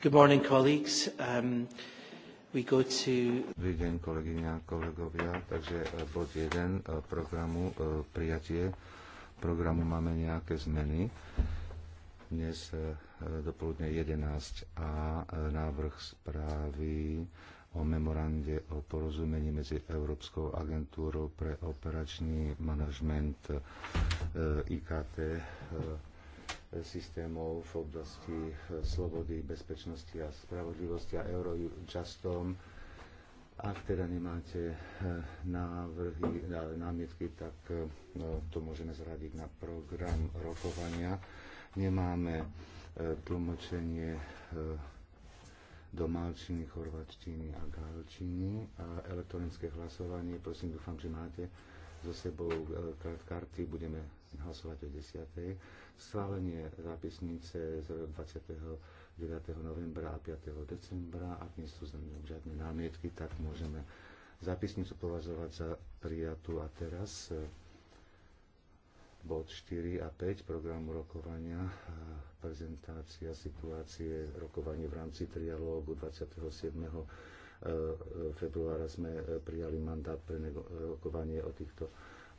Good morning, colleagues. Um, we go to... Dobrý deň, kolegyňa, kolegovia. Takže e, bod 1 e, programu e, prijatie programu máme nejaké zmeny. Dnes dopoludne 11 a návrh správy o memorande o porozumení medzi Európskou agentúrou pre operačný manažment IKT systémov v oblasti eh, slobody, bezpečnosti a spravodlivosti a Eurojustom. Ak teda nemáte eh, návrhy, eh, námietky, tak no, to môžeme zradiť na program rokovania. Nemáme tlmočenie do malčiny, chorvačtiny a galčiny. a Elektronické hlasovanie, prosím, dúfam, že máte so sebou karty. Budeme hlasovať o 10. Schválenie zápisnice z 29. novembra a 5. decembra. Ak nie sú žiadne námietky, tak môžeme zápisnicu považovať za prijatú. A teraz e, bod 4 a 5 programu rokovania, prezentácia situácie rokovanie v rámci trialógu 27 e, e, februára sme prijali mandát pre rokovanie o týchto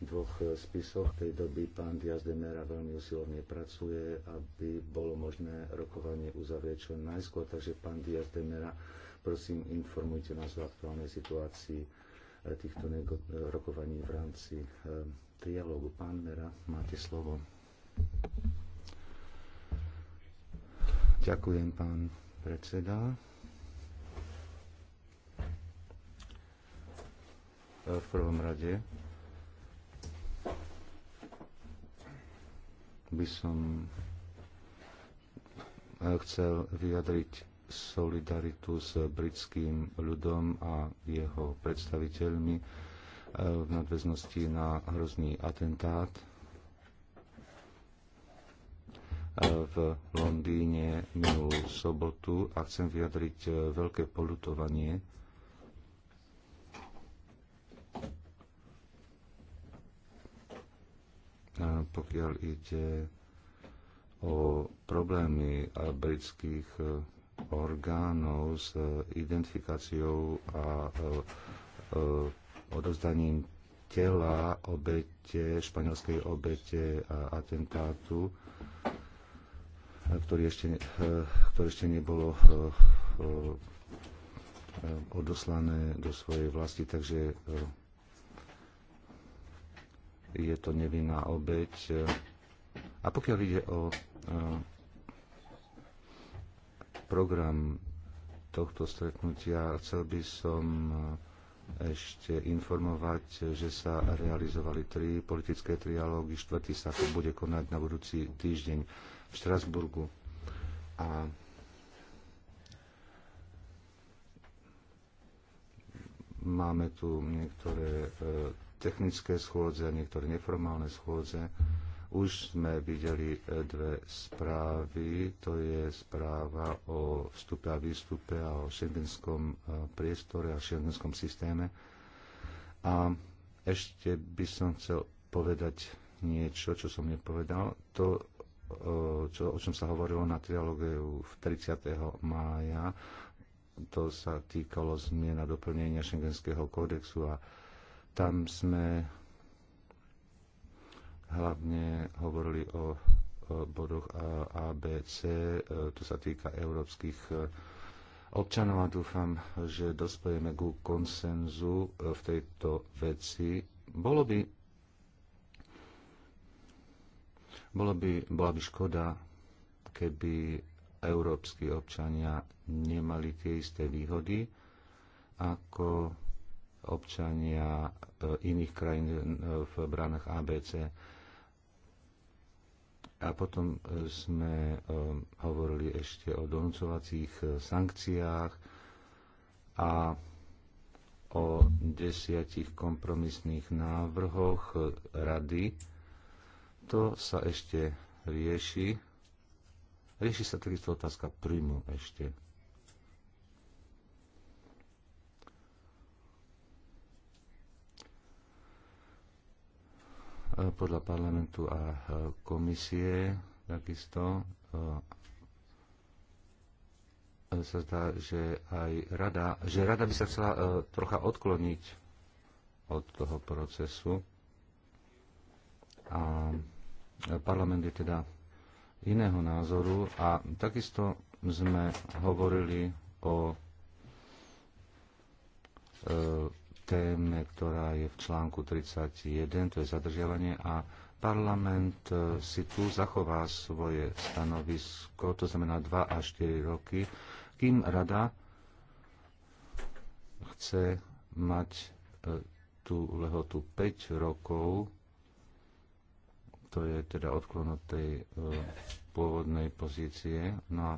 dvoch eh, spisoch. V tej doby pán Diaz de Mera veľmi usilovne pracuje, aby bolo možné rokovanie uzavrieť čo najskôr. Takže pán Diaz de Mera, prosím, informujte nás o aktuálnej situácii eh, týchto eh, rokovaní v rámci trialógu. Pán Mera, máte slovo. Ďakujem, pán predseda. V prvom rade by som eh, chcel vyjadriť solidaritu s britským ľudom a jeho predstaviteľmi eh, v nadväznosti na hrozný atentát eh, v Londýne minulú sobotu a chcem vyjadriť veľké polutovanie pokiaľ ide o problémy britských e, orgánov s e, identifikáciou a e, odozdaním tela obete, španielskej obete a atentátu, ktorý ešte, ktorý ešte nebolo odoslané do svojej vlasti. Takže je to nevinná obeď. A pokiaľ ide o e, program tohto stretnutia, chcel by som ešte informovať, že sa realizovali tri politické trialógy, štvrtý sa to bude konať na budúci týždeň v Štrasburgu. A máme tu niektoré e, technické schôdze, niektoré neformálne schôdze. Už sme videli eh, dve správy. To je správa o vstupe a výstupe a o šengenskom eh, priestore a šengenskom systéme. A ešte by som chcel povedať niečo, čo som nepovedal. To, eh, čo, o čom sa hovorilo na trialoge 30. mája, to sa týkalo zmien a doplnenia šengenského kódexu a tam sme hlavne hovorili o bodoch A, B, C. E, tu sa týka európskych e, občanov a dúfam, že dospojeme ku konsenzu e, v tejto veci. Bolo by, bolo by, bola by škoda, keby európsky občania nemali tie isté výhody ako občania e, iných krajín e, v branách ABC. A potom e, sme hovorili ešte o donúcovacích sankciách a o desiatich kompromisných návrhoch rady. To sa ešte rieši. Rieši sa takisto otázka príjmu ešte. podľa parlamentu a e, komisie takisto e, e, sa zdá, že aj rada, že rada by sa chcela trocha odkloniť od toho procesu a parlament je teda iného názoru a takisto sme hovorili o téme, ktorá je v článku 31, to je zadržiavanie a parlament e, si tu zachová svoje stanovisko, to znamená 2 až 4 roky, kým rada chce mať e, tú lehotu 5 rokov, to je teda odklon od tej e, pôvodnej pozície. No a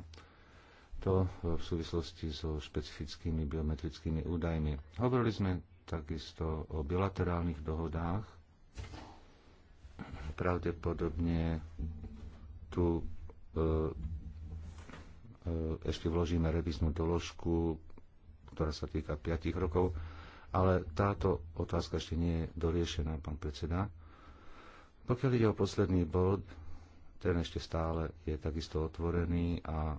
to v súvislosti so špecifickými biometrickými údajmi. Hovorili sme takisto o bilaterálnych dohodách. Pravdepodobne tu e, e, ešte vložíme reviznú doložku, ktorá sa týka 5 rokov, ale táto otázka ešte nie je doriešená, pán predseda. Pokiaľ ide o posledný bod, ten ešte stále je takisto otvorený a e,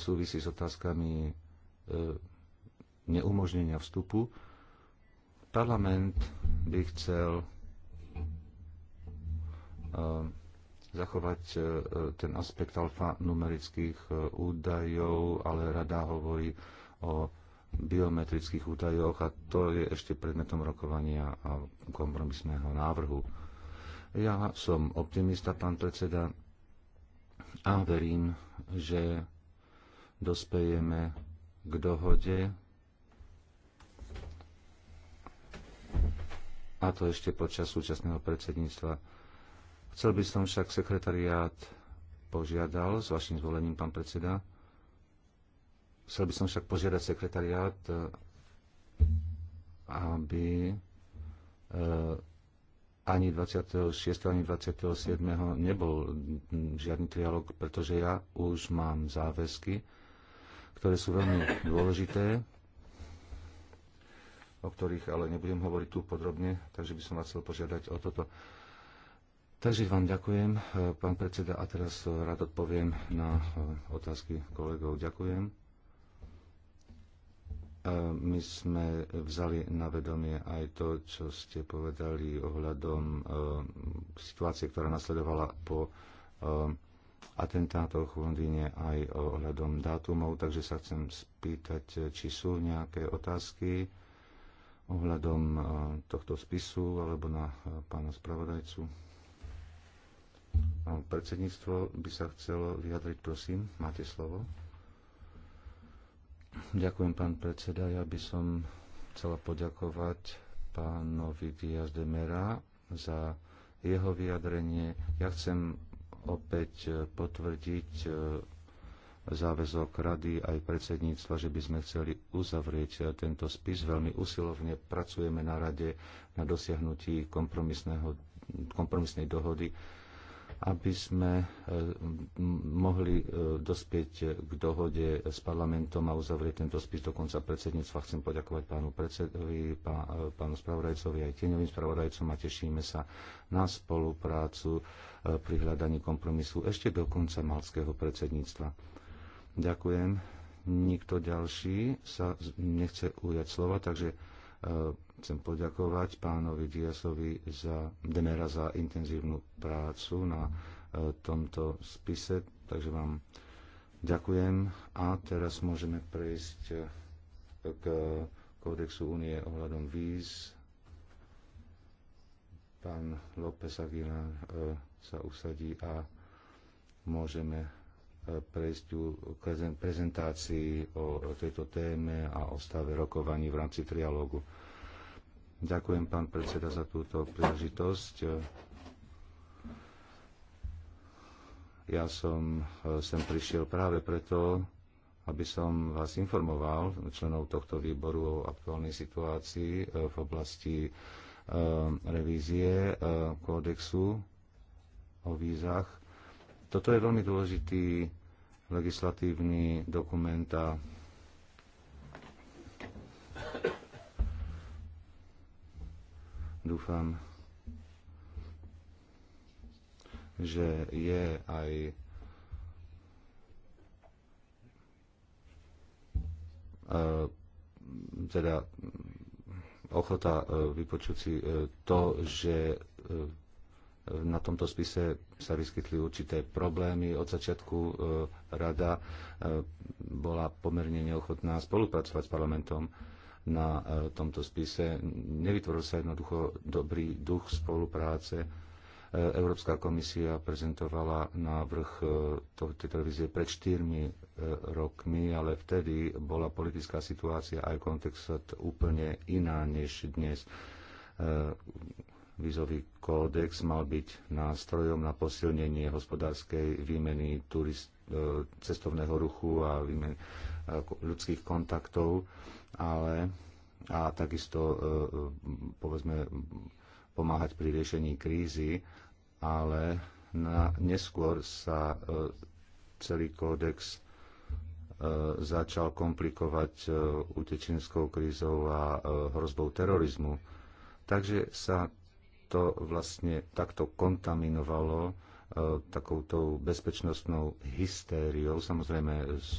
súvisí s otázkami neumožnenia vstupu, parlament by chcel eh, zachovať eh, ten aspekt alfanumerických eh, údajov, ale rada hovorí o biometrických údajoch a to je ešte predmetom rokovania a kompromisného návrhu. Ja som optimista, pán predseda, a verím, že dospejeme k dohode a to ešte počas súčasného predsedníctva. Chcel by som však sekretariát požiadal, s vašim zvolením, pán predseda, chcel by som však požiadať sekretariát, e, aby e, ani 26. ani 27. nebol žiadny trialog, pretože ja už mám záväzky, ktoré sú veľmi dôležité o ktorých ale nebudem hovoriť tu podrobne, takže by som vás chcel požiadať o toto. Takže vám ďakujem, e, pán predseda, a teraz rád odpoviem na e, otázky kolegov. Ďakujem. E, my sme vzali na vedomie aj to, čo ste povedali ohľadom situácie, ktorá nasledovala po atentátoch v Londýne aj ohľadom dátumov, takže sa chcem spýtať, či sú nejaké otázky ohľadom e, tohto spisu alebo na e, pána spravodajcu. E, predsedníctvo by sa chcelo vyjadriť, prosím, máte slovo. Ďakujem, pán predseda. Ja by som chcela poďakovať pánovi Diaz de Mera za jeho vyjadrenie. Ja chcem opäť potvrdiť záväzok rady aj predsedníctva, že by sme chceli uzavrieť tento spis. Veľmi usilovne pracujeme na rade na dosiahnutí kompromisnej dohody, aby sme e, mohli e, dospieť k dohode s parlamentom a uzavrieť tento spis do konca predsedníctva. Chcem poďakovať pánu predsedovi, e, pánu spravodajcovi aj tieňovým spravodajcom a tešíme sa na spoluprácu pri hľadaní kompromisu ešte do konca malského predsedníctva. Ďakujem. Nikto ďalší sa nechce ujať slova, takže e, chcem poďakovať pánovi Diasovi za dnera za intenzívnu prácu na e, tomto spise. Takže vám ďakujem a teraz môžeme prejsť e, k kódexu únie ohľadom víz. Pán López Aguilar sa usadí a môžeme prejsť tu k prezentácii o tejto téme a o stave rokovaní v rámci trialógu. Ďakujem, pán predseda, za túto príležitosť. Ja som e, sem prišiel práve preto, aby som vás informoval, členov tohto výboru, o aktuálnej situácii e, v oblasti e, revízie kódexu o vízach toto je veľmi dôležitý legislatívny dokument a dúfam, že je aj e, teda ochota e, vypočuť si e, to, že na tomto spise sa vyskytli určité problémy. Od začiatku e, rada e, bola pomerne neochotná spolupracovať s parlamentom na e, tomto spise. Nevytvoril sa jednoducho dobrý duch spolupráce. Európska komisia prezentovala návrh tej televízie pred 4 rokmi, ale vtedy bola politická situácia aj kontext úplne iná než dnes vízový kódex mal byť nástrojom na posilnenie hospodárskej výmeny turist, e, cestovného ruchu a výmeny e, ľudských kontaktov, ale a takisto e, povedzme pomáhať pri riešení krízy, ale na, neskôr sa celý kódex začal komplikovať utečenskou krízou a hrozbou terorizmu. Takže sa to vlastne takto kontaminovalo e, takouto bezpečnostnou hystériou, samozrejme z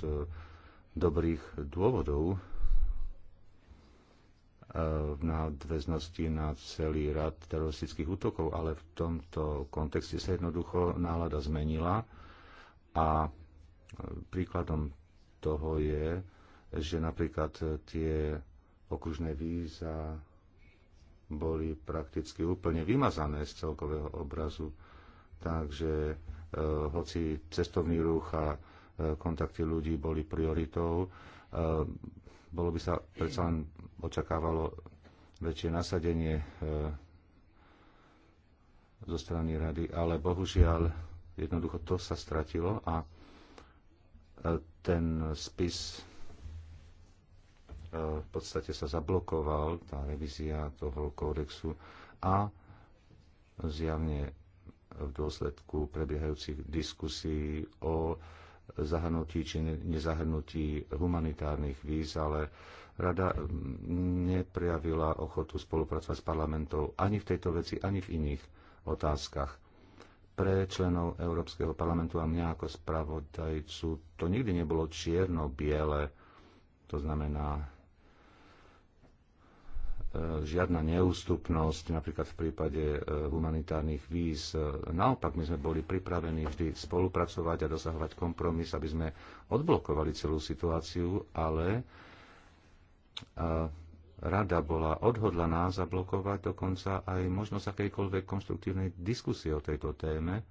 dobrých dôvodov, e, v nadväznosti na celý rad teroristických útokov, ale v tomto kontexte sa jednoducho nálada zmenila a e, príkladom toho je, že napríklad tie okružné víza boli prakticky úplne vymazané z celkového obrazu. Takže e, hoci cestovný ruch a e, kontakty ľudí boli prioritou, e, bolo by sa predsa len očakávalo väčšie nasadenie zo strany rady, ale bohužiaľ jednoducho to sa stratilo a ten spis v podstate sa zablokoval tá revízia toho kódexu a zjavne v dôsledku prebiehajúcich diskusí o zahrnutí či nezahrnutí humanitárnych víz, ale rada neprejavila ochotu spolupracovať s parlamentom ani v tejto veci, ani v iných otázkach. Pre členov Európskeho parlamentu a mňa ako spravodajcu to nikdy nebolo čierno-biele, to znamená E, žiadna neústupnosť, napríklad v prípade e, humanitárnych víz. E, naopak, my sme boli pripravení vždy spolupracovať a dosahovať kompromis, aby sme odblokovali celú situáciu, ale rada bola odhodlaná zablokovať dokonca aj možnosť akejkoľvek konstruktívnej diskusie o tejto téme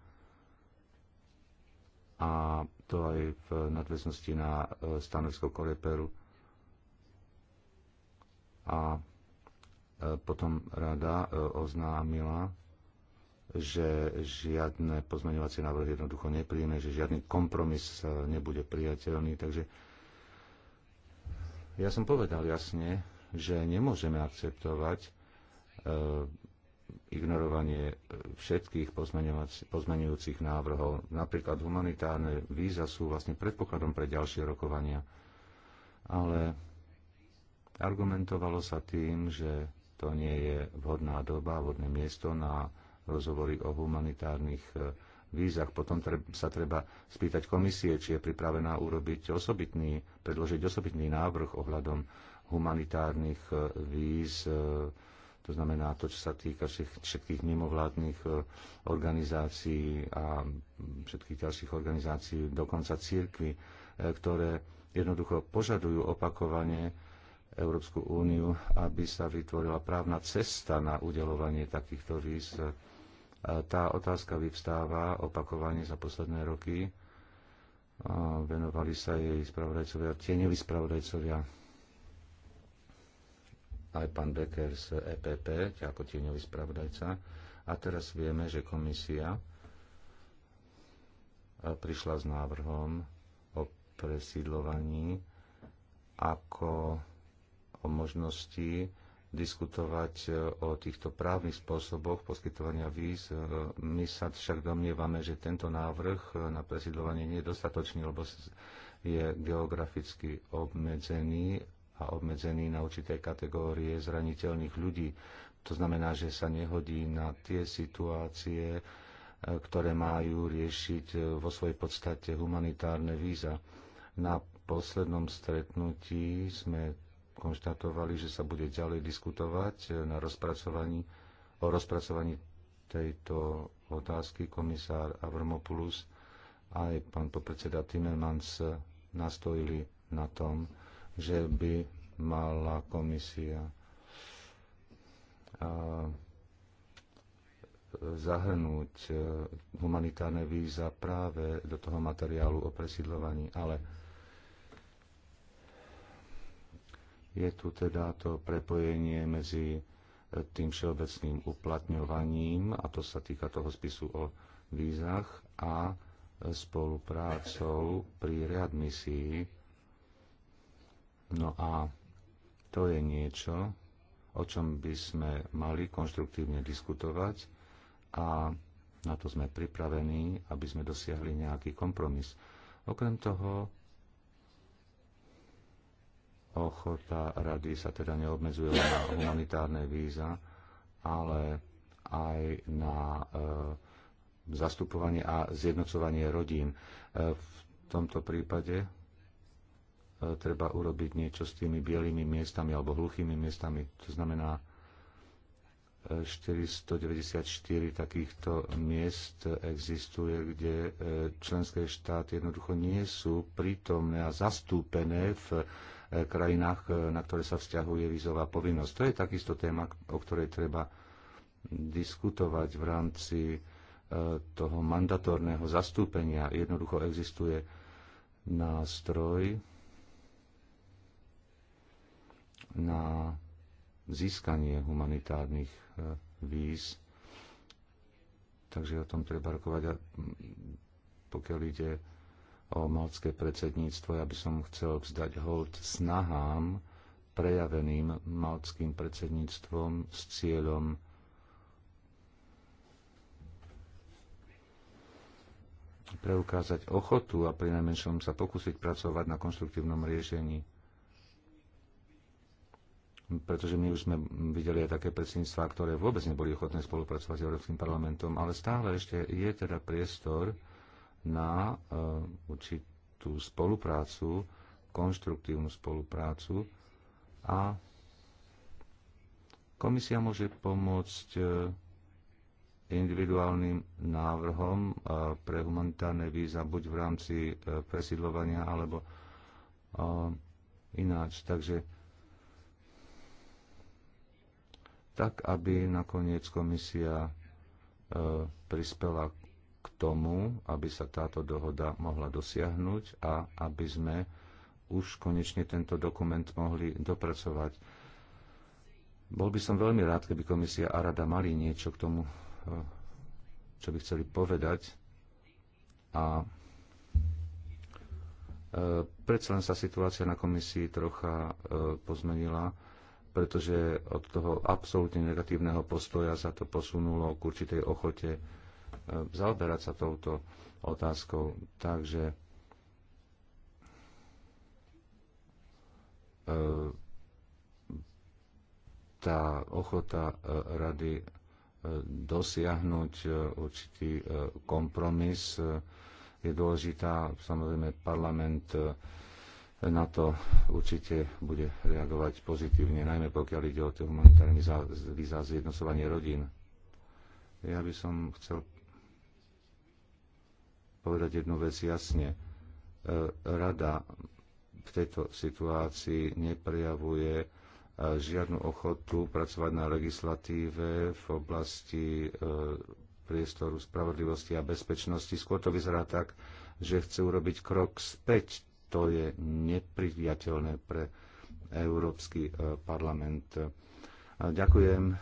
a to aj v nadväznosti na stanovisko Koreperu. A potom rada e, oznámila, že žiadne pozmeňovacie návrhy jednoducho nepríjme, že žiadny kompromis e, nebude priateľný. Takže ja som povedal jasne, že nemôžeme akceptovať e, ignorovanie všetkých pozmeňujúcich návrhov. Napríklad humanitárne víza sú vlastne predpokladom pre ďalšie rokovania. Ale argumentovalo sa tým, že to nie je vhodná doba, vhodné miesto na rozhovory o humanitárnych e, vízach. Potom sa treba spýtať komisie, či je pripravená urobiť osobitný, predložiť osobitný návrh ohľadom humanitárnych e, víz, e, to znamená to, čo sa týka všetkých mimovládnych organizácií a všetkých ďalších organizácií, dokonca církvy, ktoré jednoducho požadujú opakovane Európsku úniu, aby sa vytvorila právna cesta na udelovanie takýchto víz. Tá otázka vyvstáva opakovane za posledné roky. Venovali sa jej spravodajcovia, tieňoví spravodajcovia. Aj pán Becker z EPP, ako tieňový spravodajca. A teraz vieme, že komisia prišla s návrhom o presídlovaní ako o možnosti diskutovať e, o týchto právnych spôsoboch poskytovania víz. E, my sa však domnievame, že tento návrh e, na presidovanie nie je dostatočný, lebo je geograficky obmedzený a obmedzený na určité kategórie zraniteľných ľudí. To znamená, že sa nehodí na tie situácie, ktoré majú riešiť vo svojej podstate humanitárne víza. Na poslednom stretnutí sme konštatovali, že sa bude ďalej diskutovať e, na rozpracovaní, o rozpracovaní tejto otázky. Komisár Avramopoulos a aj pán podpredseda Timmermans nastojili na tom, že by mala komisia zahrnúť e, humanitárne víza práve do toho materiálu o presídlovaní. Ale Je tu teda to prepojenie medzi e, tým všeobecným uplatňovaním, a to sa týka toho spisu o vízach, a e, spoluprácou pri misií. No a to je niečo, o čom by sme mali konštruktívne diskutovať a na to sme pripravení, aby sme dosiahli nejaký kompromis. Okrem toho, Ochota rady sa teda neobmedzuje len na humanitárne víza, ale aj na e, zastupovanie a zjednocovanie rodín. E, v tomto prípade e, treba urobiť niečo s tými bielými miestami alebo hluchými miestami. To znamená 494 takýchto miest existuje, kde členské štáty jednoducho nie sú prítomné a zastúpené v krajinách, e, na ktoré sa vzťahuje vízová povinnosť. To je takisto téma, o ktorej treba diskutovať v rámci e, toho mandatórneho zastúpenia. Jednoducho existuje nástroj na získanie humanitárnych e, víz. Takže o tom treba rokovať. A pokiaľ ide o malcké predsedníctvo. Ja by som chcel vzdať hold snahám prejaveným malckým predsedníctvom s cieľom preukázať ochotu a pri najmenšom sa pokúsiť pracovať na konstruktívnom riešení. Pretože my už sme videli aj také predsedníctva, ktoré vôbec neboli ochotné spolupracovať s Európskym parlamentom, ale stále ešte je teda priestor, na e, určitú spoluprácu, konštruktívnu spoluprácu a komisia môže pomôcť e, individuálnym návrhom e, pre humanitárne víza buď v rámci presídlovania alebo ináč. Takže tak, aby nakoniec komisia prispela k k tomu, aby sa táto dohoda mohla dosiahnuť a aby sme už konečne tento dokument mohli dopracovať. Bol by som veľmi rád, keby komisia a rada mali niečo k tomu, eh, čo by chceli povedať. A eh, predsa len sa situácia na komisii trocha eh, pozmenila, pretože od toho absolútne negatívneho postoja sa to posunulo k určitej ochote zaoberať sa touto otázkou. Takže e, tá ochota e, rady e, dosiahnuť určitý kompromis je dôležitá. Samozrejme, parlament na to určite bude reagovať pozitívne, najmä pokiaľ ide o tie humanitárne víza zjednocovanie rodín. Ja by som chcel povedať jednu vec jasne. E, Rada v tejto situácii neprejavuje e, žiadnu ochotu pracovať na legislatíve v oblasti e, priestoru spravodlivosti a bezpečnosti. Skôr to vyzerá tak, že chce urobiť krok späť. To je nepriateľné pre Európsky parlament. Ďakujem.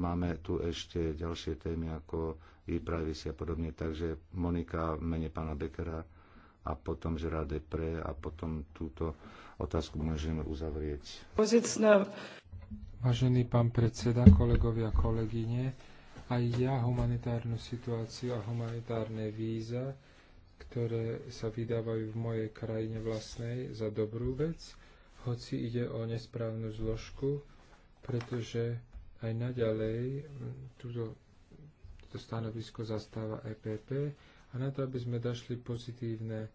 Máme tu ešte ďalšie témy ako výpravy privacy a podobne. Takže Monika mene pána Bekera a potom Gerard Depre a potom túto otázku môžeme uzavrieť. Vážený pán predseda, kolegovia, kolegyne, aj ja humanitárnu situáciu a humanitárne víza, ktoré sa vydávajú v mojej krajine vlastnej za dobrú vec, hoci ide o nesprávnu zložku, pretože aj naďalej túto to stanovisko zastáva EPP a na to, aby sme dašli pozitívne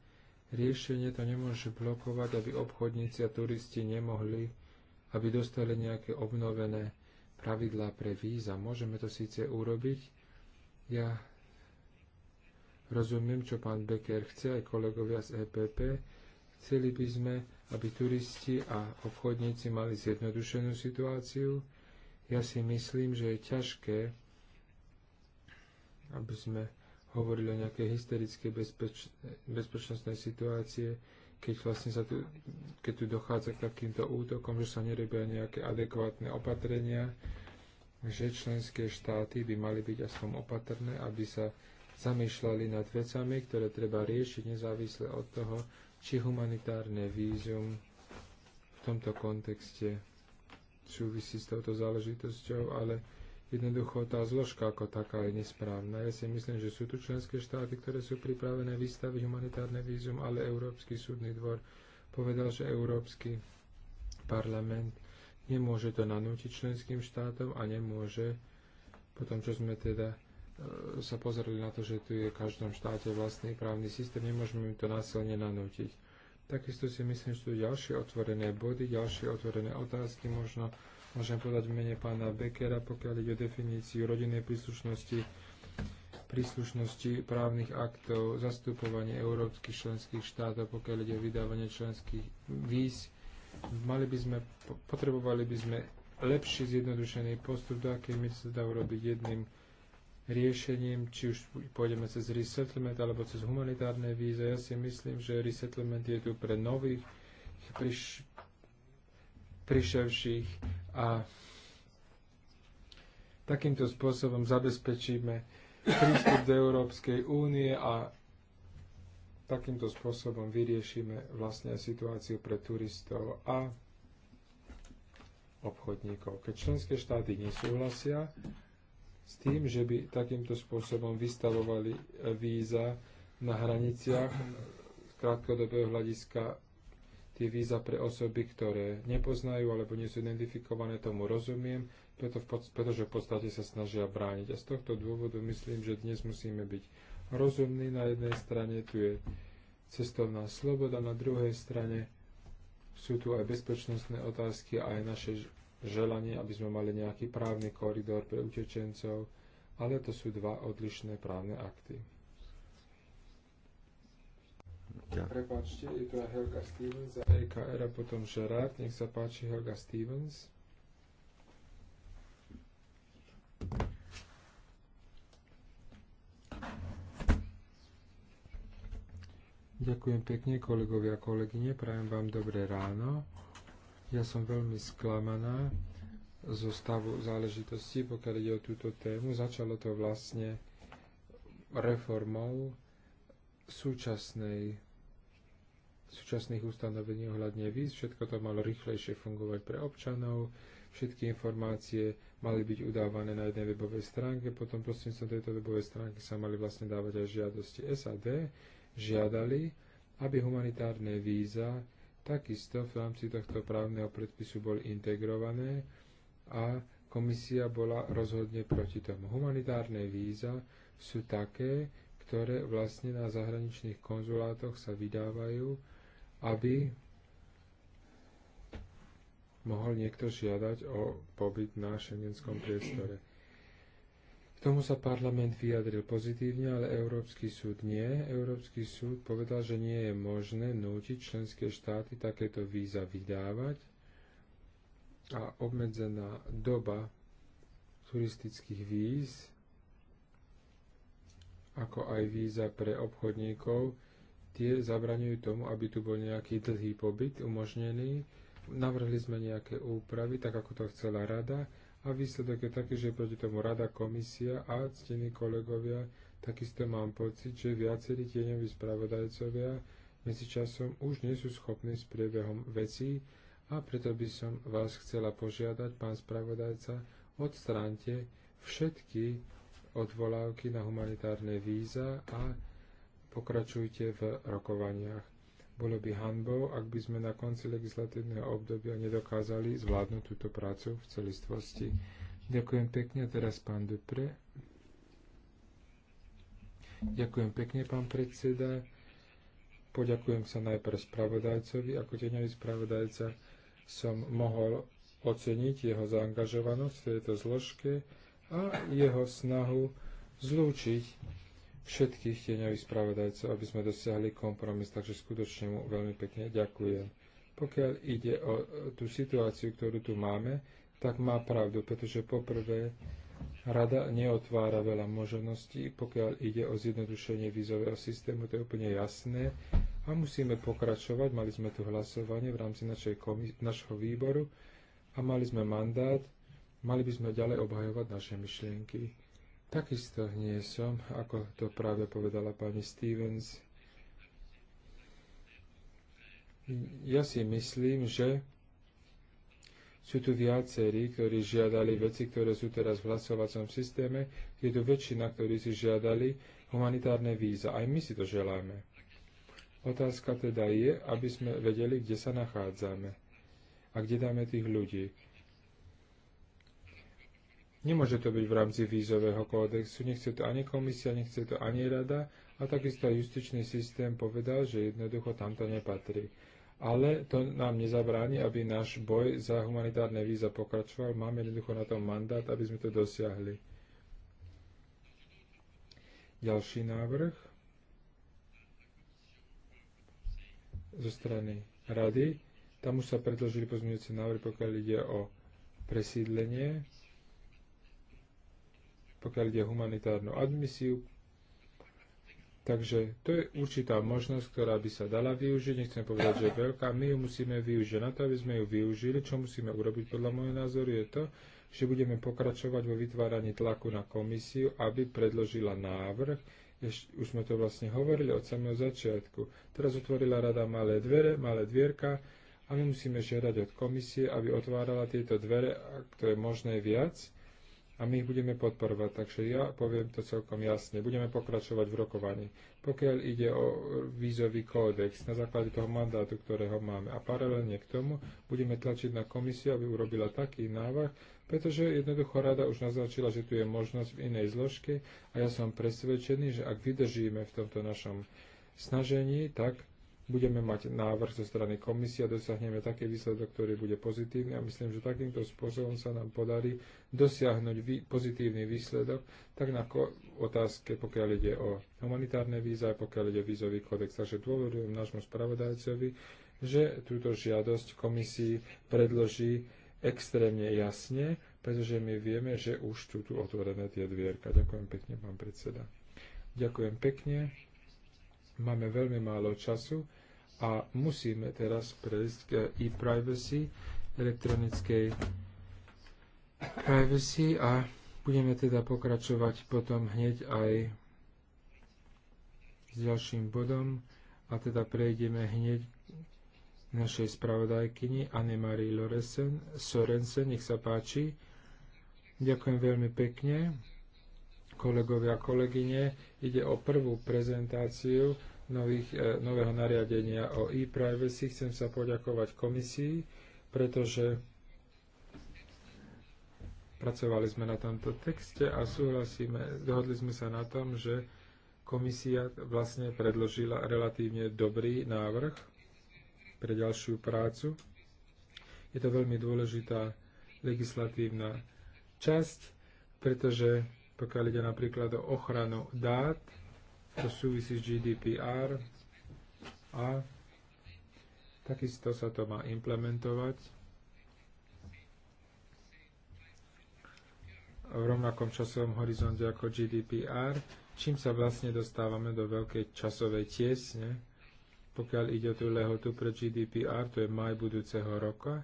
riešenie, to nemôže blokovať, aby obchodníci a turisti nemohli, aby dostali nejaké obnovené pravidlá pre víza. Môžeme to síce urobiť. Ja rozumiem, čo pán Becker chce, aj kolegovia z EPP. Chceli by sme, aby turisti a obchodníci mali zjednodušenú situáciu. Ja si myslím, že je ťažké aby sme hovorili o nejakej hysterickej bezpeč- bezpečnostnej situácie, keď vlastne sa tu, keď tu dochádza k takýmto útokom, že sa nerobia nejaké adekvátne opatrenia, že členské štáty by mali byť aspoň opatrné, aby sa zamýšľali nad vecami, ktoré treba riešiť nezávisle od toho, či humanitárne vízum v tomto kontexte súvisí s touto záležitosťou, ale Jednoducho tá zložka ako taká je nesprávna. Ja si myslím, že sú tu členské štáty, ktoré sú pripravené vystaviť humanitárne vízum, ale Európsky súdny dvor povedal, že Európsky parlament nemôže to nanútiť členským štátom a nemôže, potom čo sme teda e, sa pozreli na to, že tu je v každom štáte vlastný právny systém, nemôžeme im to násilne nanútiť. Takisto si myslím, že sú ďalšie otvorené body, ďalšie otvorené otázky možno, môžem povedať v mene pána Bekera, pokiaľ ide o definíciu rodinnej príslušnosti, príslušnosti právnych aktov, zastupovanie európskych členských štátov, pokiaľ ide o vydávanie členských víz. Mali by sme, potrebovali by sme lepší zjednodušený postup, do akej miery sa dá urobiť jedným riešením, či už pôjdeme cez resettlement alebo cez humanitárne víza. Ja si myslím, že resettlement je tu pre nových, priš, priševších a takýmto spôsobom zabezpečíme prístup do Európskej únie a takýmto spôsobom vyriešime vlastne situáciu pre turistov a obchodníkov. Keď členské štáty nesúhlasia s tým, že by takýmto spôsobom vystavovali víza na hraniciach z krátkodobého hľadiska tie víza pre osoby, ktoré nepoznajú alebo nie sú identifikované, tomu rozumiem, preto v pod, pretože v podstate sa snažia brániť. A z tohto dôvodu myslím, že dnes musíme byť rozumní. Na jednej strane tu je cestovná sloboda, na druhej strane sú tu aj bezpečnostné otázky a aj naše želanie, aby sme mali nejaký právny koridor pre utečencov, ale to sú dva odlišné právne akty. Ja. Prepačte, je tu Helga Stevens a EKR a potom Žerát. Nech sa páči Helga Stevens. Ďakujem pekne kolegovia a kolegyne, prajem vám dobré ráno. Ja som veľmi sklamaná zo stavu záležitosti, pokiaľ ide o túto tému. Začalo to vlastne reformou súčasnej, súčasných ustanovení ohľadne víz. Všetko to malo rýchlejšie fungovať pre občanov. Všetky informácie mali byť udávané na jednej webovej stránke. Potom prostredníctvom tejto webovej stránky sa mali vlastne dávať aj žiadosti SAD. Žiadali, aby humanitárne víza takisto v rámci tohto právneho predpisu boli integrované a komisia bola rozhodne proti tomu. Humanitárne víza sú také, ktoré vlastne na zahraničných konzulátoch sa vydávajú, aby mohol niekto žiadať o pobyt na šengenskom priestore. K tomu sa parlament vyjadril pozitívne, ale Európsky súd nie. Európsky súd povedal, že nie je možné nútiť členské štáty takéto víza vydávať a obmedzená doba turistických víz ako aj víza pre obchodníkov, tie zabraňujú tomu, aby tu bol nejaký dlhý pobyt umožnený. Navrhli sme nejaké úpravy, tak ako to chcela rada a výsledok je taký, že proti tomu rada, komisia a ctení kolegovia, takisto mám pocit, že viacerí tieňoví spravodajcovia medzičasom už nie sú schopní s priebehom vecí a preto by som vás chcela požiadať, pán spravodajca, odstránte všetky odvolávky na humanitárne víza a pokračujte v rokovaniach. Bolo by hanbou, ak by sme na konci legislatívneho obdobia nedokázali zvládnuť túto prácu v celistvosti. Ďakujem pekne a teraz pán Dupre. Ďakujem pekne, pán predseda. Poďakujem sa najprv spravodajcovi. Ako teňový spravodajca som mohol oceniť jeho zaangažovanosť v tejto zložke a jeho snahu zlúčiť všetkých tieňových spravodajcov, aby sme dosiahli kompromis. Takže skutočne mu veľmi pekne ďakujem. Pokiaľ ide o tú situáciu, ktorú tu máme, tak má pravdu, pretože poprvé rada neotvára veľa možností, pokiaľ ide o zjednodušenie vízového systému, to je úplne jasné. A musíme pokračovať, mali sme tu hlasovanie v rámci našej komis- našho výboru a mali sme mandát Mali by sme ďalej obhajovať naše myšlienky. Takisto nie som, ako to práve povedala pani Stevens. Ja si myslím, že sú tu viacerí, ktorí žiadali veci, ktoré sú teraz v hlasovacom systéme. Je tu väčšina, ktorí si žiadali humanitárne víza. Aj my si to želáme. Otázka teda je, aby sme vedeli, kde sa nachádzame a kde dáme tých ľudí. Nemôže to byť v rámci vízového kódexu, nechce to ani komisia, nechce to ani rada a takisto aj justičný systém povedal, že jednoducho tamto nepatrí. Ale to nám nezabráni, aby náš boj za humanitárne víza pokračoval. Máme jednoducho na tom mandát, aby sme to dosiahli. Ďalší návrh zo strany rady. Tam už sa predložili pozmeňujúce návrhy, pokiaľ ide o presídlenie pokiaľ ide humanitárnu admisiu. Takže to je určitá možnosť, ktorá by sa dala využiť. Nechcem povedať, že je veľká. My ju musíme využiť. Na to, aby sme ju využili, čo musíme urobiť podľa môjho názoru, je to, že budeme pokračovať vo vytváraní tlaku na komisiu, aby predložila návrh. Už sme to vlastne hovorili od samého začiatku. Teraz otvorila rada malé dvere, malé dvierka a my musíme žiadať od komisie, aby otvárala tieto dvere, ak to je možné viac a my ich budeme podporovať. Takže ja poviem to celkom jasne. Budeme pokračovať v rokovaní. Pokiaľ ide o vízový kódex na základe toho mandátu, ktorého máme a paralelne k tomu budeme tlačiť na komisiu, aby urobila taký návrh, pretože jednoducho rada už naznačila, že tu je možnosť v inej zložke a ja som presvedčený, že ak vydržíme v tomto našom snažení, tak budeme mať návrh zo strany komisie a dosiahneme taký výsledok, ktorý bude pozitívny a myslím, že takýmto spôsobom sa nám podarí dosiahnuť vý, pozitívny výsledok, tak na otázke, pokiaľ ide o humanitárne víza pokiaľ ide o vízový kodex. Takže dôverujem nášmu spravodajcovi, že túto žiadosť komisii predloží extrémne jasne, pretože my vieme, že už sú tu otvorené tie dvierka. Ďakujem pekne, pán predseda. Ďakujem pekne. Máme veľmi málo času a musíme teraz prejsť k e-privacy, elektronickej privacy a budeme teda pokračovať potom hneď aj s ďalším bodom a teda prejdeme hneď našej spravodajkyni Anne-Marie Sorensen. nech sa páči. Ďakujem veľmi pekne kolegovia a kolegyne, ide o prvú prezentáciu nových, e, nového nariadenia o e-privacy. Chcem sa poďakovať komisii, pretože pracovali sme na tomto texte a súhlasíme, dohodli sme sa na tom, že komisia vlastne predložila relatívne dobrý návrh pre ďalšiu prácu. Je to veľmi dôležitá legislatívna časť, pretože pokiaľ ide napríklad o ochranu dát, čo súvisí s GDPR a takisto sa to má implementovať v rovnakom časovom horizonte ako GDPR, čím sa vlastne dostávame do veľkej časovej tiesne, pokiaľ ide o tú lehotu pre GDPR, to je maj budúceho roka.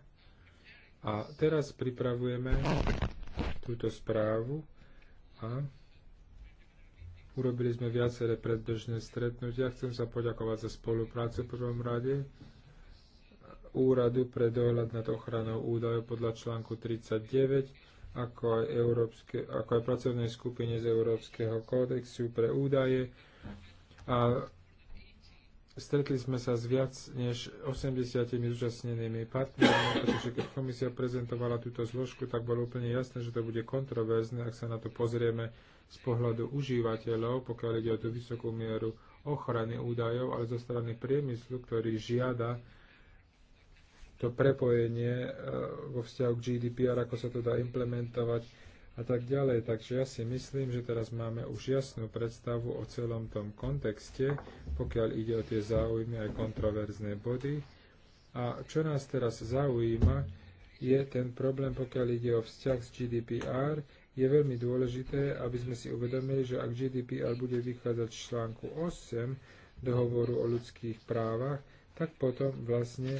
A teraz pripravujeme túto správu a urobili sme viaceré predbežné stretnutia. Chcem sa poďakovať za spoluprácu v prvom rade úradu pre dohľad nad ochranou údajov podľa článku 39, ako aj, Európske, ako aj pracovnej skupine z Európskeho kódexu pre údaje a Stretli sme sa s viac než 80 zúčastnenými partnermi, pretože keď komisia prezentovala túto zložku, tak bolo úplne jasné, že to bude kontroverzne, ak sa na to pozrieme z pohľadu užívateľov, pokiaľ ide o tú vysokú mieru ochrany údajov, ale zo strany priemyslu, ktorý žiada to prepojenie eh, vo vzťahu k GDPR, ako sa to dá implementovať a tak ďalej. Takže ja si myslím, že teraz máme už jasnú predstavu o celom tom kontexte, pokiaľ ide o tie záujmy aj kontroverzné body. A čo nás teraz zaujíma, je ten problém, pokiaľ ide o vzťah s GDPR, je veľmi dôležité, aby sme si uvedomili, že ak GDPR bude vychádzať z článku 8 dohovoru o ľudských právach, tak potom vlastne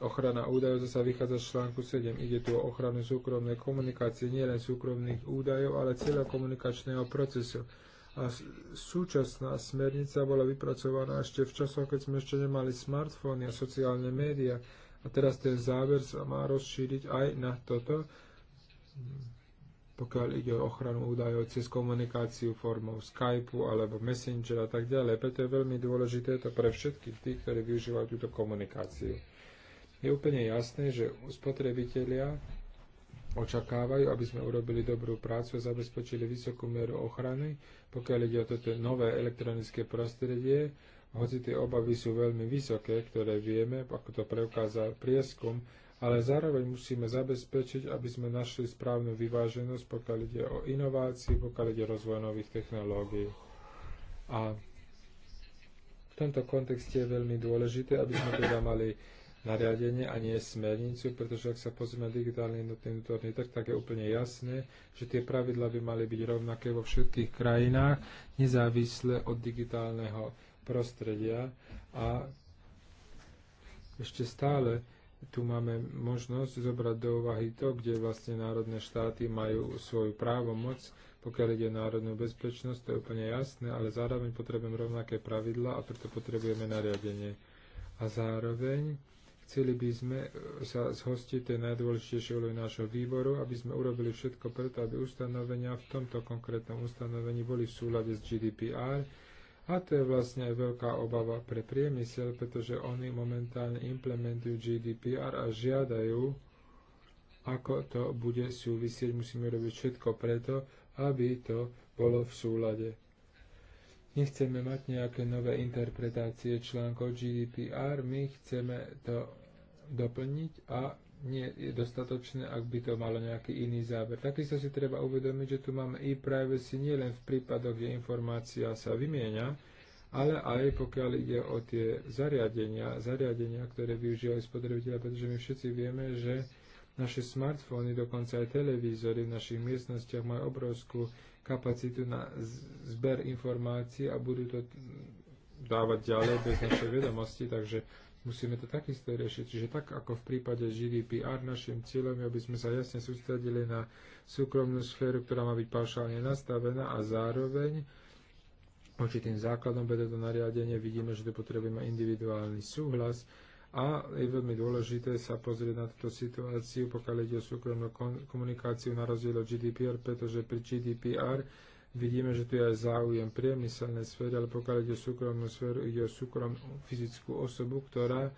ochrana údajov zase vychádza z článku 7. Ide tu o ochranu súkromnej komunikácie, nielen súkromných údajov, ale celého komunikačného procesu. A súčasná smernica bola vypracovaná ešte v časoch, keď sme ešte nemali smartfóny a sociálne médiá. A teraz ten záver sa má rozšíriť aj na toto, pokiaľ ide o ochranu údajov cez komunikáciu formou Skypu alebo Messenger a tak ďalej. Preto je veľmi dôležité to pre všetkých tých, ktorí využívajú túto komunikáciu je úplne jasné, že spotrebitelia očakávajú, aby sme urobili dobrú prácu a zabezpečili vysokú mieru ochrany, pokiaľ ide o toto nové elektronické prostredie, hoci tie obavy sú veľmi vysoké, ktoré vieme, ako to preukázal prieskum, ale zároveň musíme zabezpečiť, aby sme našli správnu vyváženosť, pokiaľ ide o inovácii, pokiaľ ide o rozvoj nových technológií. A v tomto kontexte je veľmi dôležité, aby sme teda mali nariadenie a nie smernicu, pretože ak sa pozrieme na digitálny jednotný vnútorný trh, tak je úplne jasné, že tie pravidla by mali byť rovnaké vo všetkých krajinách, nezávisle od digitálneho prostredia a ešte stále tu máme možnosť zobrať do úvahy to, kde vlastne národné štáty majú svoju právomoc, pokiaľ ide o národnú bezpečnosť, to je úplne jasné, ale zároveň potrebujeme rovnaké pravidla a preto potrebujeme nariadenie. A zároveň Chceli by sme e, sa zhostiť tej najdôležitejšej úlohy nášho výboru, aby sme urobili všetko preto, aby ustanovenia v tomto konkrétnom ustanovení boli v súlade s GDPR. A to je vlastne aj veľká obava pre priemysel, pretože oni momentálne implementujú GDPR a žiadajú ako to bude súvisieť, musíme robiť všetko preto, aby to bolo v súlade. Nechceme mať nejaké nové interpretácie článkov GDPR, my chceme to doplniť a nie je dostatočné, ak by to malo nejaký iný záber. Takisto si treba uvedomiť, že tu máme e-privacy nielen v prípadoch, kde informácia sa vymieňa, ale aj pokiaľ ide o tie zariadenia, zariadenia, ktoré využívajú spotrebiteľa, pretože my všetci vieme, že naše smartfóny, dokonca aj televízory v našich miestnostiach majú obrovskú kapacitu na zber informácií a budú to dávať ďalej bez našej vedomosti, takže musíme to takisto riešiť. Čiže tak ako v prípade GDPR, našim cieľom je, aby sme sa jasne sústredili na súkromnú sféru, ktorá má byť paušálne nastavená a zároveň určitým základom bude to nariadenie vidíme, že tu potrebujeme individuálny súhlas, a je veľmi dôležité sa pozrieť na túto situáciu, pokiaľ ide o súkromnú komunikáciu na rozdiel od GDPR, pretože pri GDPR vidíme, že tu je aj záujem priemyselnej sféry, ale pokiaľ ide o súkromnú sféru, ide o súkromnú fyzickú osobu, ktorá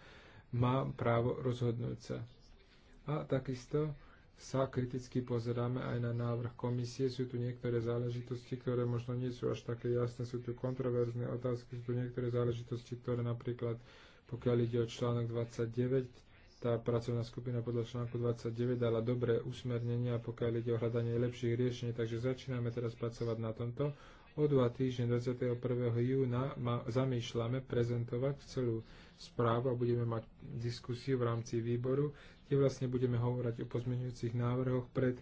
má právo rozhodnúť sa. A takisto sa kriticky pozeráme aj na návrh komisie. Sú tu niektoré záležitosti, ktoré možno nie sú až také jasné, sú tu kontroverzné otázky, sú tu niektoré záležitosti, ktoré napríklad pokiaľ ide o článok 29, tá pracovná skupina podľa článku 29 dala dobré usmernenia, pokiaľ ide o hľadanie lepších riešení, takže začíname teraz pracovať na tomto. O dva týždne 21. júna ma, zamýšľame prezentovať celú správu a budeme mať diskusiu v rámci výboru, kde vlastne budeme hovorať o pozmeňujúcich návrhoch pred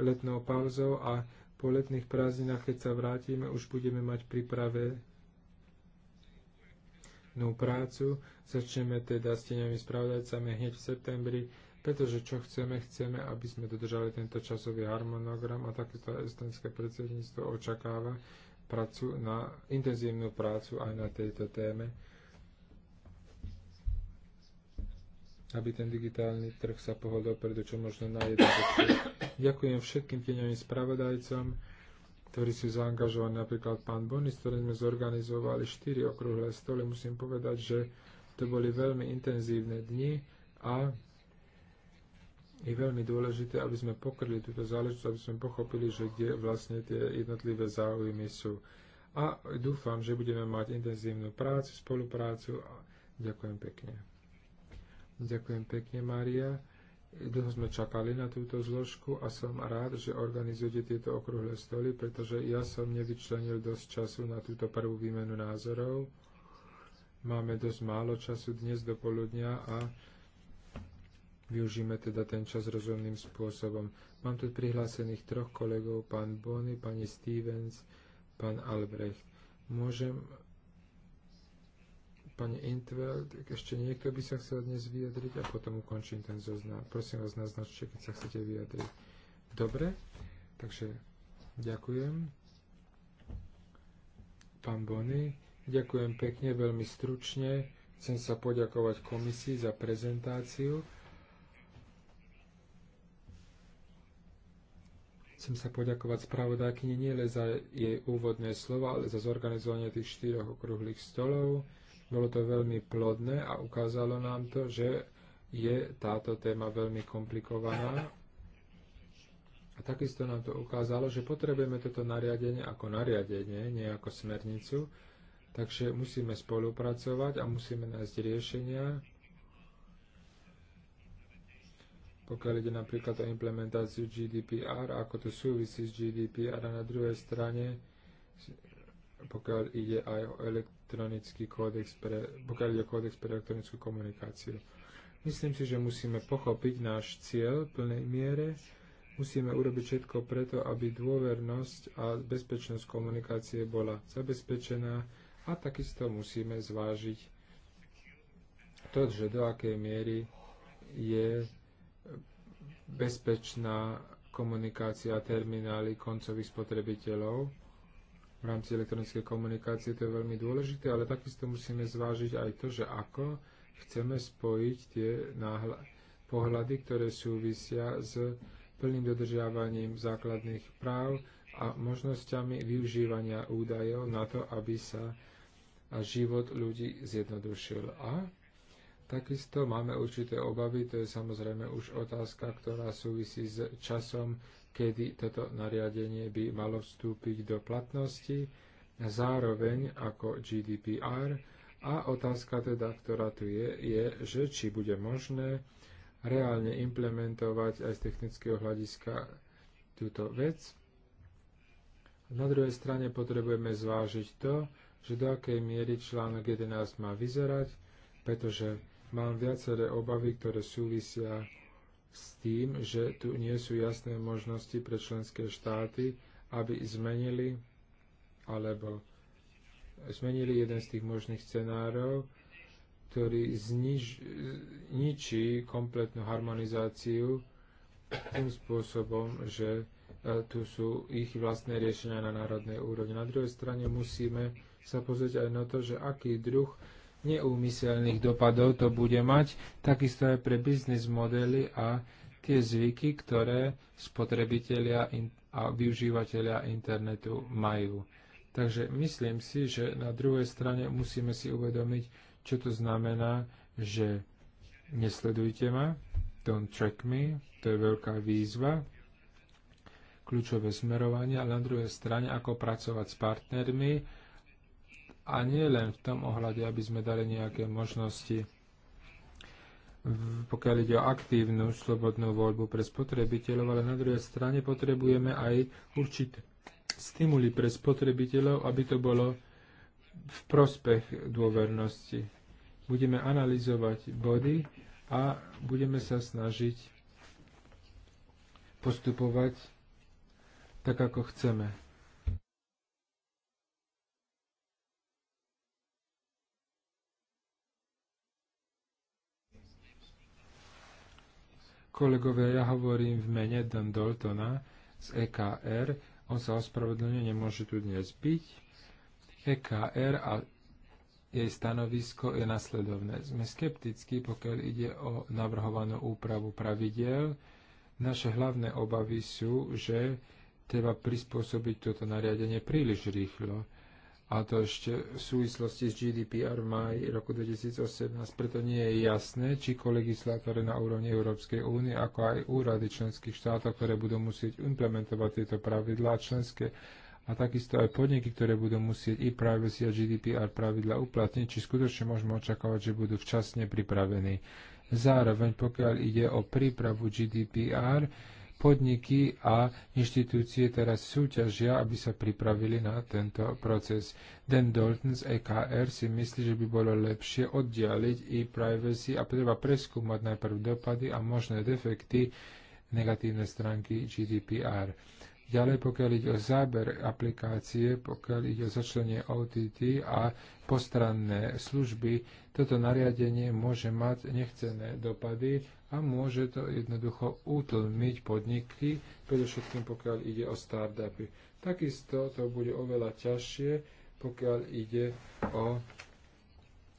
letnou pauzou a po letných prázdninách, keď sa vrátime, už budeme mať priprave nú prácu. Začneme teda s tieňovými spravodajcami hneď v septembri, pretože čo chceme, chceme, aby sme dodržali tento časový harmonogram a takéto estonské predsedníctvo očakáva prácu na intenzívnu prácu aj na tejto téme, aby ten digitálny trh sa pohol dopredu čo možno na Ďakujem všetkým tieňovým spravodajcom ktorí sú zaangažovaní, napríklad pán Bony, s ktorým sme zorganizovali 4 okrúhle stoly. Musím povedať, že to boli veľmi intenzívne dni a je veľmi dôležité, aby sme pokryli túto záležitosť, aby sme pochopili, že kde vlastne tie jednotlivé záujmy sú. A dúfam, že budeme mať intenzívnu prácu, spoluprácu a ďakujem pekne. Ďakujem pekne, Mária. Dlho sme čakali na túto zložku a som rád, že organizujete tieto okrúhle stoly, pretože ja som nevyčlenil dosť času na túto prvú výmenu názorov. Máme dosť málo času dnes do poludnia a využíme teda ten čas rozumným spôsobom. Mám tu prihlásených troch kolegov, pán Bony, pani Stevens, pán Albrecht. Môžem pani Intveld, ešte niekto by sa chcel dnes vyjadriť a potom ukončím ten zoznam. Prosím vás, naznačte, keď sa chcete vyjadriť. Dobre, takže ďakujem. Pán Bony, ďakujem pekne, veľmi stručne. Chcem sa poďakovať komisii za prezentáciu. Chcem sa poďakovať spravodajkyni len za jej úvodné slova, ale za zorganizovanie tých štyroch okrúhlych stolov bolo to veľmi plodné a ukázalo nám to, že je táto téma veľmi komplikovaná. A takisto nám to ukázalo, že potrebujeme toto nariadenie ako nariadenie, nie ako smernicu. Takže musíme spolupracovať a musíme nájsť riešenia, pokiaľ ide napríklad o implementáciu GDPR, ako to súvisí s GDPR a na druhej strane, pokiaľ ide aj o elekt- elektronický kódex pre, pokiaľ ide o kódex pre elektronickú komunikáciu. Myslím si, že musíme pochopiť náš cieľ v plnej miere, musíme urobiť všetko preto, aby dôvernosť a bezpečnosť komunikácie bola zabezpečená a takisto musíme zvážiť to, že do akej miery je bezpečná komunikácia terminály koncových spotrebiteľov v rámci elektronickej komunikácie, to je veľmi dôležité, ale takisto musíme zvážiť aj to, že ako chceme spojiť tie náhla- pohľady, ktoré súvisia s plným dodržiavaním základných práv a možnosťami využívania údajov na to, aby sa život ľudí zjednodušil. A takisto máme určité obavy, to je samozrejme už otázka, ktorá súvisí s časom kedy toto nariadenie by malo vstúpiť do platnosti, zároveň ako GDPR. A otázka teda, ktorá tu je, je, že či bude možné reálne implementovať aj z technického hľadiska túto vec. Na druhej strane potrebujeme zvážiť to, že do akej miery článok 11 má vyzerať, pretože mám viaceré obavy, ktoré súvisia s tým, že tu nie sú jasné možnosti pre členské štáty, aby zmenili alebo zmenili jeden z tých možných scenárov, ktorý zniž, ničí kompletnú harmonizáciu tým spôsobom, že e, tu sú ich vlastné riešenia na národnej úrovni. Na druhej strane musíme sa pozrieť aj na to, že aký druh neúmyselných dopadov to bude mať, takisto aj pre biznis modely a tie zvyky, ktoré spotrebitelia a využívateľia internetu majú. Takže myslím si, že na druhej strane musíme si uvedomiť, čo to znamená, že nesledujte ma, don't track me, to je veľká výzva, kľúčové smerovanie, ale na druhej strane, ako pracovať s partnermi, a nie len v tom ohľade, aby sme dali nejaké možnosti, pokiaľ ide o aktívnu slobodnú voľbu pre spotrebiteľov, ale na druhej strane potrebujeme aj určité stimuly pre spotrebiteľov, aby to bolo v prospech dôvernosti. Budeme analyzovať body a budeme sa snažiť postupovať tak, ako chceme. Kolegovia, ja hovorím v mene Dan Daltona z EKR. On sa ospravedlňuje, nemôže tu dnes byť. EKR a jej stanovisko je nasledovné. Sme skeptickí, pokiaľ ide o navrhovanú úpravu pravidel. Naše hlavné obavy sú, že treba prispôsobiť toto nariadenie príliš rýchlo a to ešte v súvislosti s GDPR v máji roku 2018. Preto nie je jasné, či kolegislátore na úrovni Európskej únie, ako aj úrady členských štátov, ktoré budú musieť implementovať tieto pravidlá členské a takisto aj podniky, ktoré budú musieť i privacy a GDPR pravidla uplatniť, či skutočne môžeme očakávať, že budú včasne pripravení. Zároveň, pokiaľ ide o prípravu GDPR, podniky a inštitúcie teraz súťažia, aby sa pripravili na tento proces. Dan Dalton z EKR si myslí, že by bolo lepšie oddialiť i privacy a treba preskúmať najprv dopady a možné defekty negatívne stránky GDPR Ďalej, pokiaľ ide o záber aplikácie, pokiaľ ide o začlenie OTT a postranné služby, toto nariadenie môže mať nechcené dopady a môže to jednoducho utlmiť podniky, predovšetkým pokiaľ ide o startupy. Takisto to bude oveľa ťažšie, pokiaľ ide o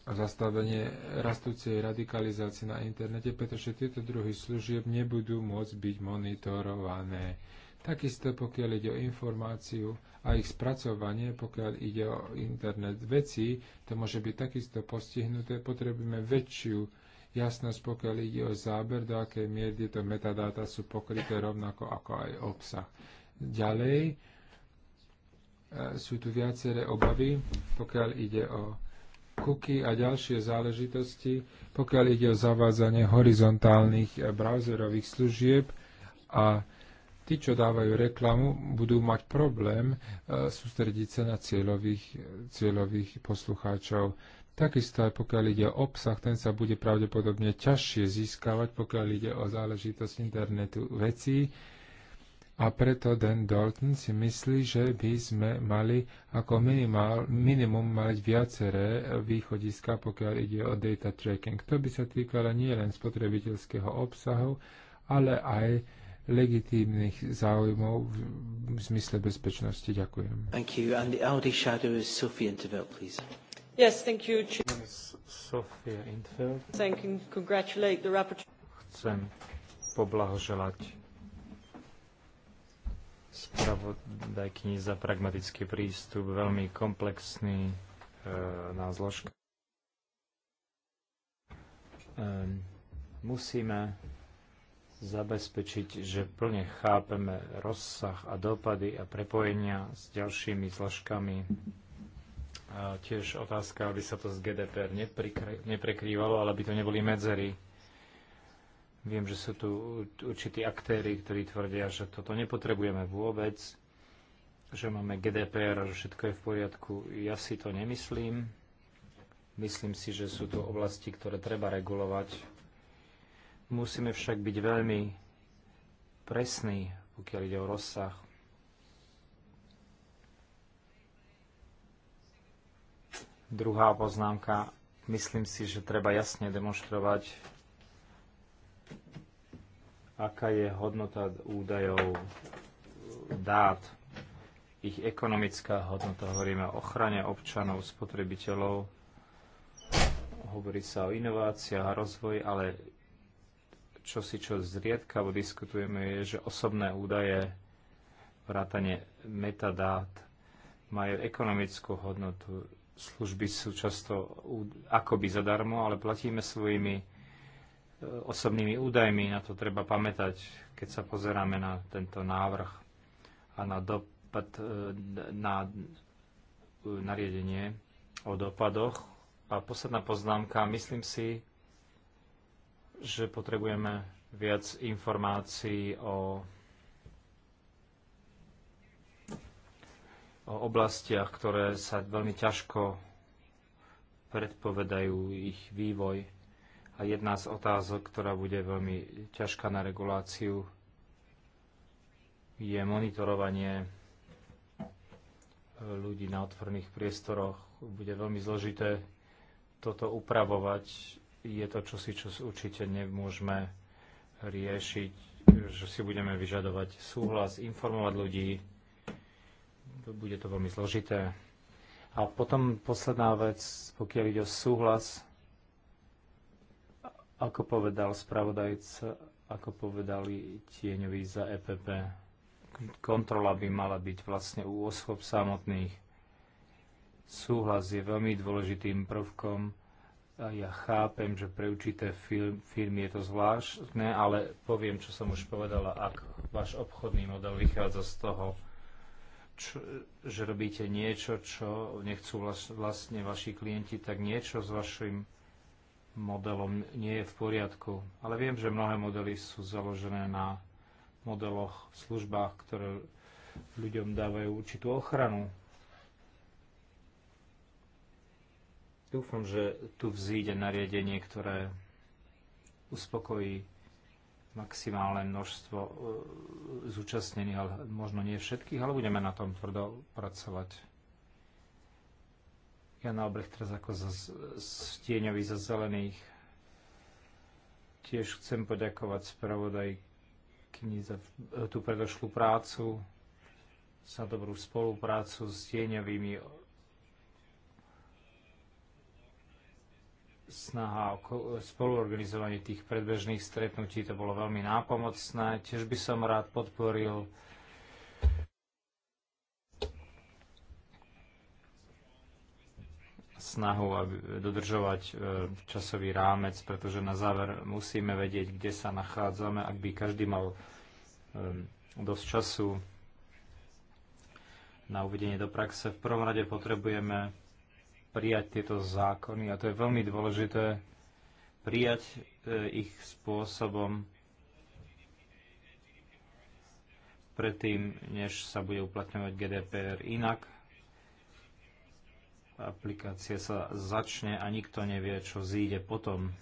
zastavenie rastúcej radikalizácie na internete, pretože tieto druhy služieb nebudú môcť byť monitorované. Takisto pokiaľ ide o informáciu a ich spracovanie, pokiaľ ide o internet vecí, to môže byť takisto postihnuté. Potrebujeme väčšiu jasnosť, pokiaľ ide o záber, do akej miery tieto metadáta sú pokryté rovnako ako aj obsah. Ďalej e, sú tu viaceré obavy, pokiaľ ide o kuky a ďalšie záležitosti, pokiaľ ide o zavádzanie horizontálnych e, browserových služieb a tí, čo dávajú reklamu, budú mať problém e, sústrediť sa na cieľových, cieľových poslucháčov. Takisto aj pokiaľ ide o obsah, ten sa bude pravdepodobne ťažšie získavať, pokiaľ ide o záležitosť internetu vecí. A preto Dan Dalton si myslí, že by sme mali ako minimál, minimum mať viaceré východiska, pokiaľ ide o data tracking. To by sa týkalo nielen spotrebiteľského obsahu, ale aj legitímnych záujmov v zmysle bezpečnosti. Ďakujem. Thank you. And the shadow is Sophie please. Yes, thank you. Sophia Thank and congratulate the rapporteur. Chcem poblahoželať spravodajkyni za pragmatický prístup, veľmi komplexný e, na zložka. E, ehm, musíme zabezpečiť, že plne chápeme rozsah a dopady a prepojenia s ďalšími zložkami. A tiež otázka, aby sa to z GDPR neprekrývalo, ale aby to neboli medzery. Viem, že sú tu určití aktéry, ktorí tvrdia, že toto nepotrebujeme vôbec, že máme GDPR a že všetko je v poriadku. Ja si to nemyslím. Myslím si, že sú tu oblasti, ktoré treba regulovať Musíme však byť veľmi presní, pokiaľ ide o rozsah. Druhá poznámka. Myslím si, že treba jasne demonstrovať, aká je hodnota údajov dát, ich ekonomická hodnota. Hovoríme o ochrane občanov, spotrebiteľov, hovorí sa o inováciách a rozvoji, ale čo si čo zriedkavo diskutujeme, je, že osobné údaje, vrátanie metadát, majú ekonomickú hodnotu. Služby sú často akoby zadarmo, ale platíme svojimi e, osobnými údajmi. Na to treba pamätať, keď sa pozeráme na tento návrh a na dopad e, na e, nariadenie o dopadoch. A posledná poznámka, myslím si, že potrebujeme viac informácií o, o oblastiach, ktoré sa veľmi ťažko predpovedajú ich vývoj. A jedna z otázok, ktorá bude veľmi ťažká na reguláciu, je monitorovanie ľudí na otvorných priestoroch. Bude veľmi zložité toto upravovať je to čosi, čo určite nemôžeme riešiť, že si budeme vyžadovať súhlas, informovať ľudí. Bude to veľmi zložité. A potom posledná vec, pokiaľ ide o súhlas, ako povedal spravodajca, ako povedali tieňoví za EPP, kontrola by mala byť vlastne u osôb samotných. Súhlas je veľmi dôležitým prvkom, ja chápem, že pre určité firmy je to zvláštne, ale poviem, čo som už povedala, ak váš obchodný model vychádza z toho, čo, že robíte niečo, čo nechcú vlastne vaši klienti, tak niečo s vašim modelom nie je v poriadku. Ale viem, že mnohé modely sú založené na modeloch, službách, ktoré ľuďom dávajú určitú ochranu. Dúfam, že tu vzíde nariadenie, ktoré uspokojí maximálne množstvo e, zúčastnených, ale možno nie všetkých, ale budeme na tom tvrdo pracovať. Jan Albrecht teraz ako za, stieňový za zelených. Tiež chcem poďakovať spravodaj knihy za e, tú predošlú prácu, za dobrú spoluprácu s tieňovými snaha o spoluorganizovanie tých predbežných stretnutí, to bolo veľmi nápomocné. Tiež by som rád podporil snahu aby dodržovať e, časový rámec, pretože na záver musíme vedieť, kde sa nachádzame. Ak by každý mal e, dosť času na uvedenie do praxe, v prvom rade potrebujeme prijať tieto zákony a to je veľmi dôležité prijať e, ich spôsobom predtým, než sa bude uplatňovať GDPR inak. Aplikácia sa začne a nikto nevie, čo zíde potom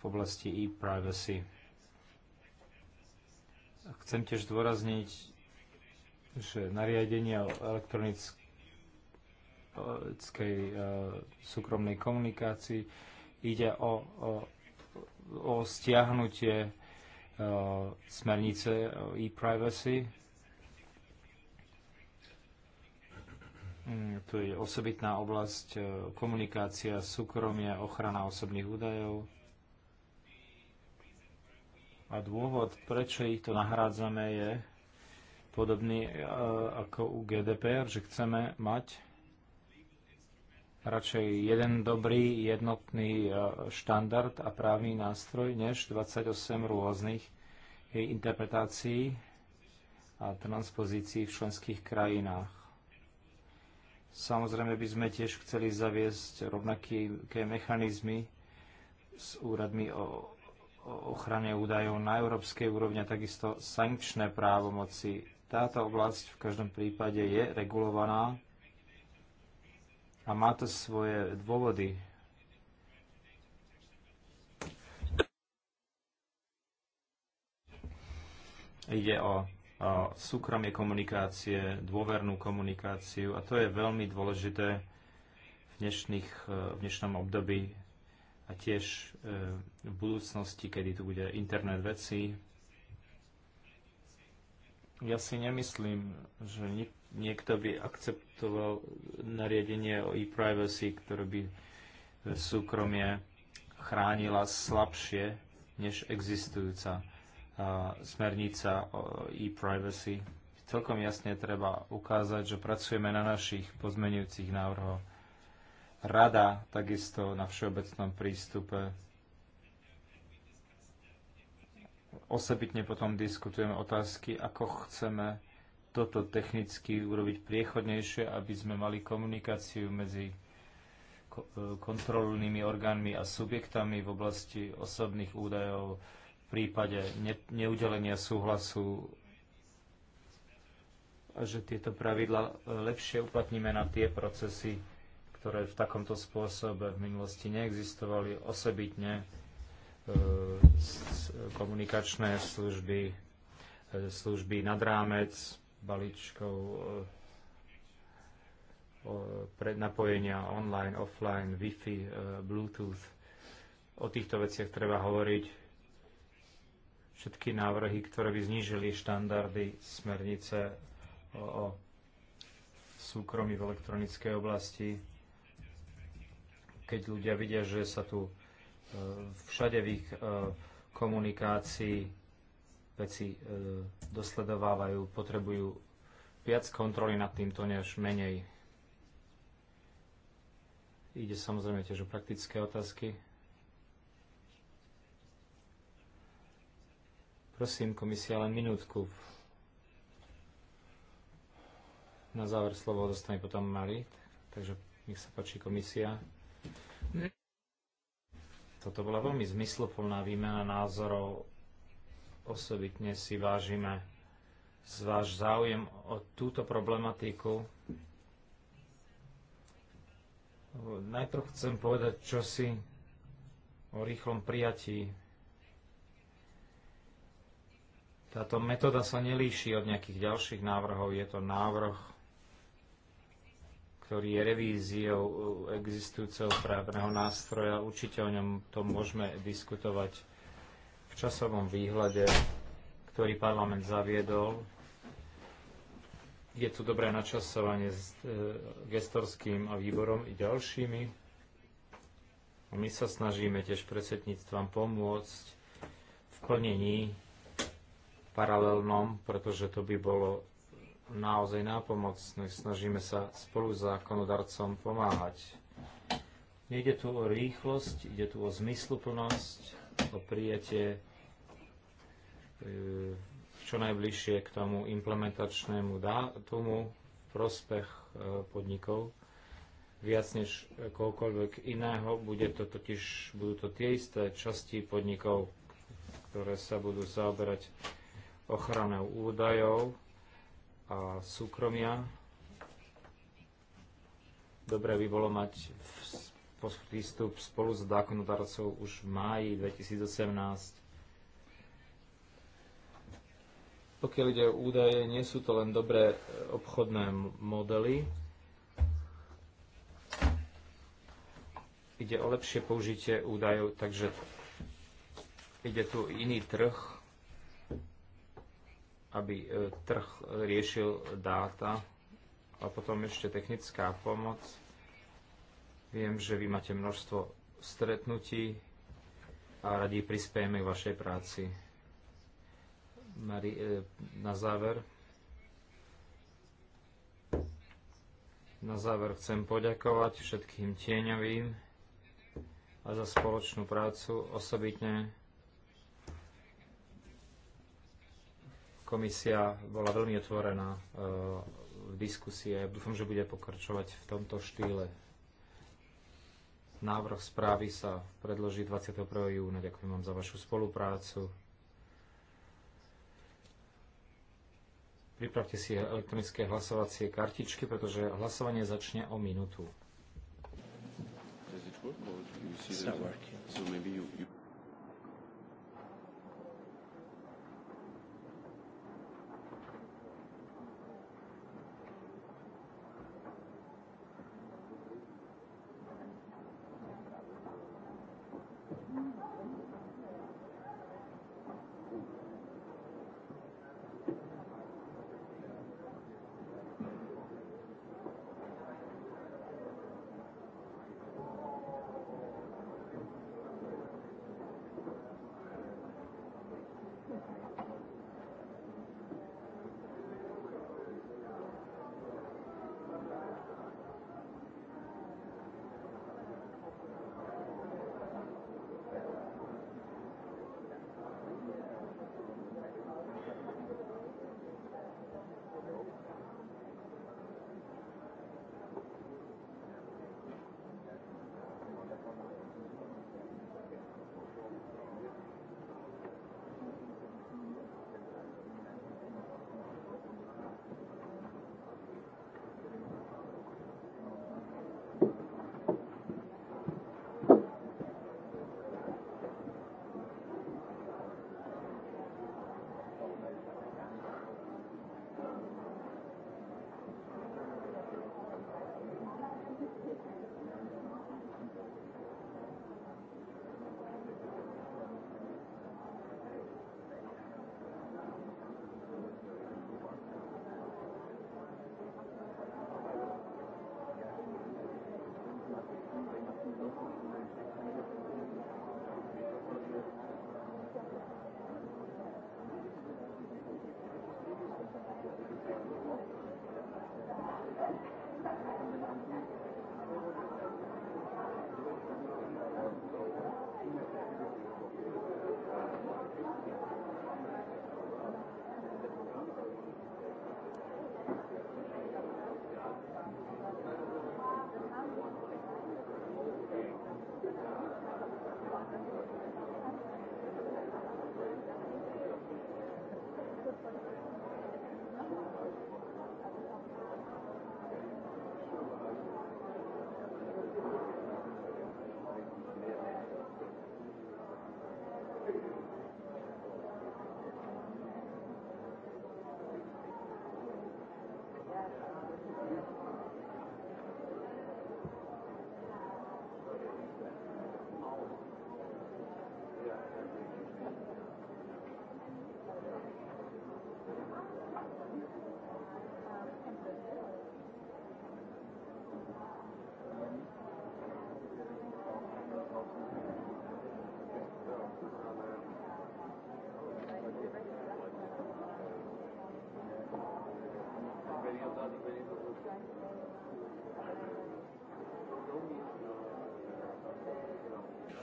v oblasti e-privacy. Chcem tiež zdôrazniť, že nariadenie o elektronickej americkej e, súkromnej komunikácii. Ide o, o, o stiahnutie e, smernice e, e-privacy. Mm, tu je osobitná oblasť komunikácia, súkromie, ochrana osobných údajov. A dôvod, prečo ich to nahrádzame, je podobný ako u GDPR, že chceme mať radšej jeden dobrý jednotný e, štandard a právny nástroj, než 28 rôznych jej interpretácií a transpozícií v členských krajinách. Samozrejme by sme tiež chceli zaviesť rovnaké mechanizmy s úradmi o ochrane údajov na európskej úrovni a takisto sankčné právomoci. Táto oblasť v každom prípade je regulovaná a má to svoje dôvody. Ide o, o súkromie komunikácie, dôvernú komunikáciu a to je veľmi dôležité v, dnešných, e, v dnešnom období a tiež e, v budúcnosti, kedy tu bude internet veci, ja si nemyslím, že niekto by akceptoval nariadenie o e-privacy, ktoré by súkromie chránila slabšie než existujúca smernica o e-privacy. Celkom jasne treba ukázať, že pracujeme na našich pozmenujúcich návrhoch. Rada takisto na všeobecnom prístupe Osobitne potom diskutujeme otázky, ako chceme toto technicky urobiť priechodnejšie, aby sme mali komunikáciu medzi e, kontrolnými orgánmi a subjektami v oblasti osobných údajov v prípade neudelenia súhlasu a že tieto pravidla e, lepšie uplatníme na tie procesy, ktoré v takomto spôsobe v minulosti neexistovali osobitne E, komunikačné služby, e, služby nad rámec balíčkov e, prednapojenia online, offline, Wi-Fi, Bluetooth. O týchto veciach treba hovoriť. Všetky návrhy, ktoré by znížili štandardy smernice o, o súkromí v elektronickej oblasti, keď ľudia vidia, že sa tu všade v ich e, komunikácii veci e, dosledovávajú, potrebujú viac kontroly nad týmto, než menej. Ide samozrejme tiež o praktické otázky. Prosím, komisia, len minútku. Na záver slovo dostane potom Marit, takže nech sa páči komisia. Toto bola veľmi zmysluplná výmena názorov. Osobitne si vážime z váš záujem o túto problematiku. Najprv chcem povedať čosi o rýchlom prijatí. Táto metóda sa nelíši od nejakých ďalších návrhov. Je to návrh ktorý je revíziou uh, existujúceho právneho nástroja. Určite o ňom to môžeme diskutovať v časovom výhľade, ktorý parlament zaviedol. Je tu dobré načasovanie s uh, gestorským a výborom i ďalšími. my sa snažíme tiež predsedníctvam pomôcť v plnení paralelnom, pretože to by bolo naozaj nápomocní. Snažíme sa spolu s zákonodarcom pomáhať. Nejde tu o rýchlosť, ide tu o zmysluplnosť, o prijatie e, čo najbližšie k tomu implementačnému dátumu v prospech e, podnikov. Viac než koľkoľvek iného, bude to totiž, budú to tie isté časti podnikov, ktoré sa budú zaoberať ochranou údajov, a súkromia. Dobre by bolo mať prístup spolu s zákonodarcov už v máji 2018 pokiaľ ide o údaje, nie sú to len dobré e, obchodné modely. Ide o lepšie použitie údajov, takže ide tu iný trh, aby e, trh riešil dáta a potom ešte technická pomoc. Viem, že vy máte množstvo stretnutí a radí prispiejeme k vašej práci. Mari, e, na záver. Na záver chcem poďakovať všetkým tieňovým a za spoločnú prácu, osobitne Komisia bola veľmi otvorená e, v diskusie. Dúfam, že bude pokračovať v tomto štýle. Návrh správy sa predloží 21. júna. Ďakujem vám za vašu spoluprácu. Pripravte si elektronické hlasovacie kartičky, pretože hlasovanie začne o minútu.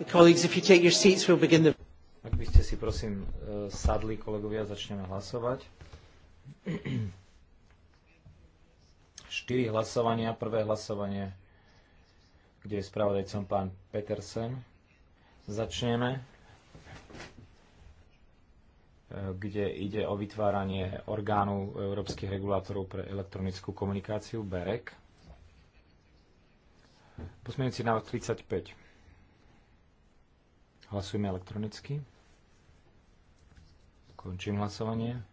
Colleagues, if you take your seats, we'll begin the... Ak by ste si prosím e, sadli, kolegovia, začneme hlasovať. Štyri hlasovania. Prvé hlasovanie, kde je spravodajcom pán Petersen. Začneme e, kde ide o vytváranie orgánu európskych regulátorov pre elektronickú komunikáciu BEREK. Pozmeňujúci návrh 35. Hlasujeme elektronicky. Končím hlasovanie.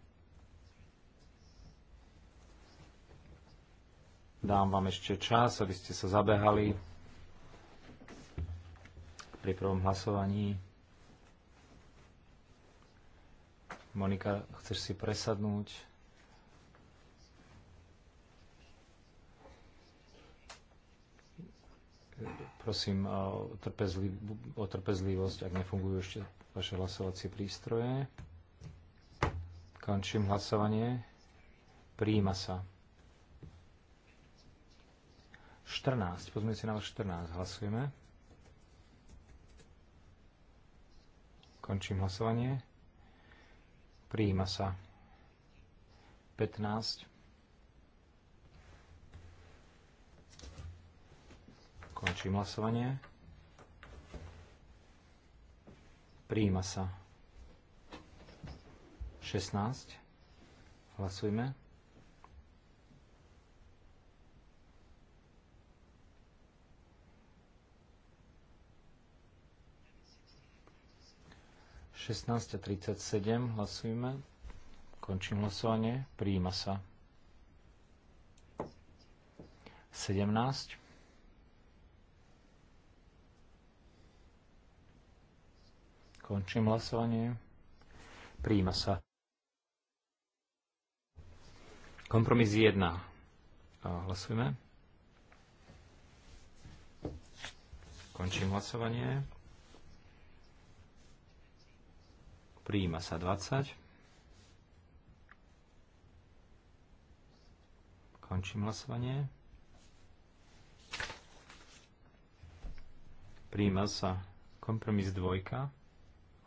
Dám vám ešte čas, aby ste sa zabehali pri prvom hlasovaní. Monika, chceš si presadnúť? Prosím o, trpezliv, o trpezlivosť, ak nefungujú ešte vaše hlasovacie prístroje. Končím hlasovanie. Príjima sa. 14. Pozme si na 14. Hlasujeme. Končím hlasovanie. Príjima sa. 15. Končím hlasovanie. Príjima sa. 16. Hlasujme. Šestnáct a tridsať sedem. Hlasujme. Končím hlasovanie. Príjima sa. Sedemnáct. Končím hlasovanie. Príjima sa. Kompromis 1. Hlasujeme. Končím hlasovanie. Príjima sa 20. Končím hlasovanie. Príjima sa kompromis 2.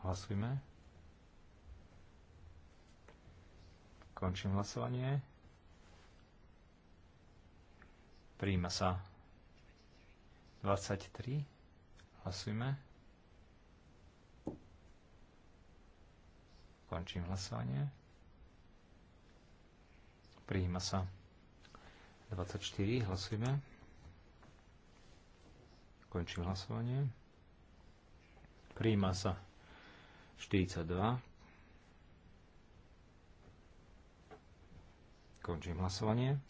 Hlasujme. Končím hlasovanie. Príjma sa 23. Hlasujme. Končím hlasovanie. Príjma sa 24. Hlasujme. Končím hlasovanie. Príjma sa 42. Končím hlasovanie.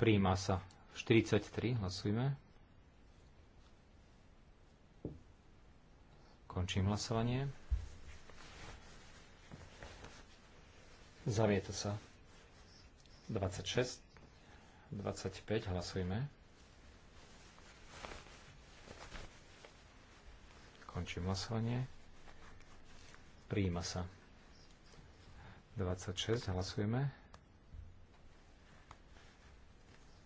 Príjma sa 43. Hlasujme. Končím hlasovanie. Zavieta sa 26. 25. Hlasujme. Končím hlasovanie. Príjima sa. 26. Hlasujeme.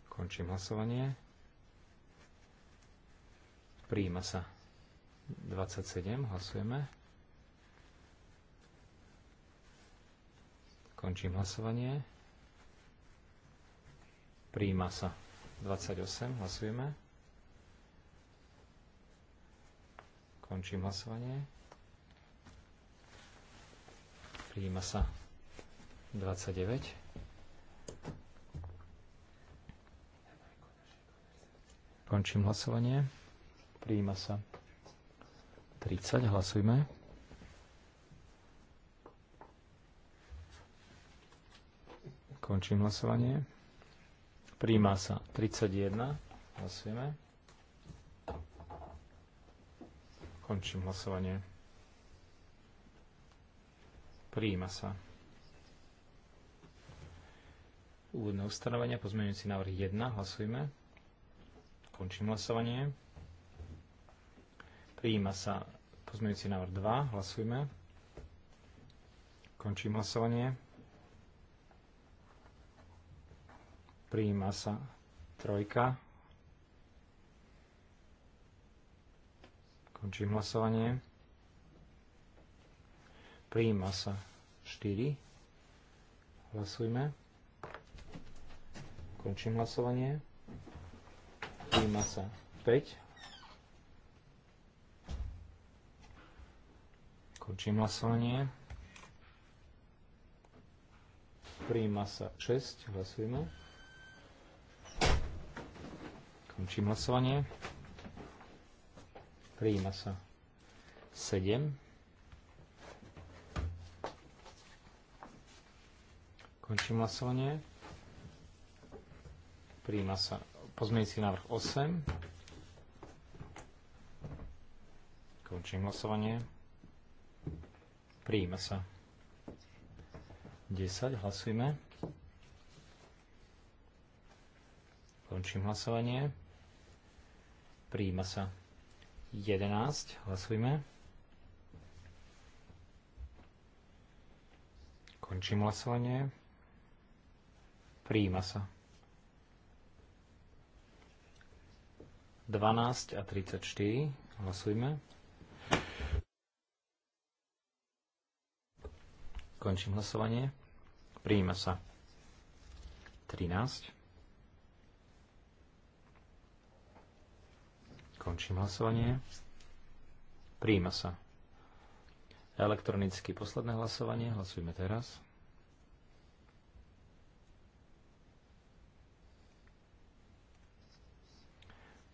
Končím hlasovanie. Príjima sa. 27. Hlasujeme. Končím hlasovanie. Príjima sa. 28. Hlasujeme. Končím hlasovanie. Príjima sa 29. Končím hlasovanie. Príjima sa 30. Hlasujme. Končím hlasovanie. Príjima sa 31. Hlasujeme. Končím hlasovanie. Prijíma sa. Úvodné ustanovenia, pozmeňujúci návrh 1, hlasujme. Končím hlasovanie. Prijíma sa pozmeňujúci návrh 2, hlasujme. Končím hlasovanie. Prijíma sa trojka. Končím hlasovanie. Prijíma sa 4. Hlasujme. Končím hlasovanie. Prijíma sa 5. Končím hlasovanie. Prijíma sa 6. Hlasujme. Končím hlasovanie. Prijíma sa 7. Končím hlasovanie. Príjma sa pozmeňujúci návrh 8. Končím hlasovanie. Príjma sa. 10. Hlasujme. Končím hlasovanie. Príjma sa. 11. Hlasujme. Končím hlasovanie. Príjima sa. 12 a 34. Hlasujme. Končím hlasovanie. Príjima sa. 13. Končím hlasovanie. Príjima sa. Elektronicky posledné hlasovanie. Hlasujme teraz.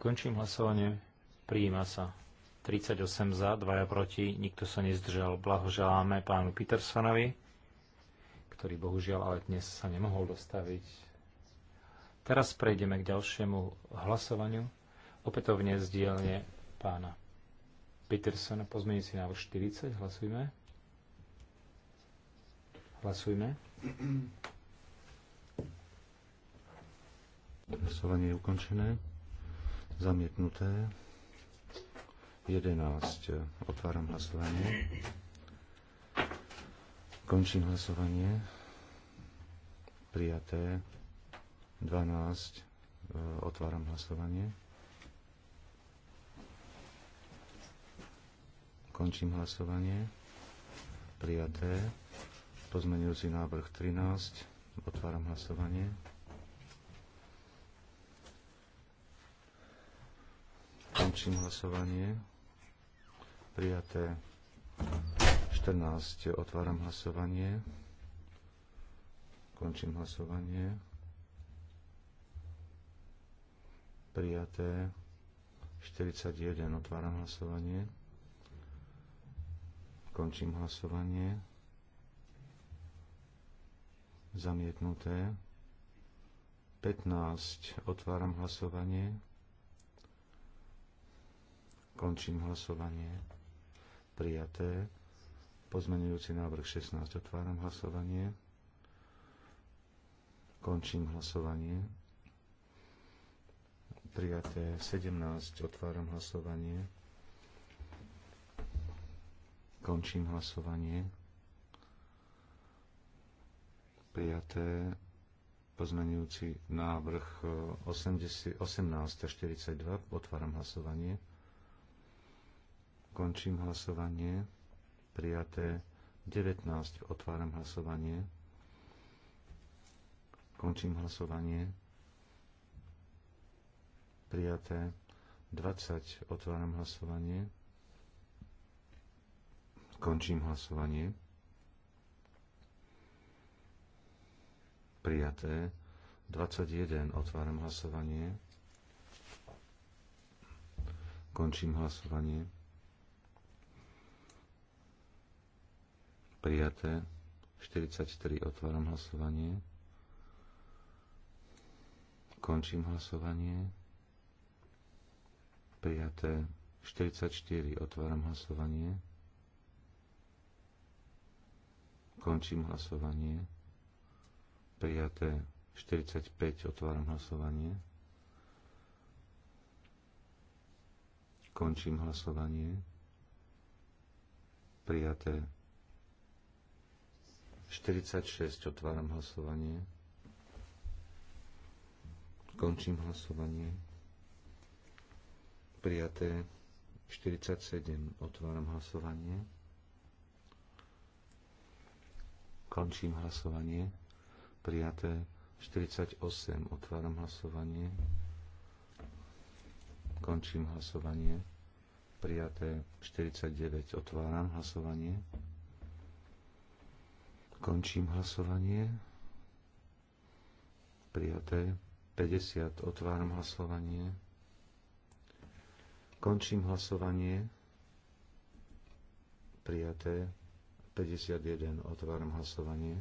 Končím hlasovanie. Prijíma sa. 38 za, 2 proti, nikto sa nezdržal. Blahoželáme pánu Petersonovi, ktorý bohužiaľ ale dnes sa nemohol dostaviť. Teraz prejdeme k ďalšiemu hlasovaniu. Opätovne z dielne pána Petersona, si návrh 40, hlasujme. Hlasujme. Hlasovanie je ukončené. Zamietnuté. 11. Otváram hlasovanie. Končím hlasovanie. Prijaté. 12. Otváram hlasovanie. Končím hlasovanie. Prijaté. Pozmenujúci návrh 13. Otváram hlasovanie. Končím hlasovanie. Prijaté 14. Otváram hlasovanie. Končím hlasovanie. Prijaté 41. Otváram hlasovanie. Končím hlasovanie. Zamietnuté. 15. Otváram hlasovanie. Končím hlasovanie. Prijaté. Pozmenujúci návrh 16. Otváram hlasovanie. Končím hlasovanie. Prijaté 17. Otváram hlasovanie. Končím hlasovanie. Prijaté pozmenujúci návrh 18.42. Eh, 42. Otváram hlasovanie. Končím hlasovanie. Prijaté 19. Otváram hlasovanie. Končím hlasovanie. Prijaté 20. Otváram hlasovanie. Končím hlasovanie. Prijaté 21. Otváram hlasovanie. Končím hlasovanie Prijaté. 43. Otváram hlasovanie. Končím hlasovanie. Prijaté. 44. Otváram hlasovanie. Končím hlasovanie. Prijaté. 45. Otváram hlasovanie. Končím hlasovanie. Prijaté. 46. Otváram hlasovanie. Končím hlasovanie. Prijaté 47. Otváram hlasovanie. Končím hlasovanie. Prijaté 48. Otváram hlasovanie. Končím hlasovanie. Prijaté 49. Otváram hlasovanie. Končím hlasovanie. Prijaté. 50. Otváram hlasovanie. Končím hlasovanie. Prijaté. 51. Otváram hlasovanie.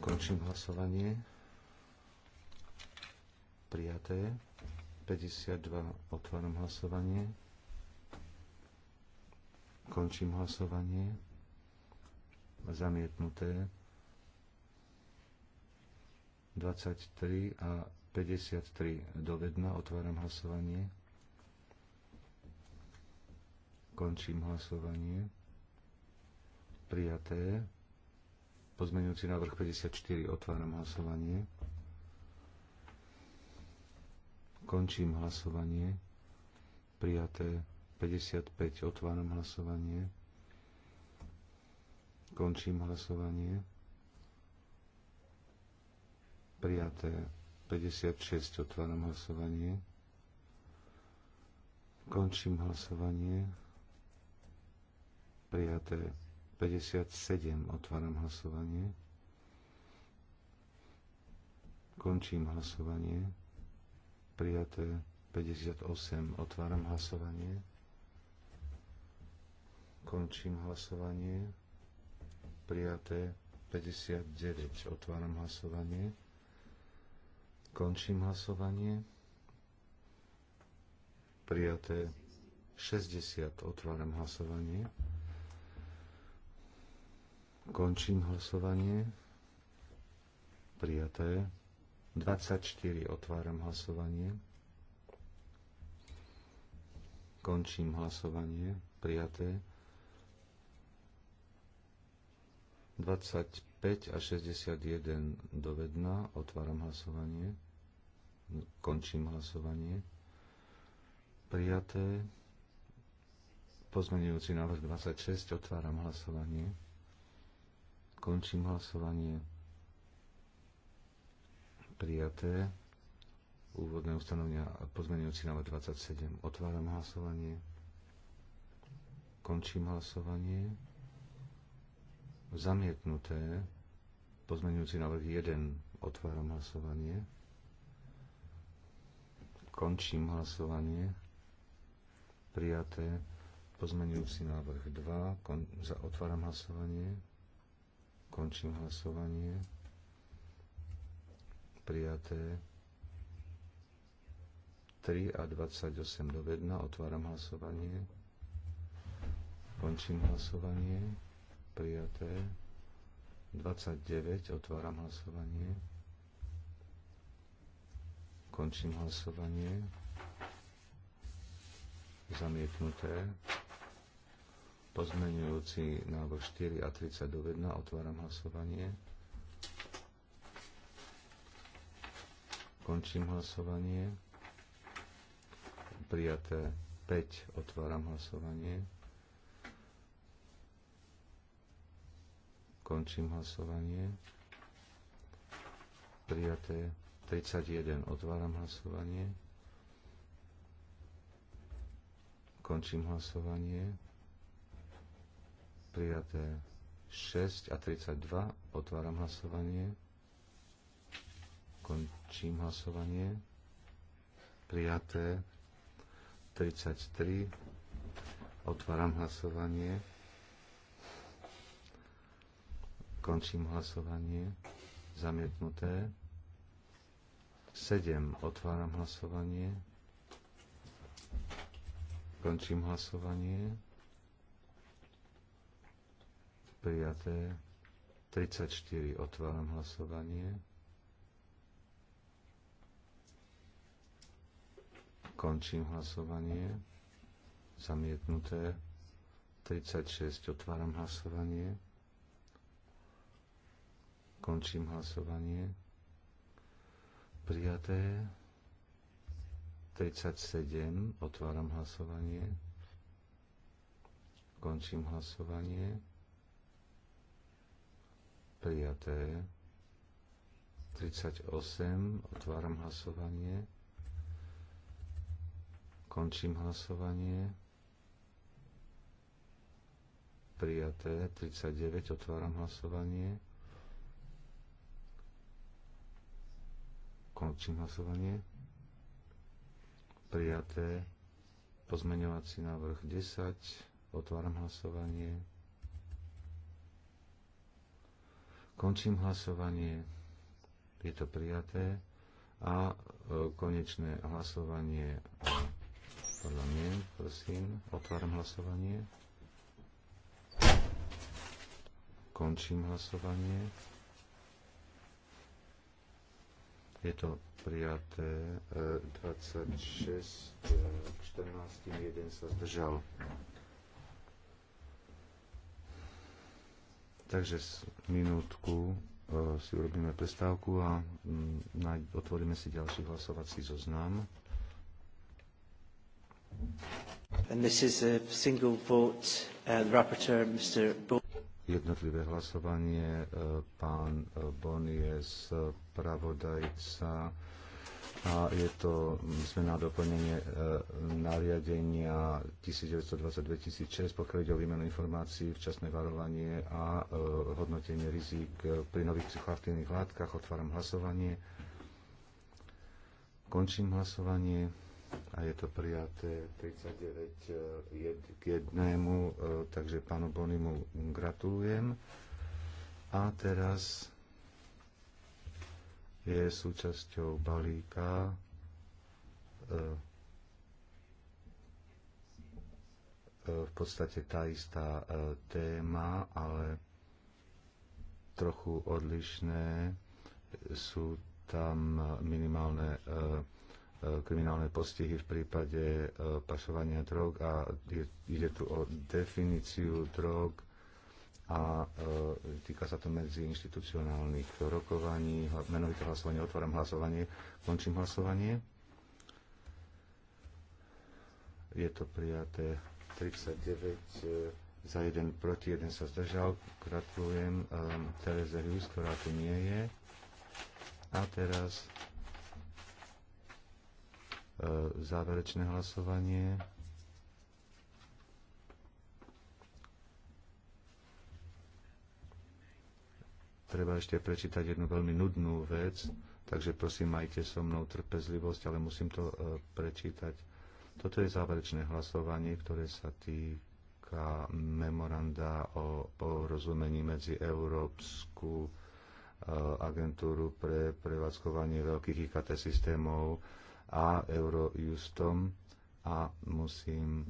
Končím hlasovanie. Prijaté. 52. Otváram hlasovanie. Končím hlasovanie zamietnuté. 23 a 53 do 1. Otváram hlasovanie. Končím hlasovanie. Prijaté. Pozmenujúci návrh 54. Otváram hlasovanie. Končím hlasovanie. Prijaté. 55. Otváram hlasovanie. Končím hlasovanie. Prijaté 56. Otváram hlasovanie. Končím hlasovanie. Prijaté 57. Otváram hlasovanie. Končím hlasovanie. Prijaté 58. Otváram hlasovanie. Končím hlasovanie prijaté 59. Otváram hlasovanie. Končím hlasovanie. Prijaté 60. Otváram hlasovanie. Končím hlasovanie. Prijaté 24. Otváram hlasovanie. Končím hlasovanie. Prijaté 25 a 61 vedna. Otváram hlasovanie. Končím hlasovanie. Prijaté. Pozmenujúci návrh 26. Otváram hlasovanie. Končím hlasovanie. Prijaté. Úvodné ustanovenia a pozmenujúci návrh 27. Otváram hlasovanie. Končím hlasovanie Zamietnuté. Pozmenujúci návrh 1. Otváram hlasovanie. Končím hlasovanie. Prijaté. Pozmenujúci návrh 2. Kon- za- otváram hlasovanie. Končím hlasovanie. Prijaté. 3 a 28 do 1. Otváram hlasovanie. Končím hlasovanie prijaté. 29, otváram hlasovanie. Končím hlasovanie. Zamietnuté. Pozmenujúci návrh 4 a 1, otváram hlasovanie. Končím hlasovanie. Prijaté 5, otváram hlasovanie. Končím hlasovanie. Prijaté 31. Otváram hlasovanie. Končím hlasovanie. Prijaté 6 a 32. Otváram hlasovanie. Končím hlasovanie. Prijaté 33. Otváram hlasovanie. Končím hlasovanie. Zamietnuté. 7. Otváram hlasovanie. Končím hlasovanie. Prijaté. 34. Otváram hlasovanie. Končím hlasovanie. Zamietnuté. 36. Otváram hlasovanie. Končím hlasovanie. Prijaté. 37. Otváram hlasovanie. Končím hlasovanie. Prijaté. 38. Otváram hlasovanie. Končím hlasovanie. Prijaté. 39. Otváram hlasovanie. Končím hlasovanie. Prijaté. Pozmeňovací návrh 10. Otváram hlasovanie. Končím hlasovanie. Je to prijaté. A e, konečné hlasovanie podľa mňa, prosím. Otváram hlasovanie. Končím hlasovanie. Je to prijaté 26 e, 14, e, jeden sa zdržal. Takže minútku e, si urobíme prestávku a mm, otvoríme si ďalší hlasovací zoznam. And this is a single vote, uh, the rapporteur, Mr. Bo jednotlivé hlasovanie. E, pán e, Boni je spravodajca a je to mm, zmena doplnenie e, nariadenia 1922-2006, pokiaľ ide o výmenu informácií, včasné varovanie a hodnotenie rizik pri nových psychoaktívnych látkach. Otváram hlasovanie. Končím hlasovanie a je to prijaté 39 eh, k jednému, eh, takže pánu Bonimu gratulujem. A teraz je súčasťou balíka eh, v podstate tá istá téma, ale trochu odlišné. Sú tam minimálne E, kriminálne postihy v prípade e, pašovania drog a ide tu o definíciu drog a e, týka sa to medzi inštitucionálnych rokovaní, menovité hlasovanie, otváram hlasovanie, končím hlasovanie. Je to prijaté 39 za jeden proti, jeden sa zdržal. Gratulujem e, Tereze Hughes, ktorá tu nie je. A teraz E, záverečné hlasovanie. Treba ešte prečítať jednu veľmi nudnú vec, takže prosím, majte so mnou trpezlivosť, ale musím to e, prečítať. Toto je záverečné hlasovanie, ktoré sa týka memoranda o porozumení medzi Európsku e, agentúru pre prevádzkovanie veľkých IKT systémov a Eurojustom a musím e,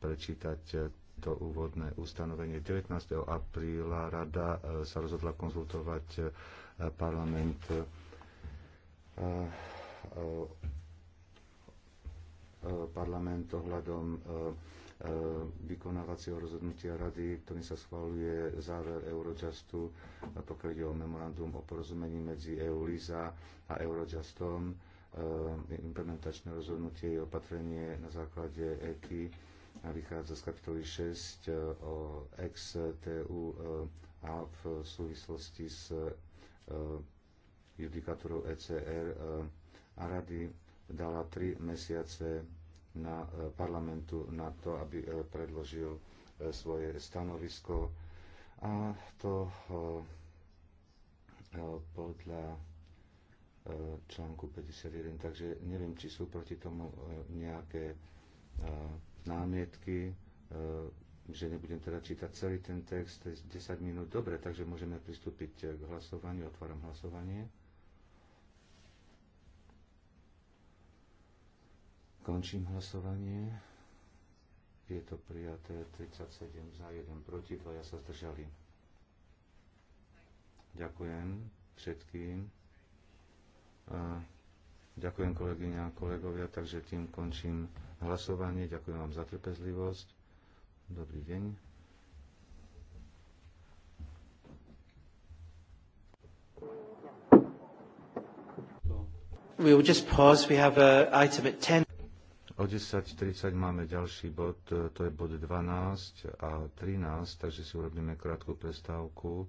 prečítať e, to úvodné ustanovenie. 19. apríla rada e, sa rozhodla konzultovať parlament parlament ohľadom vykonávacieho rozhodnutia rady, ktorým sa schvaluje záver Eurojustu, pokiaľ ide o memorandum o porozumení medzi EU-LISA a Eurojustom E, implementačné rozhodnutie je opatrenie na základe EKI a vychádza z kapitoly 6 e, o XTU e, a v súvislosti s judikatúrou ECR a rady dala 3 mesiace na parlamentu na to, aby predložil svoje stanovisko a to podľa článku 51, takže neviem, či sú proti tomu e, nejaké e, námietky, e, že nebudem teda čítať celý ten text, 10 minút, dobre, takže môžeme pristúpiť k hlasovaniu, otváram hlasovanie. Končím hlasovanie. Je to prijaté 37 za 1 proti, 2 ja sa zdržali. Ďakujem všetkým. Ďakujem kolegyňa a kolegovia, takže tým končím hlasovanie. Ďakujem vám za trpezlivosť. Dobrý deň. We will just pause. We have a item at 10. O 10.30 máme ďalší bod, e, to je bod 12 a 13, takže si urobíme krátku prestávku.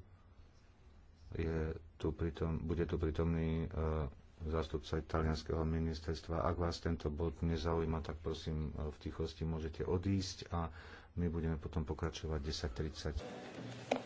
Je tu pritom, bude tu pritomný uh, e, zástupca italianského ministerstva. Ak vás tento bod nezaujíma, tak prosím e, v tichosti môžete odísť a my budeme potom pokračovať 10.30.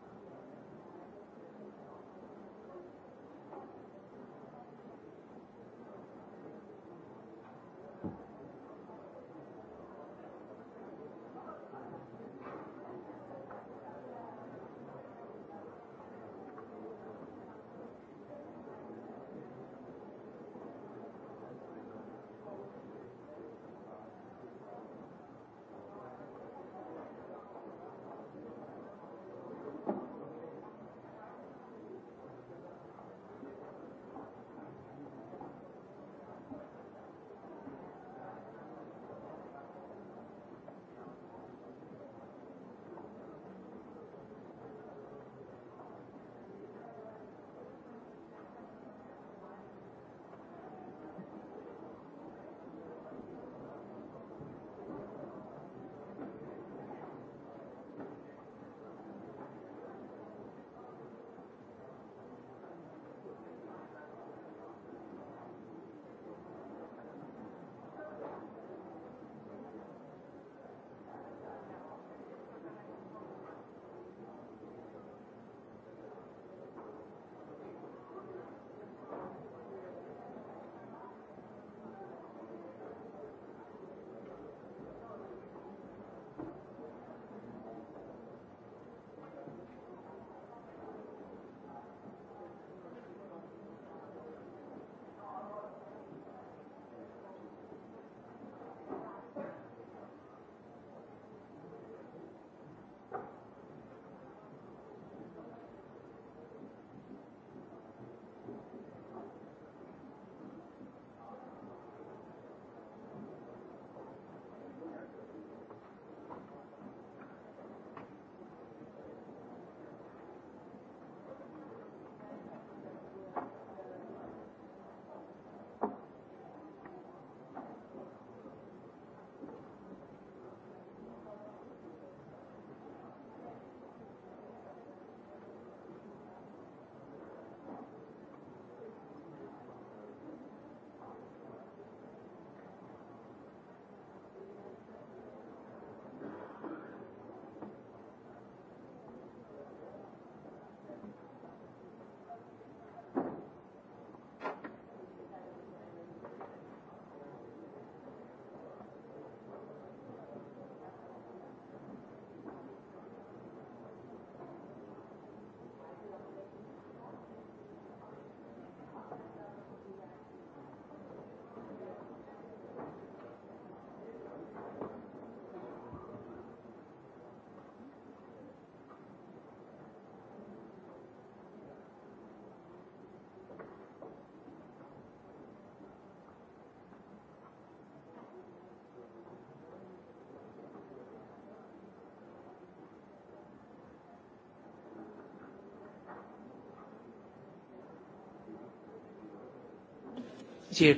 Uh,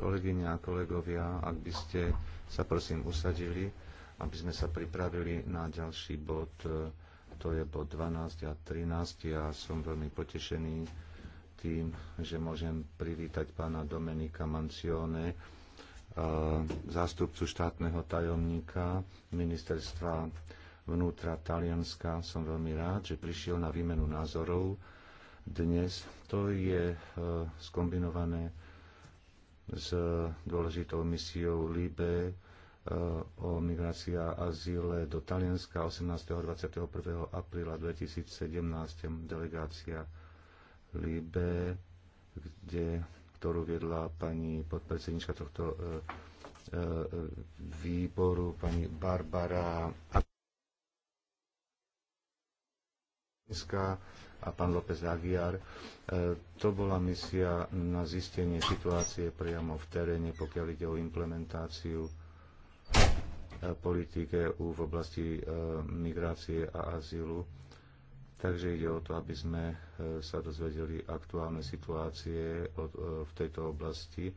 Kolegyne a kolegovia, ak by ste sa prosím usadili, aby sme sa pripravili na ďalší bod, e, to je bod 12 a 13. Ja som veľmi potešený tým, že môžem privítať pána Domenika Mancione, e, zástupcu štátneho tajomníka ministerstva vnútra Talianska. Som veľmi rád, že prišiel na výmenu názorov dnes, to je e, skombinované s dôležitou misiou Libe e, o migrácii a azyle do Talianska 18. a 21. apríla 2017 delegácia Libe, kde, ktorú viedla pani podpredsednička tohto e, výboru, pani Barbara a pán López Aguiar. E, to bola misia na zistenie situácie priamo v teréne, pokiaľ ide o implementáciu e, politik EU v oblasti e, migrácie a azylu. Takže ide o to, aby sme sa dozvedeli aktuálne situácie v tejto oblasti.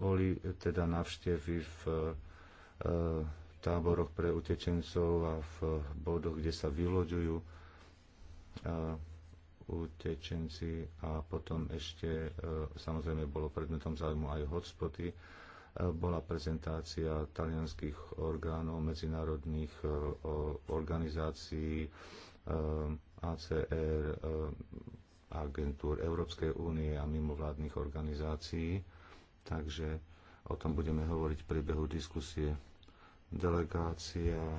Boli teda navštevy v táboroch pre utečencov a v bodoch, kde sa vyloďujú utečenci a potom ešte e, samozrejme bolo predmetom záujmu aj hotspoty. E, bola prezentácia talianských orgánov, medzinárodných e, organizácií, ACR, agentúr Európskej únie a mimovládnych organizácií. Takže o tom budeme hovoriť v priebehu diskusie. Delegácia e,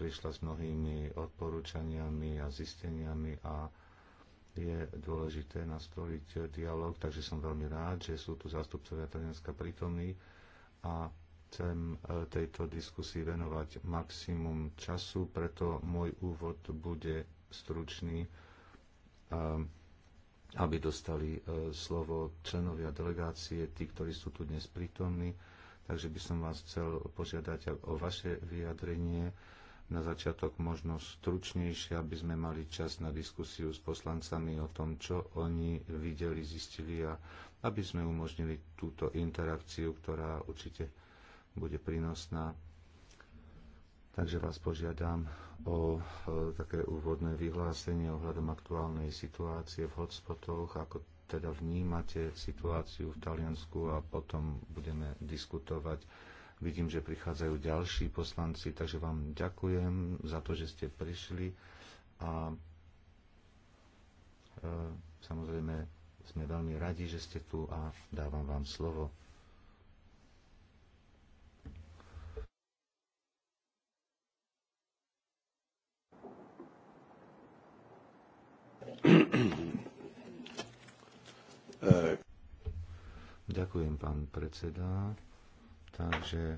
prišla s mnohými odporúčaniami a zisteniami a je dôležité nastoliť dialog, takže som veľmi rád, že sú tu zástupcovia Talianska prítomní a chcem e, tejto diskusii venovať maximum času, preto môj úvod bude stručný, e, aby dostali slovo členovia delegácie, tí, ktorí sú tu dnes prítomní. Takže by som vás chcel požiadať o vaše vyjadrenie. Na začiatok možno stručnejšie, aby sme mali čas na diskusiu s poslancami o tom, čo oni videli, zistili a aby sme umožnili túto interakciu, ktorá určite bude prínosná. Takže vás požiadam o také úvodné vyhlásenie ohľadom aktuálnej situácie v hotspotoch, ako teda vnímate situáciu v Taliansku a potom budeme diskutovať. Vidím, že prichádzajú ďalší poslanci, takže vám ďakujem za to, že ste prišli a e, samozrejme sme veľmi radi, že ste tu a dávam vám slovo. E, Ďakujem, pán predseda. Takže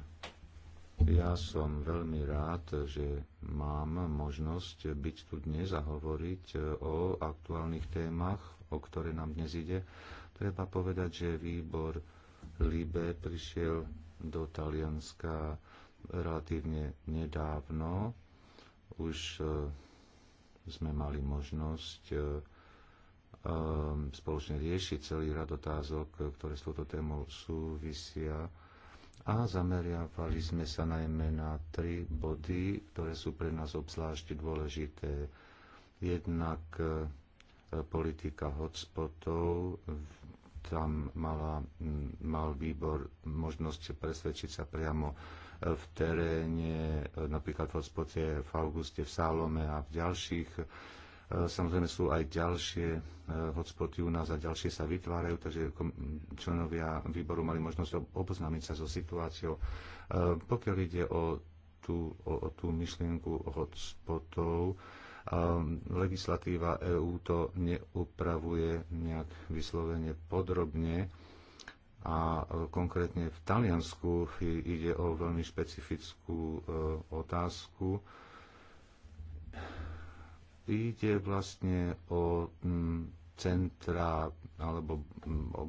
ja som veľmi rád, že mám možnosť byť tu dnes a hovoriť e, o aktuálnych témach, o ktoré nám dnes ide. Treba povedať, že výbor Libe prišiel do Talianska relatívne nedávno. Už e, sme mali možnosť Um, spoločne riešiť celý rad otázok, ktoré s touto témou súvisia. A zameriavali sme sa najmä na tri body, ktoré sú pre nás obzvlášť dôležité. Jednak e, politika hotspotov, tam mala, mal výbor možnosť presvedčiť sa priamo e, v teréne, e, napríklad v hotspote v auguste v Salome a v ďalších E, samozrejme sú aj ďalšie e, hotspoty u nás a ďalšie sa vytvárajú, takže členovia výboru mali možnosť oboznámiť sa so situáciou. E, pokiaľ ide o tú, o, o tú myšlienku hotspotov, legislatíva EÚ to neupravuje nejak vyslovene podrobne a konkrétne v Taliansku ide o veľmi špecifickú otázku Ide vlastne o mm, centra alebo mm,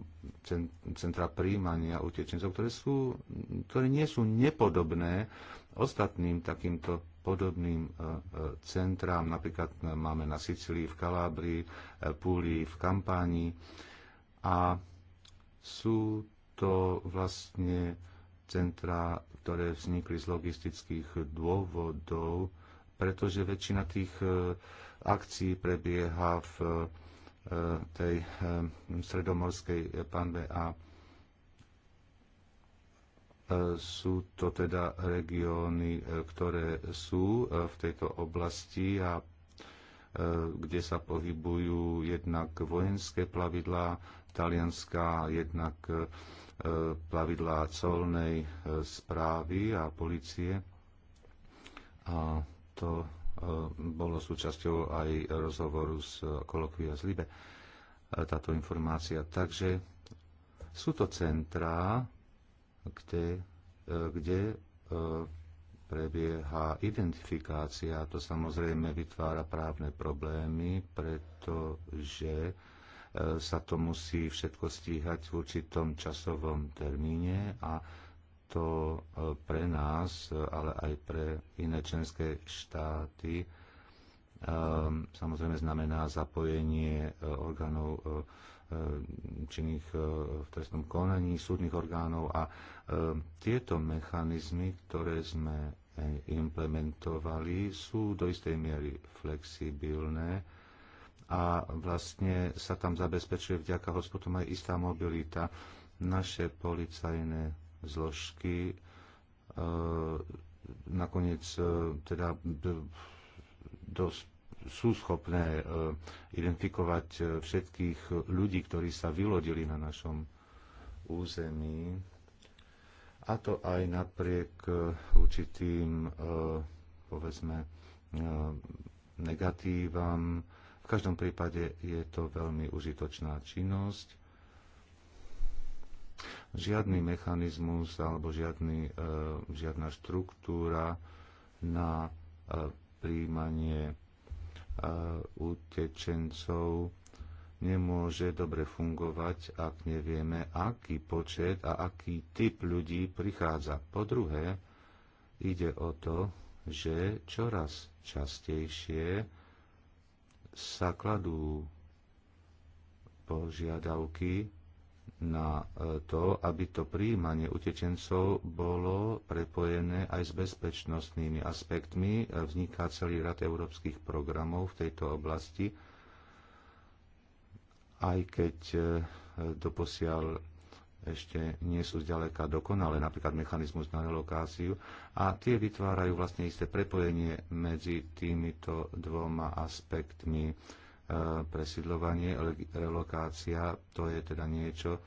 centra príjmania utečencov, ktoré, sú, ktoré nie sú nepodobné ostatným takýmto podobným e, e, centrám. Napríklad e, máme na Sicílii, v Kalábrii, Púli, v Kampánii. A sú to vlastne centra, ktoré vznikli z logistických dôvodov, pretože väčšina tých akcií prebieha v e, tej e, stredomorskej panve a e, sú to teda regióny, ktoré sú v tejto oblasti a kde sa pohybujú jednak vojenské plavidlá talianská, jednak plavidlá colnej správy a policie. A to Eh, bolo súčasťou aj rozhovoru z eh, kolokvia z Libe eh, táto informácia. Takže sú to centrá, kde, kde prebieha identifikácia. To samozrejme vytvára právne problémy, pretože sa to musí všetko stíhať v určitom časovom termíne a to e, pre nás, e, ale aj pre iné členské štáty e, samozrejme znamená zapojenie orgánov činných v trestnom konaní, súdnych orgánov a tieto mechanizmy, ktoré sme implementovali, sú do istej miery flexibilné a vlastne sa tam zabezpečuje vďaka hospodom aj istá mobilita. Naše policajné zložky. Eh, nakoniec eh, teda dosť sú schopné eh, identifikovať všetkých ľudí, ktorí sa vylodili na našom území. A to aj napriek určitým, povedzme, negatívam. V každom prípade je to veľmi užitočná činnosť žiadny mechanizmus alebo žiadny, e, žiadna štruktúra na e, príjmanie e, utečencov nemôže dobre fungovať, ak nevieme, aký počet a aký typ ľudí prichádza. Po druhé, ide o to, že čoraz častejšie sa kladú požiadavky na e, to, aby to príjmanie utečencov bolo prepojené aj s bezpečnostnými aspektmi. E, vzniká celý rad európskych programov v tejto oblasti, aj keď e, doposiaľ ešte nie sú zďaleka dokonalé, napríklad mechanizmus na relokáciu a tie vytvárajú vlastne isté prepojenie medzi týmito dvoma aspektmi presídľovanie, relokácia, to je teda niečo, e,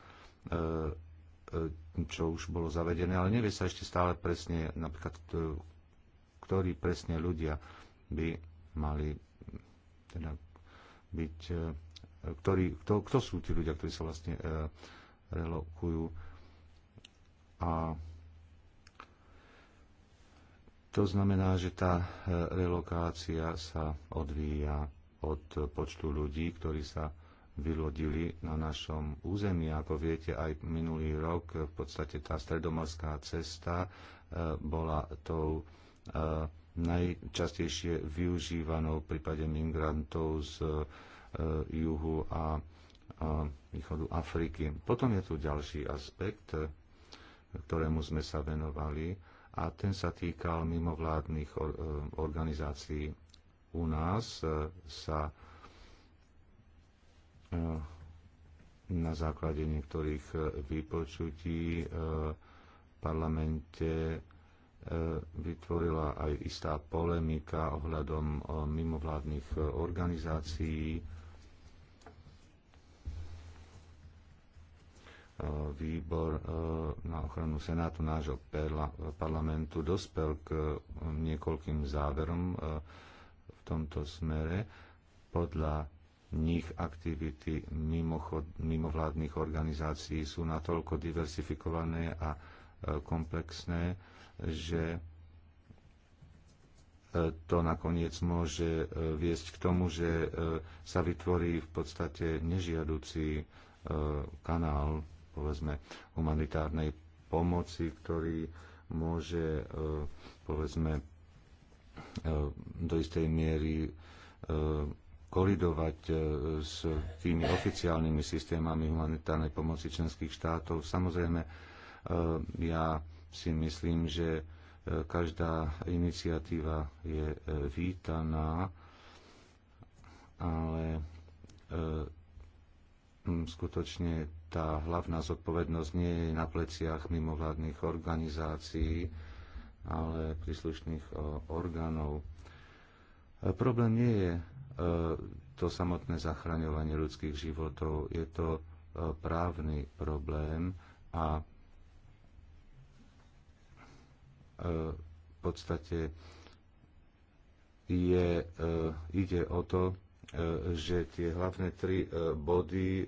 e, čo už bolo zavedené, ale nevie sa ešte stále presne, napríklad, ktorí presne ľudia by mali teda byť, e, ktorí, kto, kto sú tí ľudia, ktorí sa vlastne relokujú. A to znamená, že tá relokácia sa odvíja od počtu ľudí, ktorí sa vylodili na našom území. Ako viete, aj minulý rok v podstate tá stredomorská cesta e, bola tou e, najčastejšie využívanou v prípade migrantov z e, juhu a východu Afriky. Potom je tu ďalší aspekt, ktorému sme sa venovali a ten sa týkal mimovládnych organizácií u nás e, sa e, na základe niektorých e, vypočutí v parlamente vytvorila aj istá polemika ohľadom mimovládnych organizácií. Výbor na ochranu Senátu nášho parlamentu dospel k niekoľkým záverom, tomto smere. Podľa nich aktivity mimovládnych organizácií sú natoľko diversifikované a e, komplexné, že e, to nakoniec môže e, viesť k tomu, že sa vytvorí v podstate nežiaducí kanál, povedzme, humanitárnej pomoci, ktorý môže, povedzme, E, do istej miery e, kolidovať e, s tými oficiálnymi systémami humanitárnej pomoci členských štátov. Samozrejme, ja si myslím, že každá iniciatíva je vítaná, ale skutočne tá hlavná zodpovednosť nie je na pleciach mimovládnych organizácií, ale príslušných e, orgánov. E, problém nie je e, to samotné zachraňovanie ľudských životov, je to právny problém a v podstate je, ide o to, že tie hlavné tri body,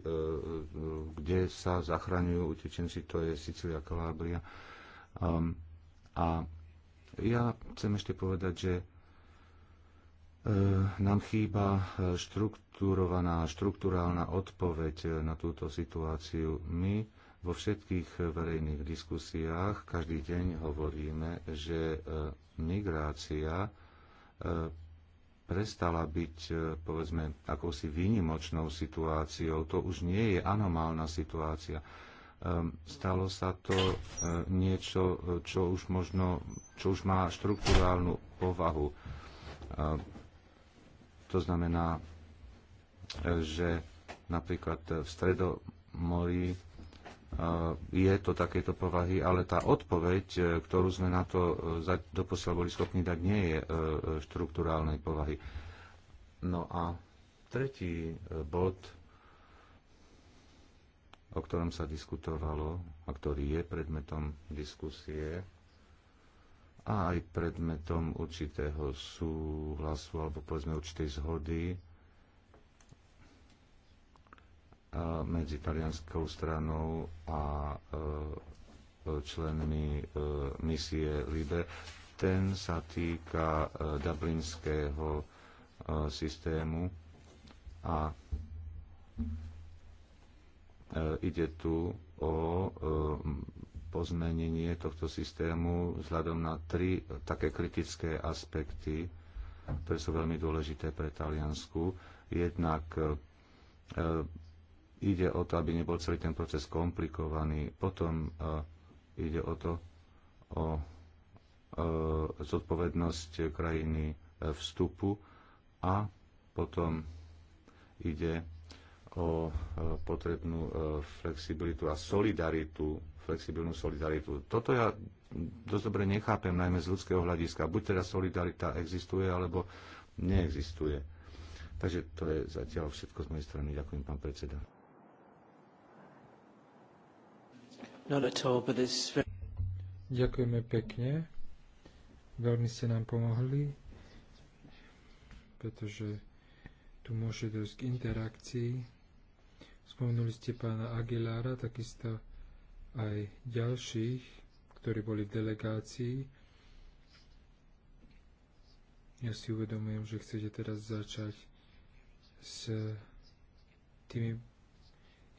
kde sa zachraňujú utečenci, to je Sicília, Kalábria um, a ja chcem ešte povedať, že e, nám chýba e, štruktúrovaná, štruktúrálna odpoveď e, na túto situáciu. My vo všetkých verejných diskusiách každý deň hovoríme, že migrácia prestala byť, povedzme, akousi výnimočnou situáciou. To už nie je anomálna situácia. Ehm, stalo sa to e, niečo, e, čo už možno, čo už má štruktúrálnu povahu. Ehm, to znamená, e, že napríklad v Stredomorí je to takéto povahy, ale tá odpoveď, ktorú sme na to doposiaľ boli schopní dať, nie je štruktúrálnej povahy. No a tretí bod o ktorom sa diskutovalo a ktorý je predmetom diskusie a aj predmetom určitého súhlasu alebo povedzme určitej zhody medzi talianskou stranou a e, členmi e, misie LIBE. Ten sa týka e, dublinského systému a E, ide tu o e, pozmenenie tohto systému vzhľadom na tri také kritické aspekty, ktoré sú veľmi dôležité pre Taliansku. Jednak e, ide o to, aby nebol celý ten proces komplikovaný. Potom ide o to, o zodpovednosť krajiny vstupu a potom ide o e, potrebnú e, flexibilitu a solidaritu, flexibilnú solidaritu. Toto ja dosť dobre nechápem, najmä z ľudského hľadiska. Buď teda solidarita existuje, alebo neexistuje. Takže to je zatiaľ všetko z mojej strany. Ďakujem, pán predseda. Ďakujeme pekne. Veľmi ste nám pomohli, pretože tu môže dojsť k interakcii Spomenuli ste pána Aguilára, takisto aj ďalších, ktorí boli v delegácii. Ja si uvedomujem, že chcete teraz začať s tými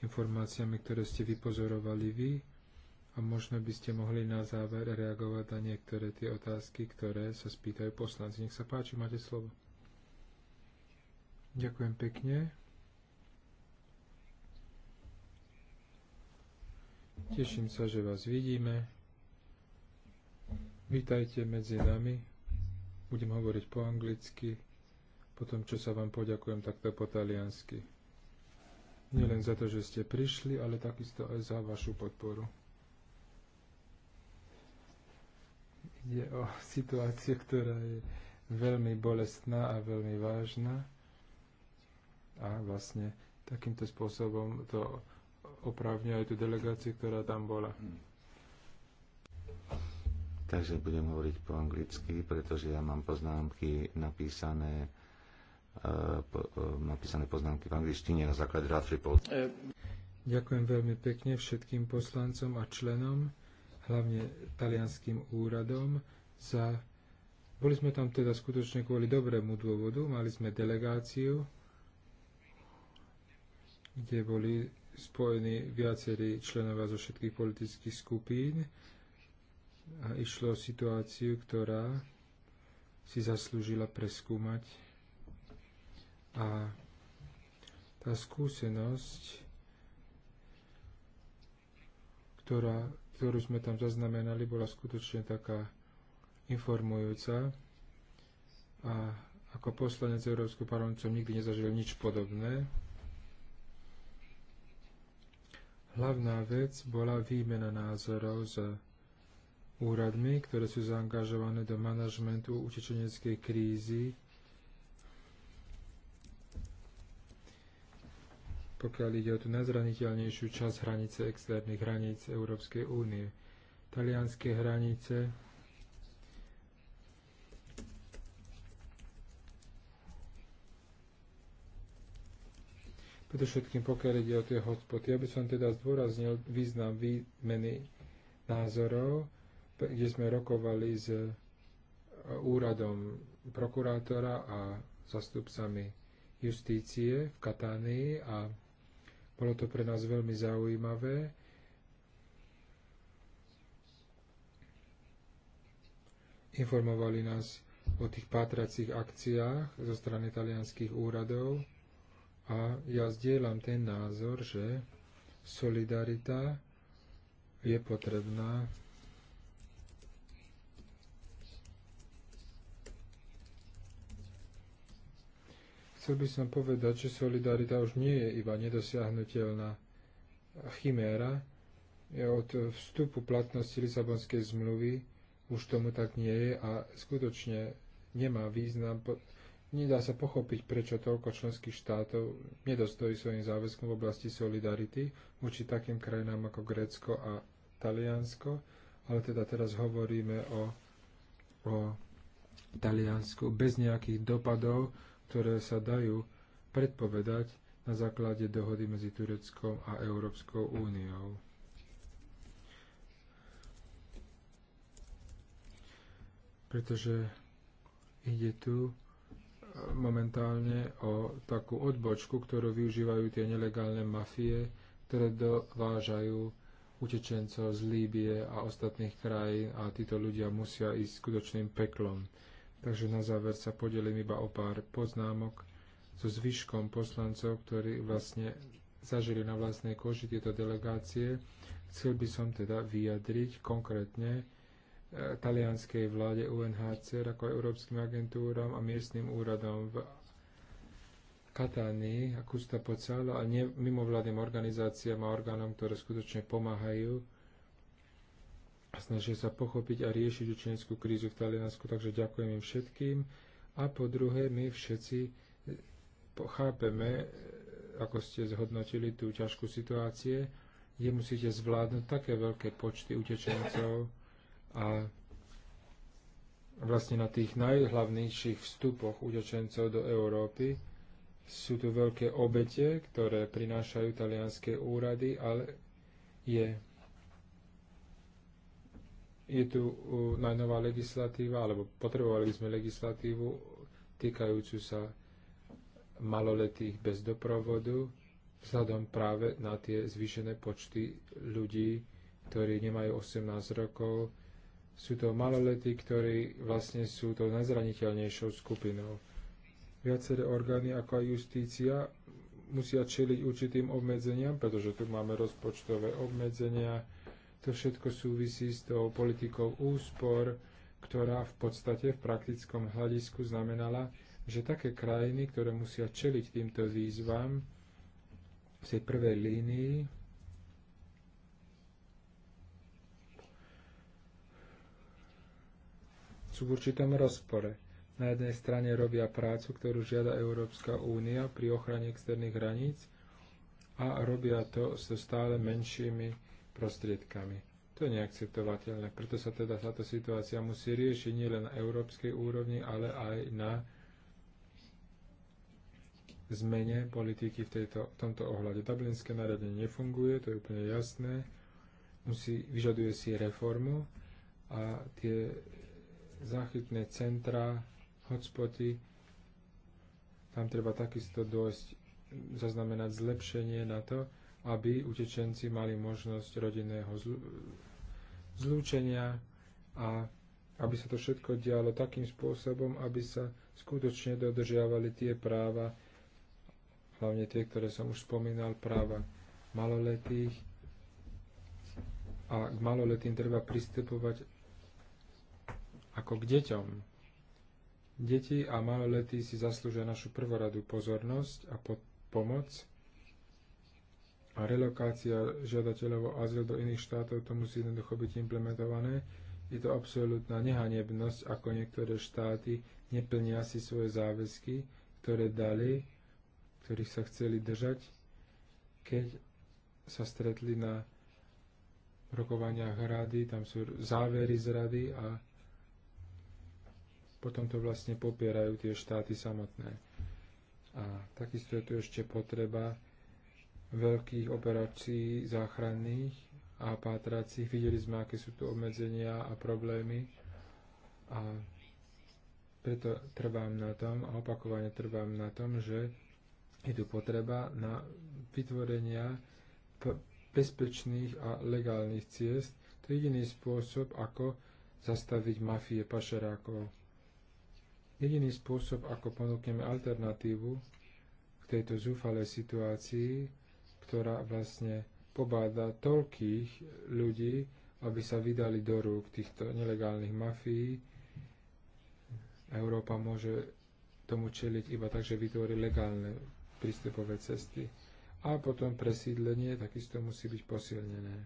informáciami, ktoré ste vypozorovali vy a možno by ste mohli na záver reagovať na niektoré tie otázky, ktoré sa spýtajú poslanci. Nech sa páči, máte slovo. Ďakujem pekne. Teším sa, že vás vidíme. Vítajte medzi nami. Budem hovoriť po anglicky, potom, čo sa vám poďakujem takto po taliansky. Nielen za to, že ste prišli, ale takisto aj za vašu podporu. Ide o situáciu, ktorá je veľmi bolestná a veľmi vážna. A vlastne takýmto spôsobom to oprávňuje aj tú delegáciu, ktorá tam bola. Takže budem hovoriť po anglicky, pretože ja mám poznámky napísané e, e, napísané poznámky v angličtine na základe draft report. E, Ďakujem veľmi pekne všetkým poslancom a členom, hlavne talianským úradom za... Boli sme tam teda skutočne kvôli dobrému dôvodu, mali sme delegáciu, kde boli spojení viacerí členovia zo všetkých politických skupín a išlo o situáciu, ktorá si zaslúžila preskúmať. A tá skúsenosť, ktorá, ktorú sme tam zaznamenali, bola skutočne taká informujúca. A ako poslanec Európskeho parlamentu som nikdy nezažil nič podobné. Hlavná vec bola výmena názorov s úradmi, ktoré sú zaangažované do manažmentu utečeneckej krízy, pokiaľ ide o tú najzraniteľnejšiu časť hranice externých hraníc Európskej únie. Talianské hranice predovšetkým pokiaľ ide o tie hotspoty. Ja by som teda zdôraznil význam výmeny názorov, kde sme rokovali s e, úradom prokurátora a zastupcami justície v Katánii a bolo to pre nás veľmi zaujímavé. Informovali nás o tých pátracích akciách zo strany talianských úradov a ja zdieľam ten názor, že solidarita je potrebná Chcel by som povedať, že solidarita už nie je iba nedosiahnutelná chiméra. Od vstupu platnosti Lisabonskej zmluvy už tomu tak nie je a skutočne nemá význam Nedá sa pochopiť, prečo toľko členských štátov nedostojí svojim záväzkom v oblasti solidarity voči takým krajinám ako Grécko a Taliansko, ale teda teraz hovoríme o, o Taliansku bez nejakých dopadov, ktoré sa dajú predpovedať na základe dohody medzi Tureckom a Európskou úniou. Pretože ide tu momentálne o takú odbočku, ktorú využívajú tie nelegálne mafie, ktoré dovážajú utečencov z Líbie a ostatných krajín a títo ľudia musia ísť skutočným peklom. Takže na záver sa podelím iba o pár poznámok so zvyškom poslancov, ktorí vlastne zažili na vlastnej koži tieto delegácie. Chcel by som teda vyjadriť konkrétne, talianskej vláde UNHCR ako európskym agentúram a miestnym úradom v Katánii a Kusta Pocala a ne, mimovládnym organizáciám a orgánom, ktoré skutočne pomáhajú a snažia sa pochopiť a riešiť učenskú krízu v Taliansku, takže ďakujem im všetkým. A po druhé, my všetci chápeme, e, ako ste zhodnotili tú ťažkú situácie, kde musíte zvládnuť také veľké počty utečencov, a vlastne na tých najhlavnejších vstupoch utečencov do Európy sú tu veľké obete, ktoré prinášajú talianské úrady, ale je, je tu najnová legislatíva, alebo potrebovali sme legislatívu týkajúcu sa maloletých bez doprovodu, vzhľadom práve na tie zvýšené počty ľudí, ktorí nemajú 18 rokov, sú to maloletí, ktorí vlastne sú tou najzraniteľnejšou skupinou. Viaceré orgány ako aj justícia musia čeliť určitým obmedzeniam, pretože tu máme rozpočtové obmedzenia. To všetko súvisí s tou politikou úspor, ktorá v podstate v praktickom hľadisku znamenala, že také krajiny, ktoré musia čeliť týmto výzvam v tej prvej línii, sú v určitom rozpore. Na jednej strane robia prácu, ktorú žiada Európska únia pri ochrane externých hraníc a robia to so stále menšími prostriedkami. To je neakceptovateľné, preto sa teda táto situácia musí riešiť nielen na európskej úrovni, ale aj na zmene politiky v, tejto, v tomto ohľade. Dublinské nariadenie nefunguje, to je úplne jasné. Musí, vyžaduje si reformu a tie záchytné centrá, hotspoty, tam treba takisto dôjsť, zaznamenať zlepšenie na to, aby utečenci mali možnosť rodinného zlúčenia a aby sa to všetko dialo takým spôsobom, aby sa skutočne dodržiavali tie práva, hlavne tie, ktoré som už spomínal, práva maloletých. A k maloletým treba pristupovať ako k deťom. Deti a maloletí si zaslúžia našu prvoradú pozornosť a pomoc a relokácia žiadateľov o azyl do iných štátov, to musí jednoducho byť implementované. Je to absolútna nehanebnosť, ako niektoré štáty neplnia si svoje záväzky, ktoré dali, ktorých sa chceli držať, keď sa stretli na rokovaniach rady, tam sú závery z rady a potom to vlastne popierajú tie štáty samotné. A takisto je tu ešte potreba veľkých operácií záchranných a pátracích. Videli sme, aké sú tu obmedzenia a problémy. A preto trvám na tom a opakovane trvám na tom, že je tu potreba na vytvorenia bezpečných a legálnych ciest. To je jediný spôsob, ako zastaviť mafie pašerákov. Jediný spôsob, ako ponúkneme alternatívu k tejto zúfalej situácii, ktorá vlastne pobáda toľkých ľudí, aby sa vydali do rúk týchto nelegálnych mafií, Európa môže tomu čeliť iba tak, že vytvorí legálne prístupové cesty. A potom presídlenie takisto musí byť posilnené.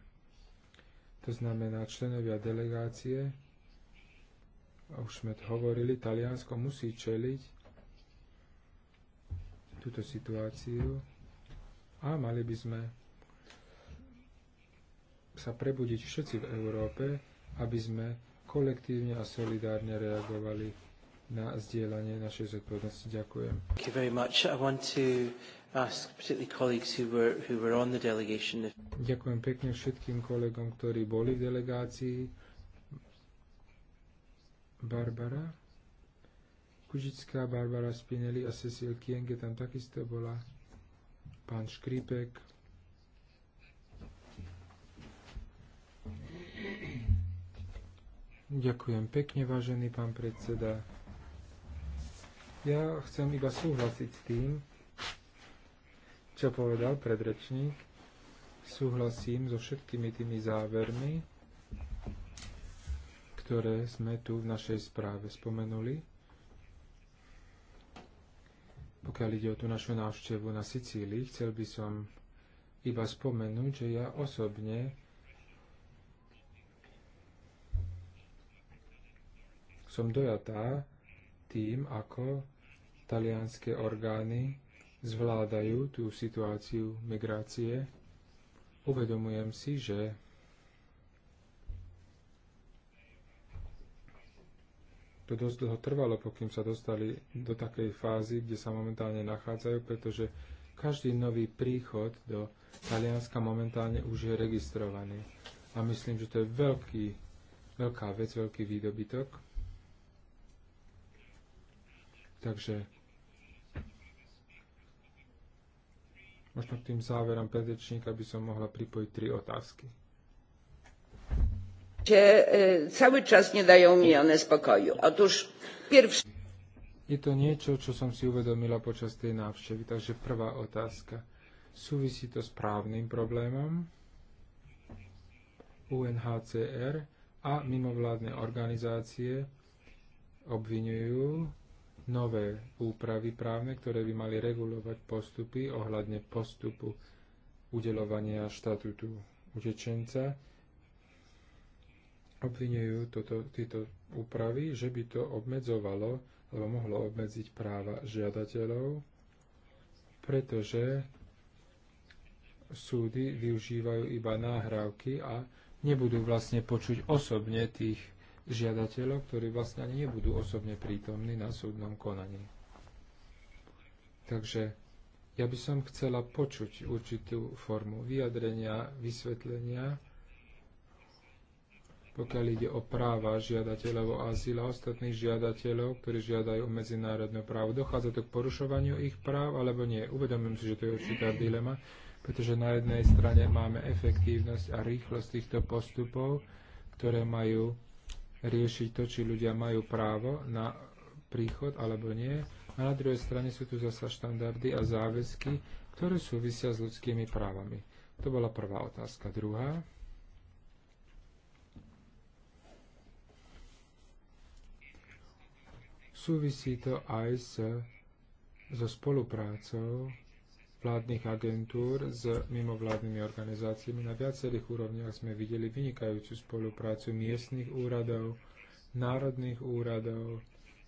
To znamená, členovia delegácie už sme to hovorili, Taliansko musí čeliť túto situáciu a mali by sme sa prebudiť všetci v Európe, aby sme kolektívne a solidárne reagovali na zdieľanie našej zodpovednosti. Ďakujem. Thank you very much. I want to ask particularly colleagues who were, who were on the delegation. Ďakujem pekne všetkým kolegom, ktorí boli v delegácii Barbara. Kužická Barbara Spinelli a Cecil Kienge tam takisto bola. Pán Škripek. Ďakujem pekne, vážený pán predseda. Ja chcem iba súhlasiť s tým, čo povedal predrečník. Súhlasím so všetkými tými závermi, ktoré sme tu v našej správe spomenuli. Pokiaľ ide o tú našu návštevu na Sicílii, chcel by som iba spomenúť, že ja osobne som dojatá tým, ako talianské orgány zvládajú tú situáciu migrácie. Uvedomujem si, že to dosť dlho trvalo, pokým sa dostali do takej fázy, kde sa momentálne nachádzajú, pretože každý nový príchod do Talianska momentálne už je registrovaný. A myslím, že to je veľký, veľká vec, veľký výdobytok. Takže možno k tým záverom predrečníka by som mohla pripojiť tri otázky się cały czas nie dają mi one spokoju. Otóż pierwszy... Je to niečo, čo som si uvedomila počas tej návštevy, takže prvá otázka. Súvisí to s právnym problémom UNHCR a mimovládne organizácie obvinujú nové úpravy právne, ktoré by mali regulovať postupy ohľadne postupu udelovania štatútu utečenca obvinujú toto, tieto úpravy, že by to obmedzovalo alebo mohlo obmedziť práva žiadateľov, pretože súdy využívajú iba náhrávky a nebudú vlastne počuť osobne tých žiadateľov, ktorí vlastne ani nebudú osobne prítomní na súdnom konaní. Takže ja by som chcela počuť určitú formu vyjadrenia, vysvetlenia, pokiaľ ide o práva žiadateľov o azyl a ostatných žiadateľov, ktorí žiadajú o medzinárodné právo. Dochádza to k porušovaniu ich práv alebo nie? Uvedomujem si, že to je určitá dilema, pretože na jednej strane máme efektívnosť a rýchlosť týchto postupov, ktoré majú riešiť to, či ľudia majú právo na príchod alebo nie. A na druhej strane sú tu zasa štandardy a záväzky, ktoré súvisia s ľudskými právami. To bola prvá otázka. Druhá. súvisí to aj s, so spoluprácou vládnych agentúr s mimovládnymi organizáciami. Na viacerých úrovniach sme videli vynikajúcu spoluprácu miestnych úradov, národných úradov,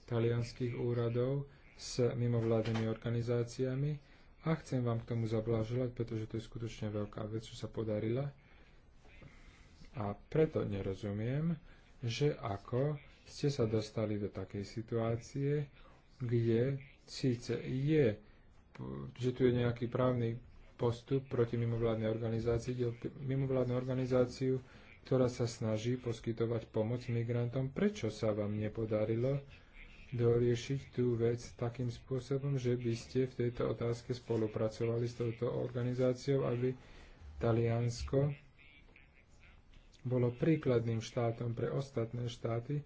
talianských úradov s mimovládnymi organizáciami a chcem vám k tomu zablažovať, pretože to je skutočne veľká vec, čo sa podarila. A preto nerozumiem, že ako ste sa dostali do takej situácie, kde síce je, že tu je nejaký právny postup proti mimovládnej organizácii, kde mimovládnu organizáciu, ktorá sa snaží poskytovať pomoc migrantom. Prečo sa vám nepodarilo doriešiť tú vec takým spôsobom, že by ste v tejto otázke spolupracovali s touto organizáciou, aby Taliansko bolo príkladným štátom pre ostatné štáty,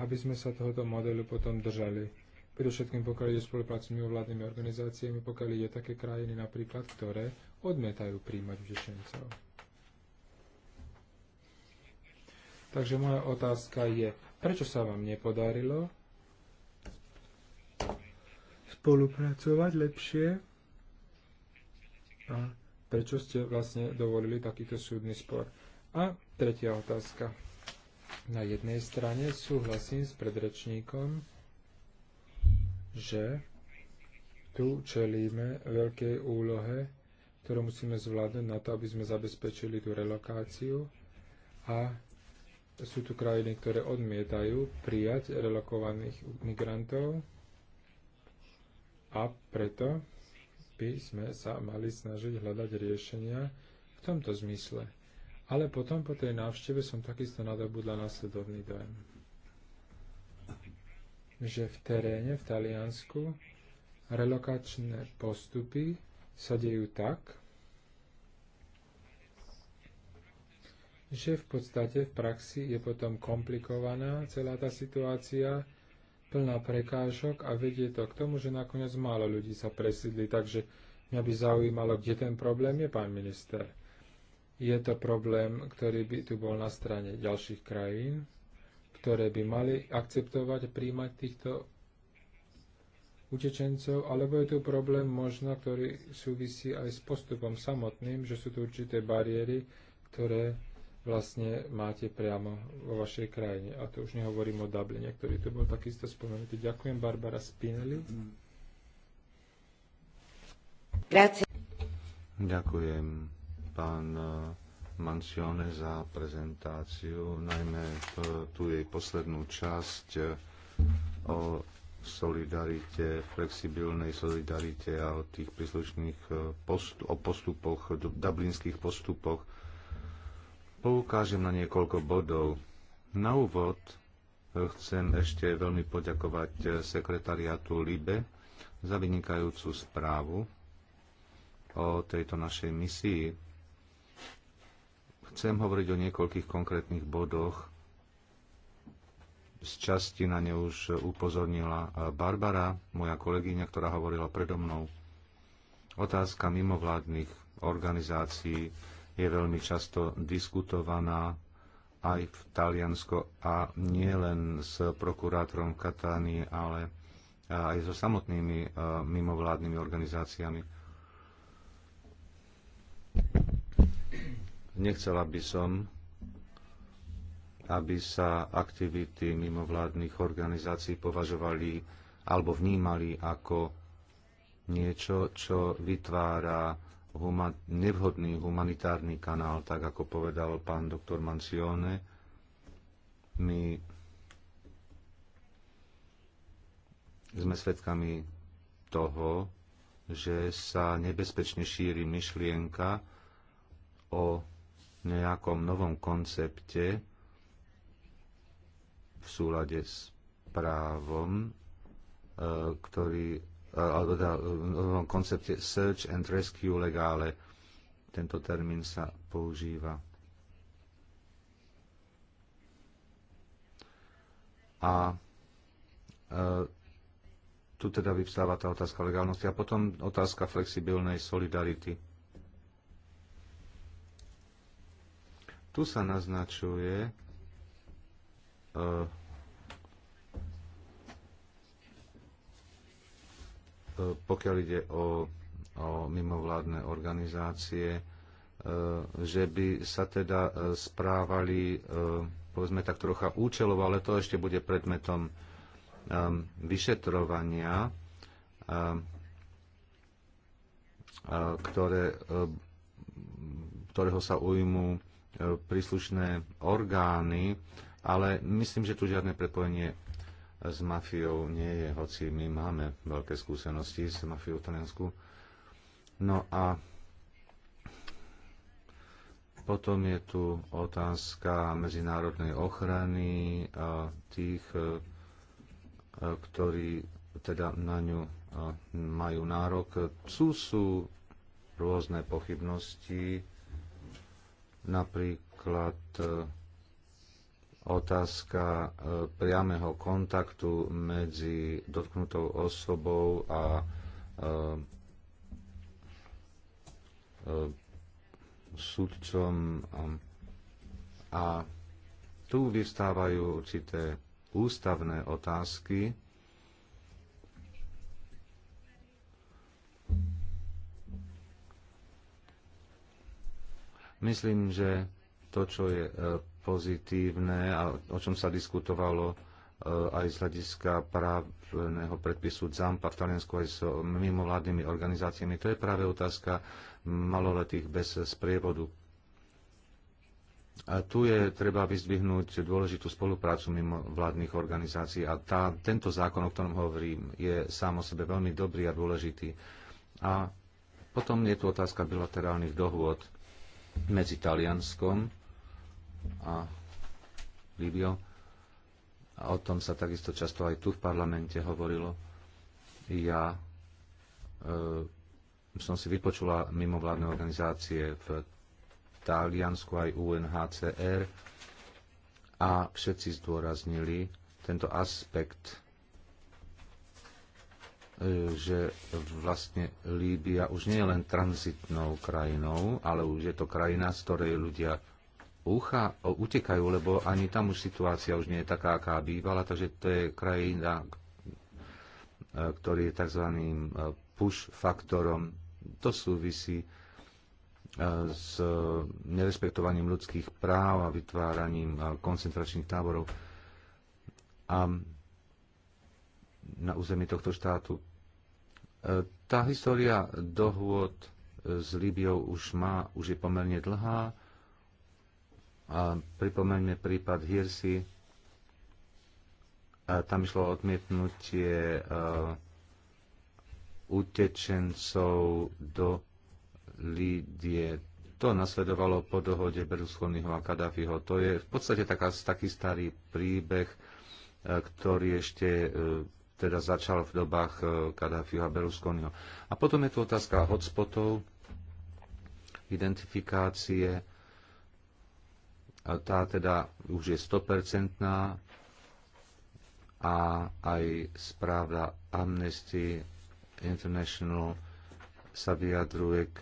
aby sme sa tohoto modelu potom držali. Predovšetkým pokiaľ ide spolupráci s mimovládnymi organizáciami, pokiaľ ide také krajiny napríklad, ktoré odmietajú príjmať utečencov. Takže moja otázka je, prečo sa vám nepodarilo spolupracovať lepšie a prečo ste vlastne dovolili takýto súdny spor? A tretia otázka. Na jednej strane súhlasím s predrečníkom, že tu čelíme veľkej úlohe, ktorú musíme zvládnuť na to, aby sme zabezpečili tú relokáciu a sú tu krajiny, ktoré odmietajú prijať relokovaných migrantov a preto by sme sa mali snažiť hľadať riešenia v tomto zmysle. Ale potom po tej návšteve som takisto nadobudla následovný dojem. Že v teréne, v Taliansku, relokačné postupy sa dejú tak, že v podstate v praxi je potom komplikovaná celá tá situácia, plná prekážok a vedie to k tomu, že nakoniec málo ľudí sa presídli. Takže mňa by zaujímalo, kde ten problém je, pán minister je to problém, ktorý by tu bol na strane ďalších krajín, ktoré by mali akceptovať, príjmať týchto utečencov, alebo je tu problém možno, ktorý súvisí aj s postupom samotným, že sú tu určité bariéry, ktoré vlastne máte priamo vo vašej krajine. A to už nehovorím o Dubline, ktorý tu bol takisto spomenutý. Ďakujem, Barbara Spinelli. Grazie. Ďakujem pán e, Mancione za prezentáciu, najmä e, tu jej poslednú časť e, o solidarite, flexibilnej solidarite a o tých príslušných postup, o postupoch, dublinských postupoch. Poukážem na niekoľko bodov. Na úvod chcem ešte veľmi poďakovať sekretariatu LIBE za vynikajúcu správu o tejto našej misii Chcem hovoriť o niekoľkých konkrétnych bodoch. Z časti na ne už upozornila Barbara, moja kolegyňa, ktorá hovorila predo mnou. Otázka mimovládnych organizácií je veľmi často diskutovaná aj v Taliansko a nie len s prokurátorom v ale aj so samotnými eh, mimovládnymi organizáciami. Nechcela by som, aby sa aktivity mimovládnych organizácií považovali alebo vnímali ako niečo, čo vytvára huma- nevhodný humanitárny kanál, tak ako povedal pán doktor Mancione. My sme svedkami toho, že sa nebezpečne šíri myšlienka o nejakom novom koncepte v súlade s právom, e, ktorý e, alebo teda e, novom koncepte search and rescue legále. Tento termín sa používa. A tu teda vyvstáva tá otázka legálnosti a potom otázka flexibilnej solidarity Tu sa naznačuje e, e, pokiaľ ide o, o mimovládne organizácie, e, že by sa teda správali, povedzme tak trocha účelovo, ale to ešte bude predmetom vyšetrovania, ktoré, ktorého sa ujmú príslušné orgány, ale myslím, že tu žiadne prepojenie s mafiou nie je, hoci my máme veľké skúsenosti s mafiou v Taliansku. No a potom je tu otázka medzinárodnej ochrany a tých, e, ktorí teda na ňu e, majú nárok. Sú, sú rôzne pochybnosti napríklad e, otázka e, priameho kontaktu medzi dotknutou osobou a e, sudcom a tu vystávajú určité ústavné otázky, Myslím, že to, čo je e, pozitívne a o čom sa diskutovalo e, aj z hľadiska právneho predpisu ZAMPA v Taliansku aj s mimovládnymi organizáciami, to je práve otázka maloletých bez sprievodu. A tu je treba vyzdvihnúť dôležitú spoluprácu mimo vládnych organizácií a tá, tento zákon, o ktorom hovorím, je sám o sebe veľmi dobrý a dôležitý. A potom je tu otázka bilaterálnych dohôd medzi Talianskom a Líbiou. A o tom sa takisto často aj tu v parlamente hovorilo. Ja e, som si vypočula mimovládne organizácie v Taliansku aj UNHCR a všetci zdôraznili tento aspekt že vlastne Líbia už nie je len tranzitnou krajinou, ale už je to krajina, z ktorej ľudia ucha, utekajú, lebo ani tam už situácia už nie je taká, aká bývala, takže to je krajina, e, ktorý je tzv. E, push faktorom. To súvisí e, s nerespektovaním ľudských práv a vytváraním koncentračných táborov. A na území tohto štátu tá história dohôd s Líbiou už má, už je pomerne dlhá. A pripomeňme prípad Hirsi. A tam išlo odmietnutie e, utečencov do Lídie. To nasledovalo po dohode Berlusconiho a Kadáfiho. To je v podstate taká, taký starý príbeh, e, ktorý ešte e, teda začal v dobách e, Kadáfiho a Berlusconiho. A potom je tu otázka hotspotov, identifikácie. Tá teda už je 100% a aj správa Amnesty International sa vyjadruje k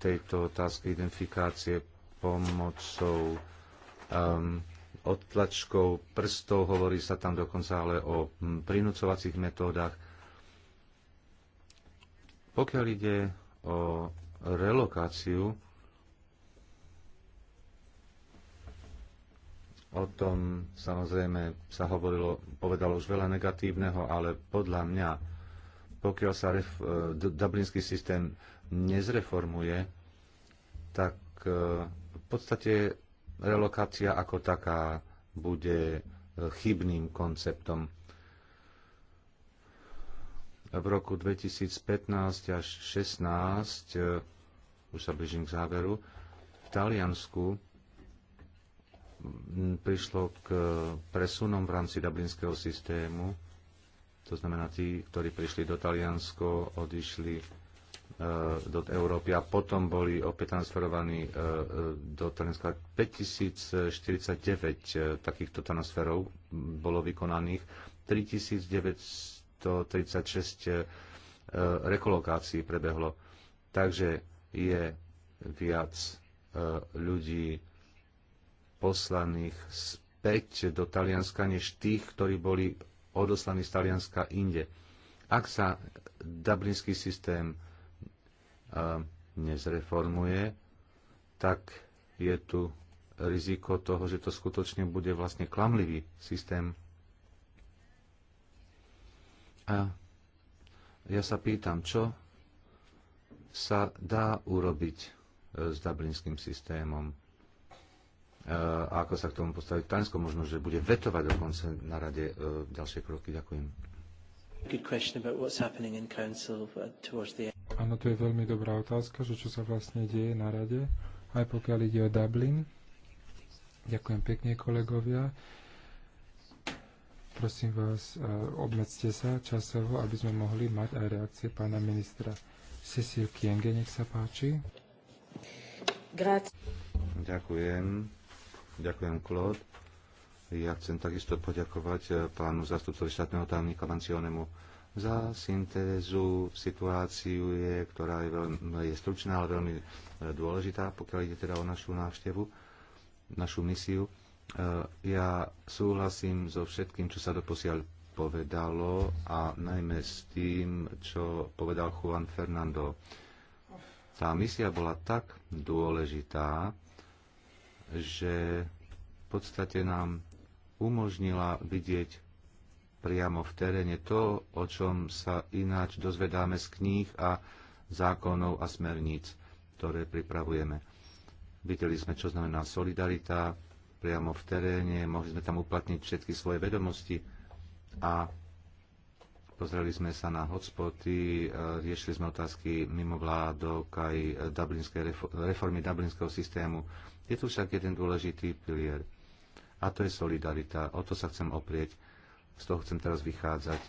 tejto otázke identifikácie pomocou um, odtlačkov prstov, hovorí sa tam dokonca ale o prinúcovacích metódach. Pokiaľ ide o relokáciu, o tom samozrejme sa hovorilo, povedalo už veľa negatívneho, ale podľa mňa, pokiaľ sa ref, e, dublinský systém nezreformuje, tak e, v podstate relokácia ako taká bude e, chybným konceptom. V roku 2015 až 2016, e, už sa blížim k záveru, v Taliansku prišlo k e, presunom v rámci dublinského systému. To znamená, tí, ktorí prišli do Taliansko, odišli do Európy a potom boli opäť transferovaní e, e, do Talianska. 5049 e, takýchto transferov bolo vykonaných, 3936 rekolokácií prebehlo. Takže je viac ľudí poslaných späť do Talianska, než tých, ktorí boli odoslaní z Talianska inde. Ak sa dublinský systém nezreformuje, tak je tu riziko toho, že to skutočne bude vlastne klamlivý systém. A ja sa pýtam, čo sa dá urobiť e, s dublinským systémom e, a ako sa k tomu postaviť? Taliansko, možno, že bude vetovať dokonca na rade e, ďalšie kroky. Ďakujem. Uh, Áno, to je veľmi dobrá otázka, že čo sa vlastne deje na rade, aj pokiaľ ide o Dublin. Ďakujem pekne, kolegovia. Prosím vás, uh, obmedzte sa časovo, aby sme mohli mať aj reakcie pána ministra. Cecil Kienge, nech sa páči. Grazie. Ďakujem. Ďakujem, Claude. Ja chcem takisto poďakovať eh, pánu zastupcovi štátneho tajomníka Mancionemu za syntézu situáciu, je, ktorá je, veľmi, je stručná, ale veľmi eh, dôležitá, pokiaľ ide teda o našu návštevu, našu misiu. Eh, ja súhlasím so všetkým, čo sa doposiaľ povedalo a najmä s tým, čo povedal Juan Fernando. Tá misia bola tak dôležitá, že v podstate nám umožnila vidieť priamo v teréne to, o čom sa ináč dozvedáme z kníh a zákonov a smerníc, ktoré pripravujeme. Videli sme, čo znamená solidarita priamo v teréne, mohli sme tam uplatniť všetky svoje vedomosti a pozreli sme sa na hotspoty, e, riešili sme otázky mimo vládok, aj e, reformy dublinského systému. Je tu však jeden dôležitý pilier – a to je solidarita. O to sa chcem oprieť. Z toho chcem teraz vychádzať.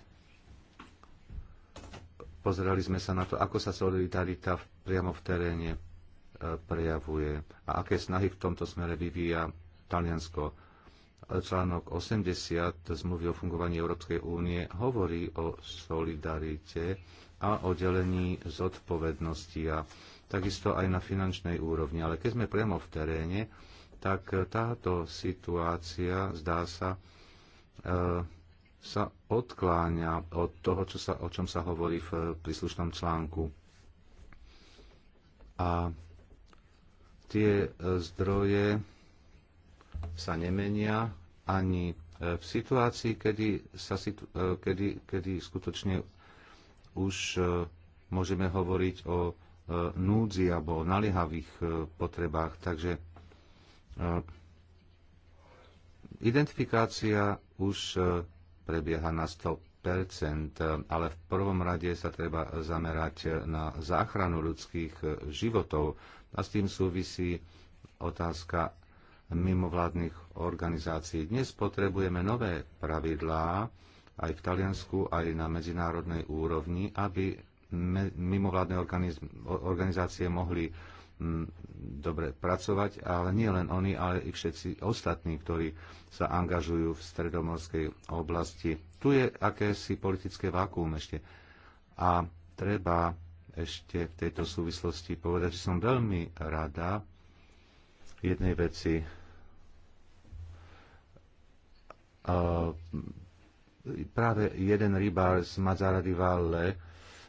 Pozerali sme sa na to, ako sa solidarita priamo v teréne e, prejavuje a aké snahy v tomto smere vyvíja Taliansko. E, článok 80 zmluvy o fungovaní Európskej únie hovorí o solidarite a o delení zodpovednosti a takisto aj na finančnej úrovni. Ale keď sme priamo v teréne, tak táto situácia, zdá sa, e, sa odkláňa od toho, čo sa, o čom sa hovorí v príslušnom článku. A tie e, zdroje sa nemenia ani e, v situácii, kedy, sa situ, kedy, kedy skutočne už môžeme hovoriť o núdzi alebo o naliehavých potrebách. Takže Identifikácia už e, prebieha na 100%, e, ale v prvom rade sa treba zamerať e, na záchranu ľudských životov a s tým súvisí otázka mimovládnych organizácií. Dnes potrebujeme nové pravidlá aj v Taliansku, aj na medzinárodnej úrovni, aby mimovládne organizácie mohli dobre pracovať, ale nie len oni, ale i všetci ostatní, ktorí sa angažujú v stredomorskej oblasti. Tu je akési politické vákuum ešte. A treba ešte v tejto súvislosti povedať, že som veľmi rada jednej veci. práve jeden rybár z Mazaradivale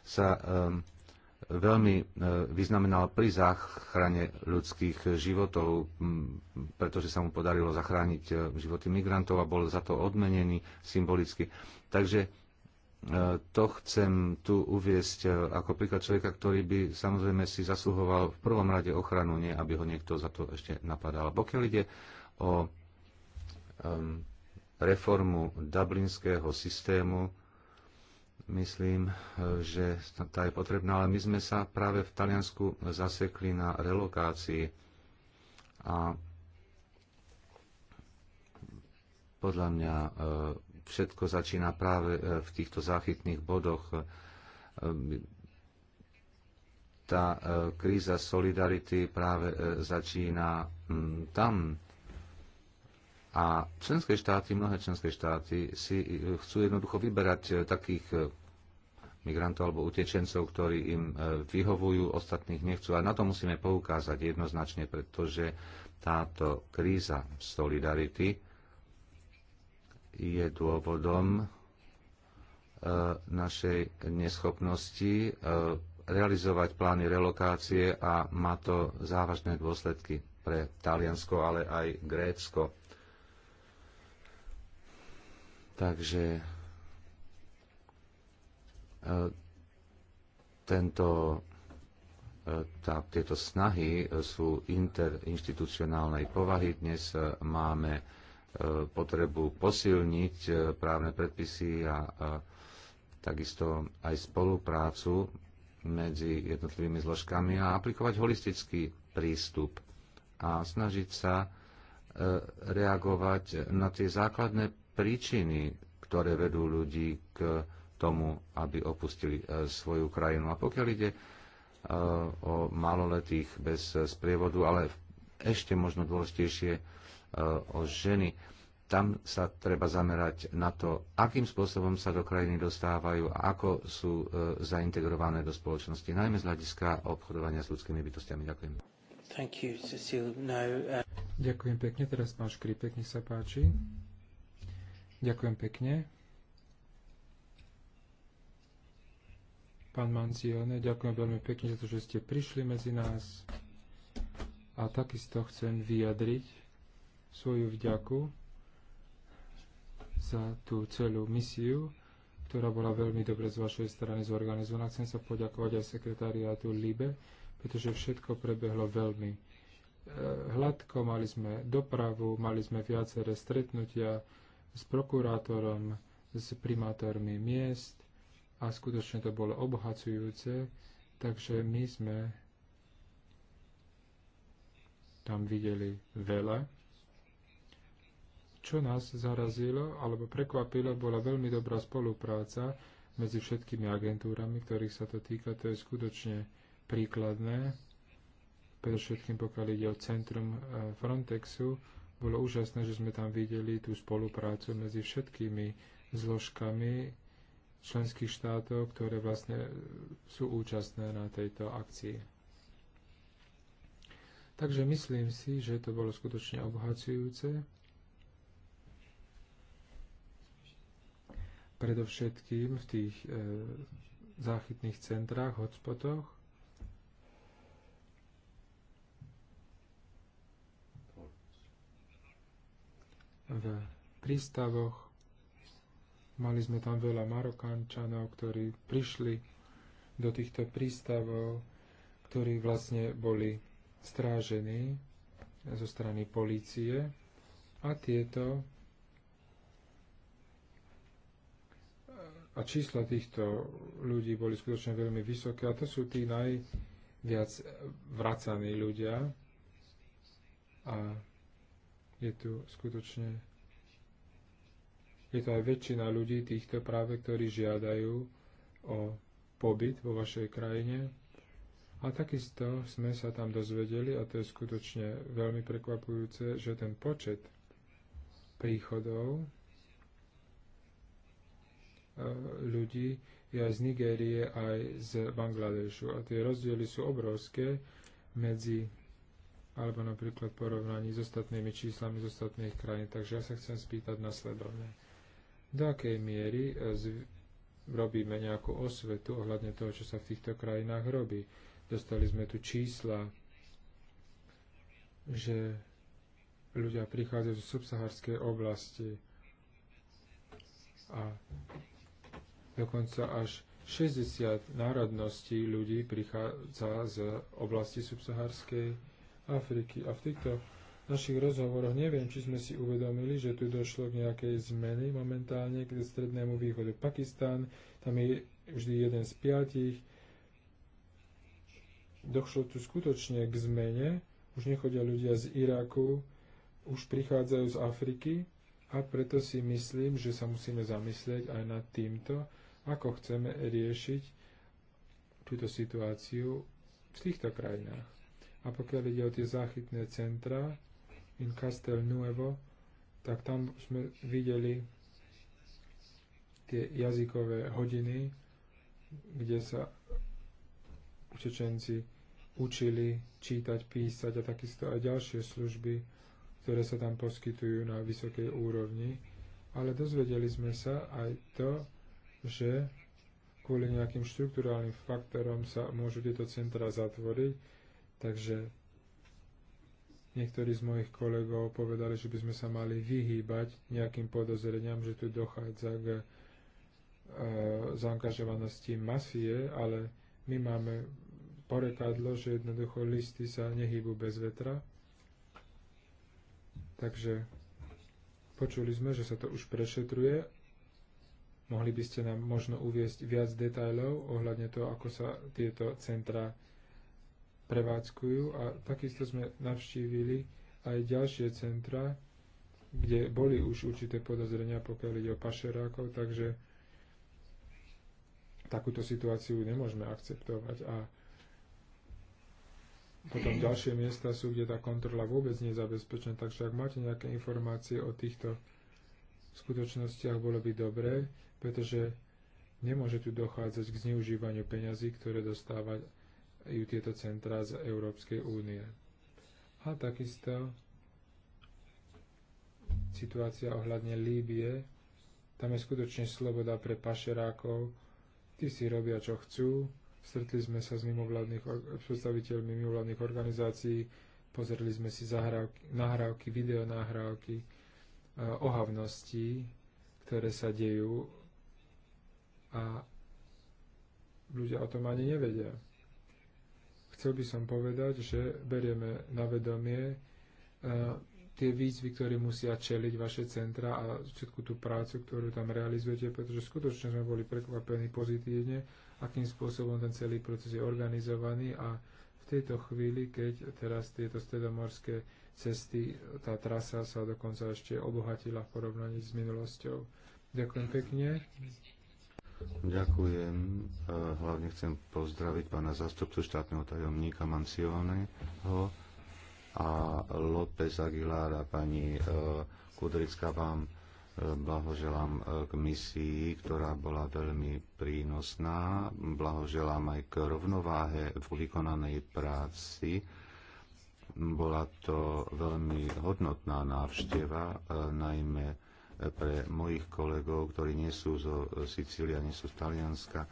sa veľmi e, vyznamenal pri záchrane ľudských životov, pretože sa mu podarilo zachrániť e, životy migrantov a bol za to odmenený symbolicky. Takže e, to chcem tu uviesť ako príklad človeka, ktorý by samozrejme si zasluhoval v prvom rade ochranu, nie aby ho niekto za to ešte napadal. Pokiaľ ide o reformu dublinského systému, myslím, eh, že tá je potrebná, ale my sme sa práve v Taliansku zasekli na relokácii a podľa mňa eh, všetko začína práve eh, v týchto záchytných bodoch. Tá kríza solidarity práve začína mm, tam. A členské štáty, mnohé členské štáty si eh, chcú jednoducho vyberať eh, takých eh, migrantov alebo utečencov, ktorí im vyhovujú, ostatných nechcú. A na to musíme poukázať jednoznačne, pretože táto kríza solidarity je dôvodom našej neschopnosti realizovať plány relokácie a má to závažné dôsledky pre Taliansko, ale aj Grécko Takže e, tento, e, tá, tieto snahy e, sú interinstitucionálnej povahy. Dnes máme potrebu posilniť právne predpisy a, a takisto aj spoluprácu medzi jednotlivými zložkami a aplikovať holistický prístup a snažiť sa reagovať na tie základné príčiny, ktoré vedú ľudí k tomu, aby opustili e, svoju krajinu. A pokiaľ ide e, o maloletých bez sprievodu, ale ešte možno dôležitejšie e, o ženy, tam sa treba zamerať na to, akým spôsobom sa do krajiny dostávajú a ako sú zaintegrované do spoločnosti, najmä z hľadiska obchodovania s ľudskými bytostiami. Ďakujem. Thank you, Cecil. No, uh... Ďakujem pekne. Teraz pán Škripek, nech sa páči. Ďakujem pekne. Pán Mancione, ďakujem veľmi pekne za to, že ste prišli medzi nás a takisto chcem vyjadriť svoju vďaku za tú celú misiu, ktorá bola veľmi dobre z vašej strany zorganizovaná. Chcem sa poďakovať aj sekretariátu LIBE, pretože všetko prebehlo veľmi eh, hladko, mali sme dopravu, mali sme viaceré stretnutia, s prokurátorom, s primátormi miest a skutočne to bolo obohacujúce, takže my sme tam videli veľa. Čo nás zarazilo alebo prekvapilo, bola veľmi dobrá spolupráca medzi všetkými agentúrami, ktorých sa to týka. To je skutočne príkladné, predovšetkým pokiaľ ide o centrum eh, Frontexu, bolo úžasné, že sme tam videli tú spoluprácu medzi všetkými zložkami členských štátov, ktoré vlastne sú účastné na tejto akcii. Takže myslím si, že to bolo skutočne obohacujúce. Predovšetkým v tých e, záchytných centrách, hotspotoch, v prístavoch. Mali sme tam veľa Marokánčanov, ktorí prišli do týchto prístavov, ktorí vlastne boli strážení zo strany polície a tieto a čísla týchto ľudí boli skutočne veľmi vysoké a to sú tí najviac vracaní ľudia a je tu skutočne je to aj väčšina ľudí týchto práve, ktorí žiadajú o pobyt vo vašej krajine. A takisto sme sa tam dozvedeli, a to je skutočne veľmi prekvapujúce, že ten počet príchodov e, ľudí je aj z Nigérie, aj z Bangladešu. A tie rozdiely sú obrovské medzi alebo napríklad porovnaní s ostatnými číslami z ostatných krajín. Takže ja sa chcem spýtať nasledovne. Do akej miery e, robíme nejakú osvetu ohľadne toho, čo sa v týchto krajinách robí? Dostali sme tu čísla, že ľudia prichádzajú z subsaharskej oblasti a dokonca až 60 národností ľudí prichádza z oblasti subsaharskej Afriky. A v týchto našich rozhovoroch neviem, či sme si uvedomili, že tu došlo k nejakej zmeny momentálne k strednému východu. Pakistan, tam je vždy jeden z piatich. Došlo tu skutočne k zmene. Už nechodia ľudia z Iraku, už prichádzajú z Afriky a preto si myslím, že sa musíme zamyslieť aj nad týmto, ako chceme riešiť túto situáciu v týchto krajinách. A pokiaľ ide o tie záchytné centra in Castel Nuevo, tak tam sme videli tie jazykové hodiny, kde sa učečenci učili čítať, písať a takisto aj ďalšie služby, ktoré sa tam poskytujú na vysokej úrovni. Ale dozvedeli sme sa aj to, že kvôli nejakým štruktúrálnym faktorom sa môžu tieto centra zatvoriť Takže niektorí z mojich kolegov povedali, že by sme sa mali vyhýbať nejakým podozreniam, že tu dochádza k e, zaangažovanosti mafie, ale my máme porekadlo, že jednoducho listy sa nehýbu bez vetra. Takže počuli sme, že sa to už prešetruje. Mohli by ste nám možno uviesť viac detajlov ohľadne toho, ako sa tieto centra prevádzkujú a takisto sme navštívili aj ďalšie centra, kde boli už určité podozrenia, pokiaľ ide o pašerákov, takže takúto situáciu nemôžeme akceptovať a potom ďalšie miesta sú, kde tá kontrola vôbec nie je zabezpečená, takže ak máte nejaké informácie o týchto skutočnostiach, bolo by dobré, pretože nemôže tu dochádzať k zneužívaniu peňazí, ktoré dostávať ju tieto centrá z Európskej únie. A takisto situácia ohľadne Líbie, tam je skutočne sloboda pre pašerákov, tí si robia čo chcú, stretli sme sa s mimovládnych, predstaviteľmi mimovládnych organizácií, pozreli sme si zahrávky, nahrávky, videonahrávky eh, ohavností, ktoré sa dejú a ľudia o tom ani nevedia. Chcel by som povedať, že berieme na vedomie e, tie výzvy, ktoré musia čeliť vaše centra a všetku tú prácu, ktorú tam realizujete, pretože skutočne sme boli prekvapení pozitívne, akým spôsobom ten celý proces je organizovaný a v tejto chvíli, keď teraz tieto stredomorské cesty, tá trasa sa dokonca ešte obohatila v porovnaní s minulosťou. Ďakujem pekne. Ďakujem. E, hlavne chcem pozdraviť pána zastupcu štátneho tajomníka Mancioneho a López Aguilára, pani e, Kudrická, vám e, blahoželám k misii, ktorá bola veľmi prínosná. Blahoželám aj k rovnováhe v vykonanej práci. Bola to veľmi hodnotná návšteva, najmä pre mojich kolegov, ktorí nie sú zo Sicília, nie sú z Talianska.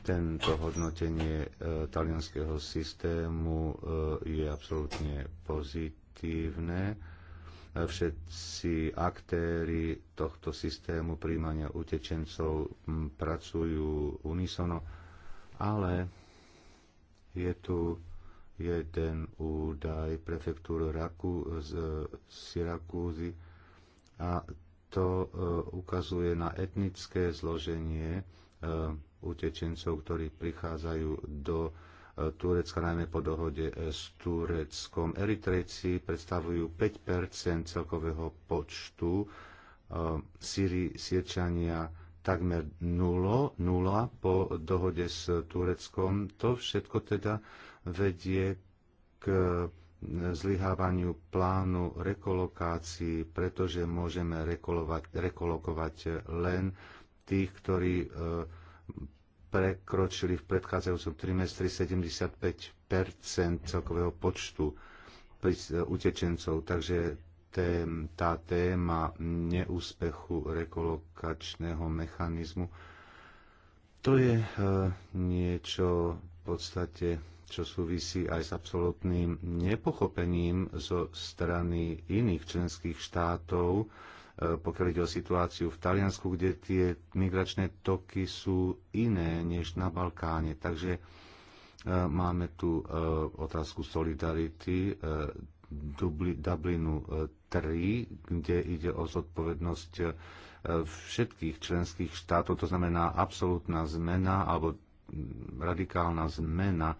Tento hodnotenie e, talianského systému e, je absolútne pozitívne. E, všetci aktéry tohto systému príjmania utečencov pracujú unisono, ale je tu jeden údaj prefektúru Raku z Sirakúzy a to e, ukazuje na etnické zloženie e, utečencov, ktorí prichádzajú do e, Turecka, najmä po dohode s Tureckom. Eritrejci predstavujú 5 celkového počtu, Syri, Sierčania takmer 0, 0 po dohode s Tureckom. To všetko teda vedie k zlyhávaniu plánu rekolokácií, pretože môžeme rekolovať, rekolokovať len tých, ktorí e, prekročili v predchádzajúcom trimestri 75 celkového počtu e, utečencov. Takže tém, tá téma neúspechu rekolokačného mechanizmu, to je e, niečo v podstate čo súvisí aj s absolútnym nepochopením zo strany iných členských štátov, e, pokiaľ ide o situáciu v Taliansku, kde tie migračné toky sú iné než na Balkáne. Takže e, máme tu e, otázku solidarity Dublinu 3, kde ide o zodpovednosť všetkých členských štátov, to znamená absolútna zmena alebo radikálna zmena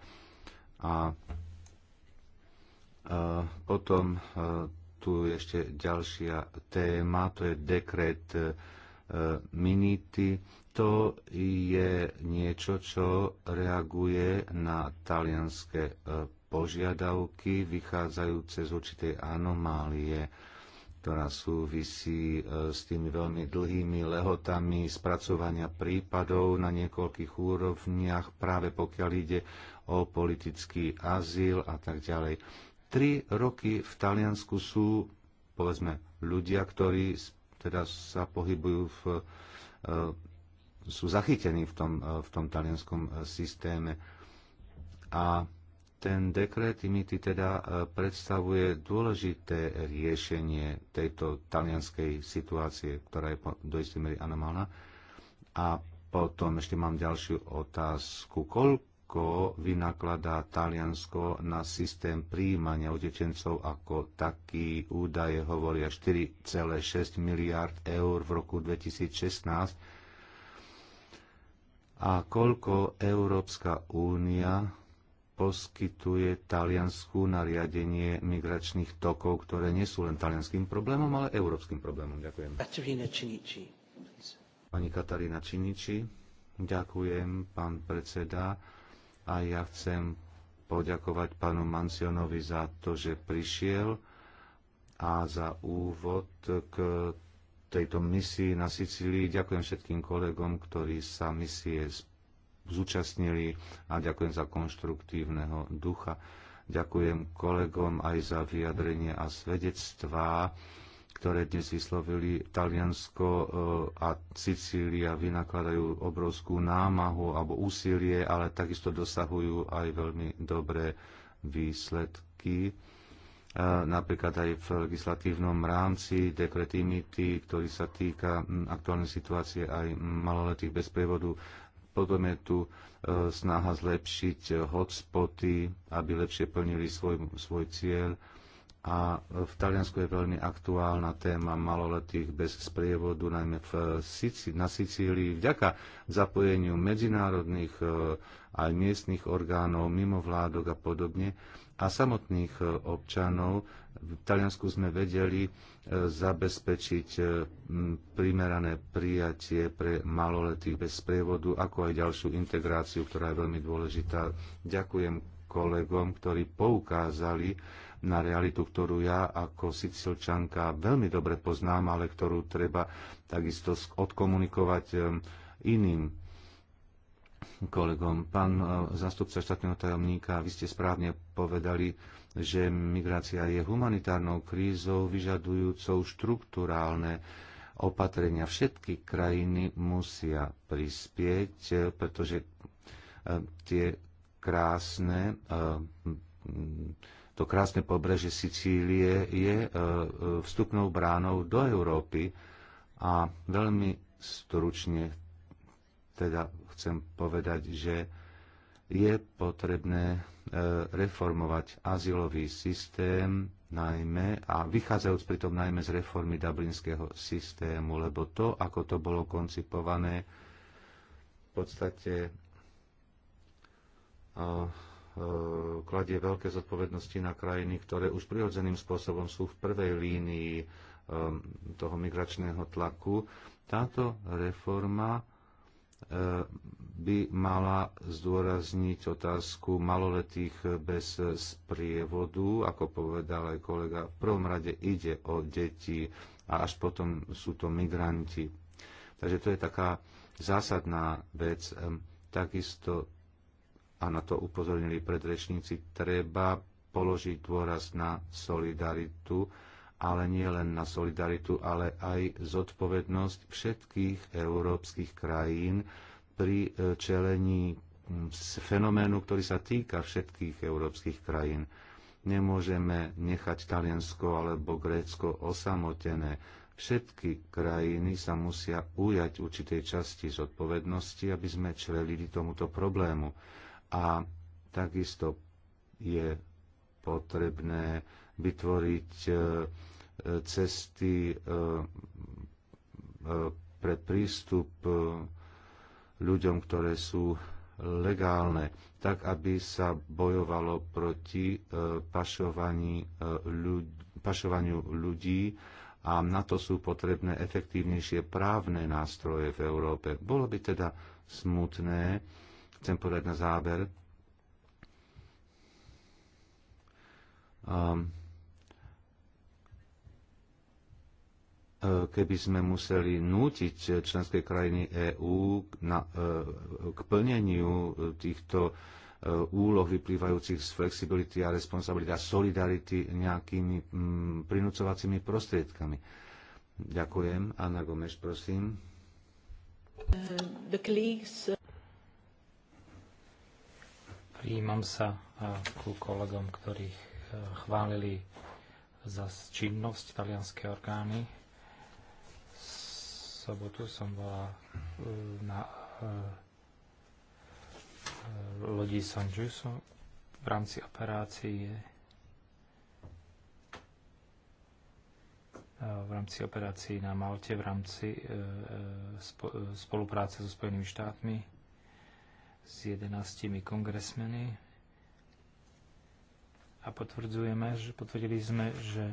a e, potom e, tu je ešte ďalšia téma, to je dekret e, Minity. To je niečo, čo reaguje na talianské požiadavky vychádzajúce z určitej anomálie, ktorá súvisí s tými veľmi dlhými lehotami spracovania prípadov na niekoľkých úrovniach, práve pokiaľ ide o politický azyl a tak ďalej. Tri roky v Taliansku sú, povedzme, ľudia, ktorí teda sa pohybujú v, e, sú zachytení v tom, e, v tom talianskom e, systéme. A ten dekret imity teda predstavuje dôležité riešenie tejto talianskej situácie, ktorá je do istej miery anomálna. A potom ešte mám ďalšiu otázku. Koľko koľko vynakladá Taliansko na systém príjmania utečencov ako taký. Údaje hovoria 4,6 miliard eur v roku 2016 a koľko Európska únia poskytuje Taliansku na riadenie migračných tokov, ktoré nie sú len talianským problémom, ale európskym problémom. Ďakujem. Katarína Činiči. Pani Katarína Činiči. Ďakujem, pán predseda a ja chcem poďakovať pánu Mansionovi za to, že prišiel a za úvod k tejto misii na Sicílii. Ďakujem všetkým kolegom, ktorí sa misie zúčastnili a ďakujem za konštruktívneho ducha. Ďakujem kolegom aj za vyjadrenie a svedectvá ktoré dnes vyslovili Taliansko e, a Sicília, vynakladajú obrovskú námahu alebo úsilie, ale takisto dosahujú aj veľmi dobré výsledky. E, napríklad aj v legislatívnom rámci dekretimity, ktorý sa týka aktuálnej situácie aj maloletých bez prievodu, potom je tu e, snaha zlepšiť hotspoty, aby lepšie plnili svoj, svoj cieľ a v Taliansku je veľmi aktuálna téma maloletých bez sprievodu, najmä v Sici- na Sicílii. Vďaka zapojeniu medzinárodných e, aj miestnych orgánov, mimovládok a podobne a samotných e, občanov v Taliansku sme vedeli e, zabezpečiť primerané prijatie pre maloletých bez sprievodu, ako aj ďalšiu integráciu, ktorá je veľmi dôležitá. Ďakujem kolegom, ktorí poukázali na realitu, ktorú ja ako Sicilčanka veľmi dobre poznám, ale ktorú treba takisto odkomunikovať eh, iným kolegom. Pán eh, zastupca štátneho tajomníka, vy ste správne povedali, že migrácia je humanitárnou krízou vyžadujúcou štruktúrálne opatrenia. Všetky krajiny musia prispieť, eh, pretože tie krásne to krásne pobreže Sicílie je e, e, vstupnou bránou do Európy a veľmi stručne teda chcem povedať, že je potrebné e, reformovať azylový systém, najmä a vychádzajúc pritom najmä z reformy dublinského systému, lebo to, ako to bolo koncipované, v podstate uh, E, kladie veľké zodpovednosti na krajiny, ktoré už prirodzeným spôsobom sú v prvej línii e, toho migračného tlaku. Táto reforma e, by mala zdôrazniť otázku maloletých bez sprievodu. Ako povedal aj kolega, v prvom rade ide o deti a až potom sú to migranti. Takže to je taká zásadná vec. Takisto a na to upozornili predrečníci, treba položiť dôraz na solidaritu, ale nie len na solidaritu, ale aj zodpovednosť všetkých európskych krajín pri e, čelení fenoménu, ktorý sa týka všetkých európskych krajín. Nemôžeme nechať Taliansko alebo Grécko osamotené. Všetky krajiny sa musia ujať určitej časti zodpovednosti, aby sme čelili tomuto problému a takisto je potrebné vytvoriť e, e, cesty e, pre prístup ľuďom, ktoré sú legálne, tak aby sa bojovalo proti pašovaniu ľudí a na to sú potrebné efektívnejšie právne nástroje v Európe. Bolo by teda smutné, chcem povedať na záver. Um, keby sme museli nútiť členské krajiny EÚ e, k plneniu týchto e, úloh vyplývajúcich z flexibility a responsibility a solidarity nejakými mm, prinúcovacími prostriedkami. Ďakujem. Anna Gomes, prosím. The colleagues... Príjmam sa ku kolegom, ktorých e, chválili za činnosť talianské orgány. Sobotu som bola e, na e, lodi San Giuso v rámci operácie v rámci operácií na Malte, v rámci spolupráce so Spojenými štátmi s 11 kongresmeny a potvrdzujeme, že potvrdili sme, že,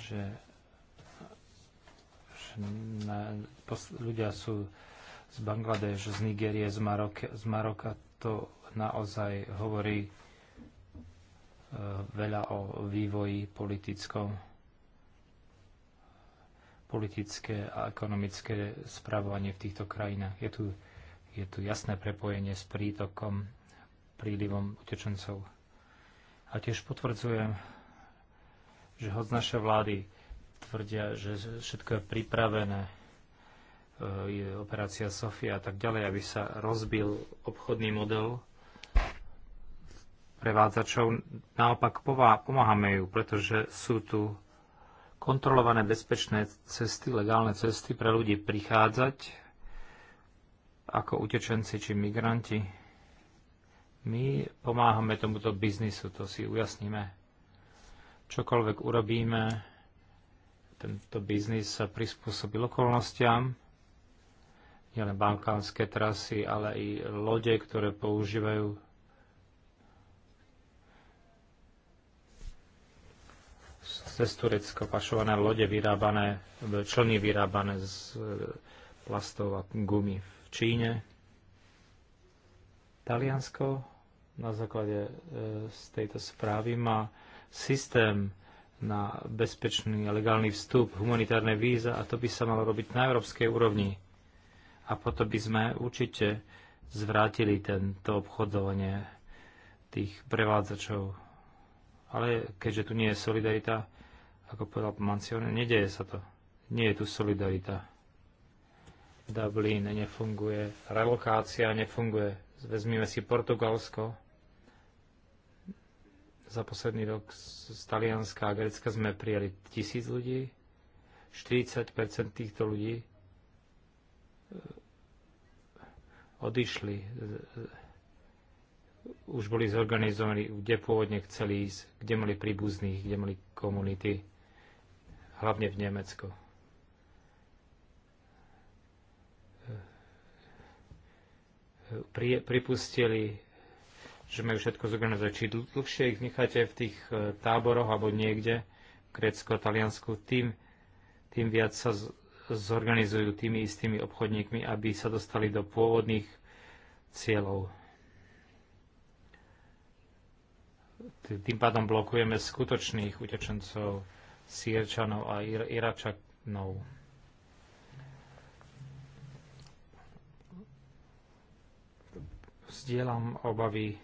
že, že na, pos, ľudia sú z Bangladeš, z Nigérie, z, Marok, z Maroka. To naozaj hovorí e, veľa o vývoji politickom politické a ekonomické správovanie v týchto krajinách. Je tu je tu jasné prepojenie s prítokom, prílivom utečencov. A tiež potvrdzujem, že hoď naše vlády tvrdia, že všetko je pripravené, e, je operácia Sofia a tak ďalej, aby sa rozbil obchodný model prevádzačov. Naopak pomáhame ju, pretože sú tu kontrolované bezpečné cesty, legálne cesty pre ľudí prichádzať ako utečenci či migranti. My pomáhame tomuto biznisu, to si ujasníme. Čokoľvek urobíme, tento biznis sa prispôsobil okolnostiam, nielen balkánske trasy, ale i lode, ktoré používajú cez Turecko pašované lode vyrábané, člny vyrábané z e, plastov a gumy. Číne. Taliansko na základe e, z tejto správy má systém na bezpečný a legálny vstup, humanitárne víza a to by sa malo robiť na európskej úrovni. A potom by sme určite zvrátili tento obchodovanie tých prevádzačov. Ale keďže tu nie je solidarita, ako povedal Mancione, nedeje sa to. Nie je tu solidarita. Dublin nefunguje, relokácia nefunguje. Vezmime si Portugalsko. Za posledný rok z Talianska a Grecka sme prijali tisíc ľudí. 40 týchto ľudí e, odišli. E, e, už boli zorganizovaní, kde pôvodne chceli ísť, kde mali príbuzných, kde mali komunity, hlavne v Nemecku. pripustili, že majú všetko zorganizovať. Či dlhšie ich necháte v tých e, táboroch alebo niekde, Grécko, Taliansku, tým, tým viac sa zorganizujú tými istými obchodníkmi, aby sa dostali do pôvodných cieľov. Tým pádom blokujeme skutočných utečencov, Sierčanov a Iračanov. Vzdielam obavy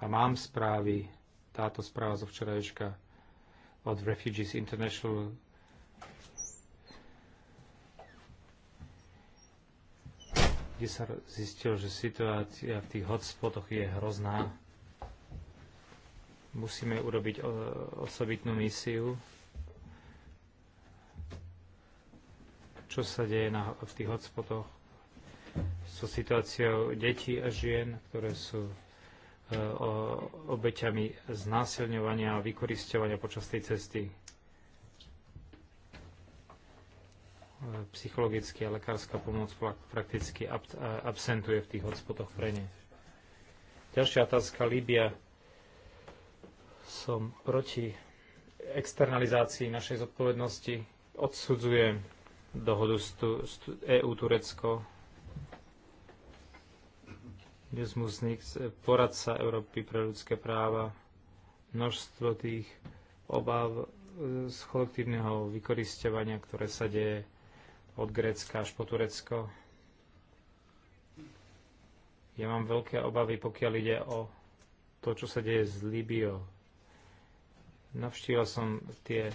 a mám správy, táto správa zo včerajška od Refugees International kde sa zistil, že situácia v tých hotspotoch je hrozná. Musíme urobiť e, osobitnú misiu. Čo sa deje na, v tých hotspotoch? so situáciou detí a žien, ktoré sú e, obeťami znásilňovania a vykoristovania počas tej cesty. E, Psychologická a lekárska pomoc prakticky e, absentuje v tých hotspotoch pre ne. Ďalšia otázka, Líbia. Som proti externalizácii našej zodpovednosti. Odsudzujem dohodu EU turecko dnes poradca Európy pre ľudské práva, množstvo tých obav e, z kolektívneho vykoristovania, ktoré sa deje od Grécka až po Turecko. Ja mám veľké obavy, pokiaľ ide o to, čo sa deje s Líbiou. Navštívil som tie e,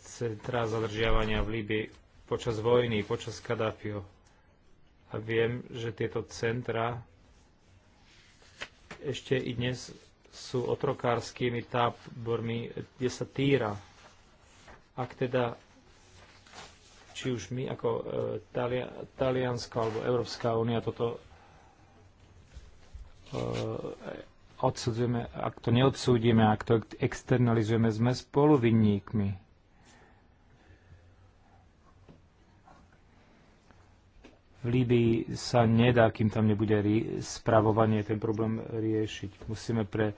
centrá zadržiavania v Líbii počas vojny, počas Kadáfiho a viem, že tieto centra ešte i dnes sú otrokárskými tábormi, kde sa týra. Ak teda či už my ako e, Taliansko alebo Európska únia toto e, odsudzujeme, ak to neodsúdime, ak to externalizujeme, sme spoluvinníkmi. v Líbii sa nedá, kým tam nebude spravovanie, ten problém riešiť. Musíme pre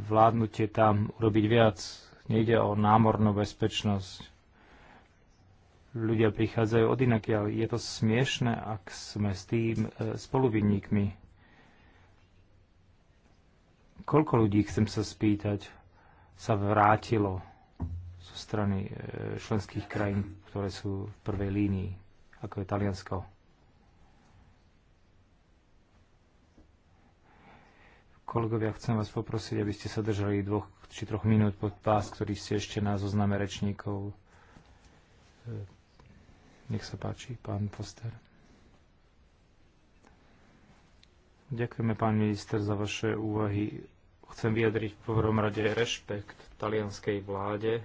vládnutie tam urobiť viac. Nejde o námornú bezpečnosť. Ľudia prichádzajú od inakiaľ. Je to smiešne, ak sme s tým e, spoluvinníkmi. Koľko ľudí, chcem sa spýtať, sa vrátilo zo strany e, členských krajín, ktoré sú v prvej línii, ako je Taliansko? Kolegovia, chcem vás poprosiť, aby ste sa držali dvoch či troch minút pod pás, ktorý ste ešte na zozname rečníkov. E, nech sa páči, pán Poster. Ďakujeme, pán minister, za vaše úvahy. Chcem vyjadriť v prvom rade rešpekt talianskej vláde.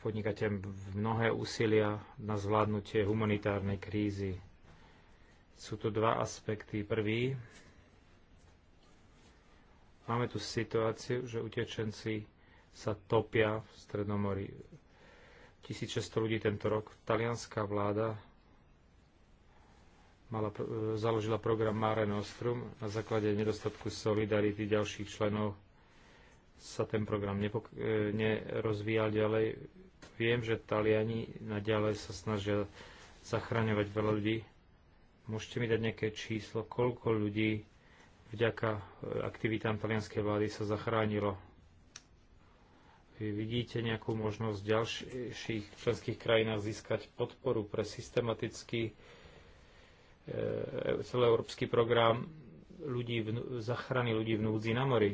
Podnikate mnohé úsilia na zvládnutie humanitárnej krízy. Sú tu dva aspekty. Prvý, Máme tu situáciu, že utečenci sa topia v Stredomorí. 1600 ľudí tento rok. Talianská vláda mala, založila program Mare Nostrum. Na základe nedostatku solidarity ďalších členov sa ten program nepok- e, nerozvíjal ďalej. Viem, že Taliani naďalej sa snažia zachraňovať veľa ľudí. Môžete mi dať nejaké číslo, koľko ľudí vďaka e, aktivitám talianskej vlády sa zachránilo. Vy vidíte nejakú možnosť v ďalších členských krajinách získať podporu pre systematický e, celoeurópsky program ľudí v, zachrany ľudí v núdzi na mori.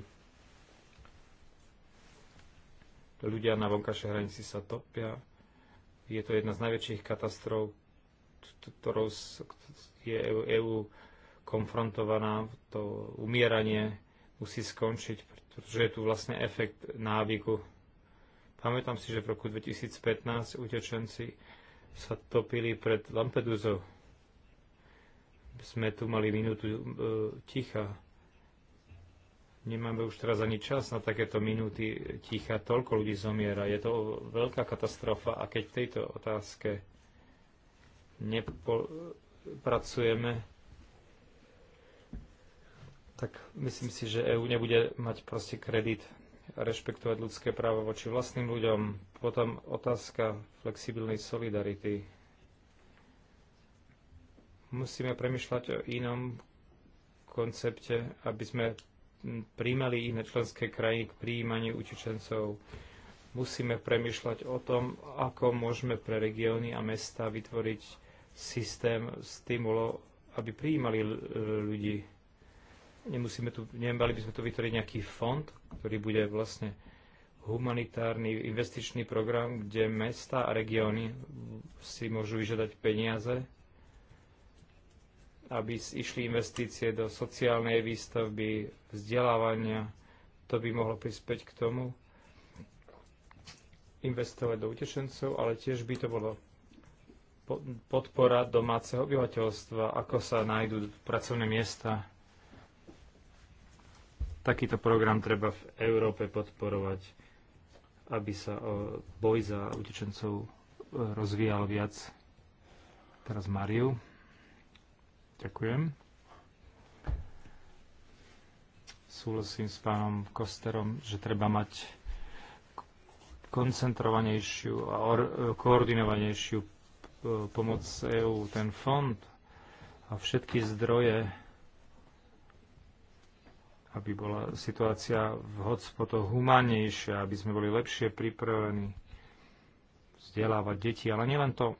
Ľudia na vonkajšej hranici sa topia. Je to jedna z najväčších katastrof, ktorou je EÚ konfrontovaná, to umieranie musí skončiť, pretože je tu vlastne efekt návyku. Pamätám si, že v roku 2015 utečenci sa topili pred Lampedusou. Sme tu mali minútu e, ticha. Nemáme už teraz ani čas na takéto minúty ticha. Toľko ľudí zomiera. Je to veľká katastrofa a keď v tejto otázke nepracujeme, tak myslím si, že EÚ nebude mať proste kredit rešpektovať ľudské práva voči vlastným ľuďom. Potom otázka flexibilnej solidarity. Musíme premyšľať o inom koncepte, aby sme príjmali iné členské krajiny k príjmaniu utečencov. Musíme premyšľať o tom, ako môžeme pre regióny a mesta vytvoriť systém stimulov, aby príjmali ľudí Nemusíme tu, nemali by sme tu vytvoriť nejaký fond, ktorý bude vlastne humanitárny investičný program, kde mesta a regióny si môžu vyžiadať peniaze, aby išli investície do sociálnej výstavby, vzdelávania. To by mohlo prispieť k tomu, investovať do utečencov, ale tiež by to bolo podpora domáceho obyvateľstva, ako sa nájdú pracovné miesta Takýto program treba v Európe podporovať, aby sa boj za utečencov e, rozvíjal viac. Teraz Mariu. Ďakujem. Súhlasím s pánom Kosterom, že treba mať koncentrovanejšiu a koordinovanejšiu e, pomoc EÚ, ten fond a všetky zdroje aby bola situácia v hotspotoch humánnejšia, aby sme boli lepšie pripravení vzdelávať deti. Ale nielen to.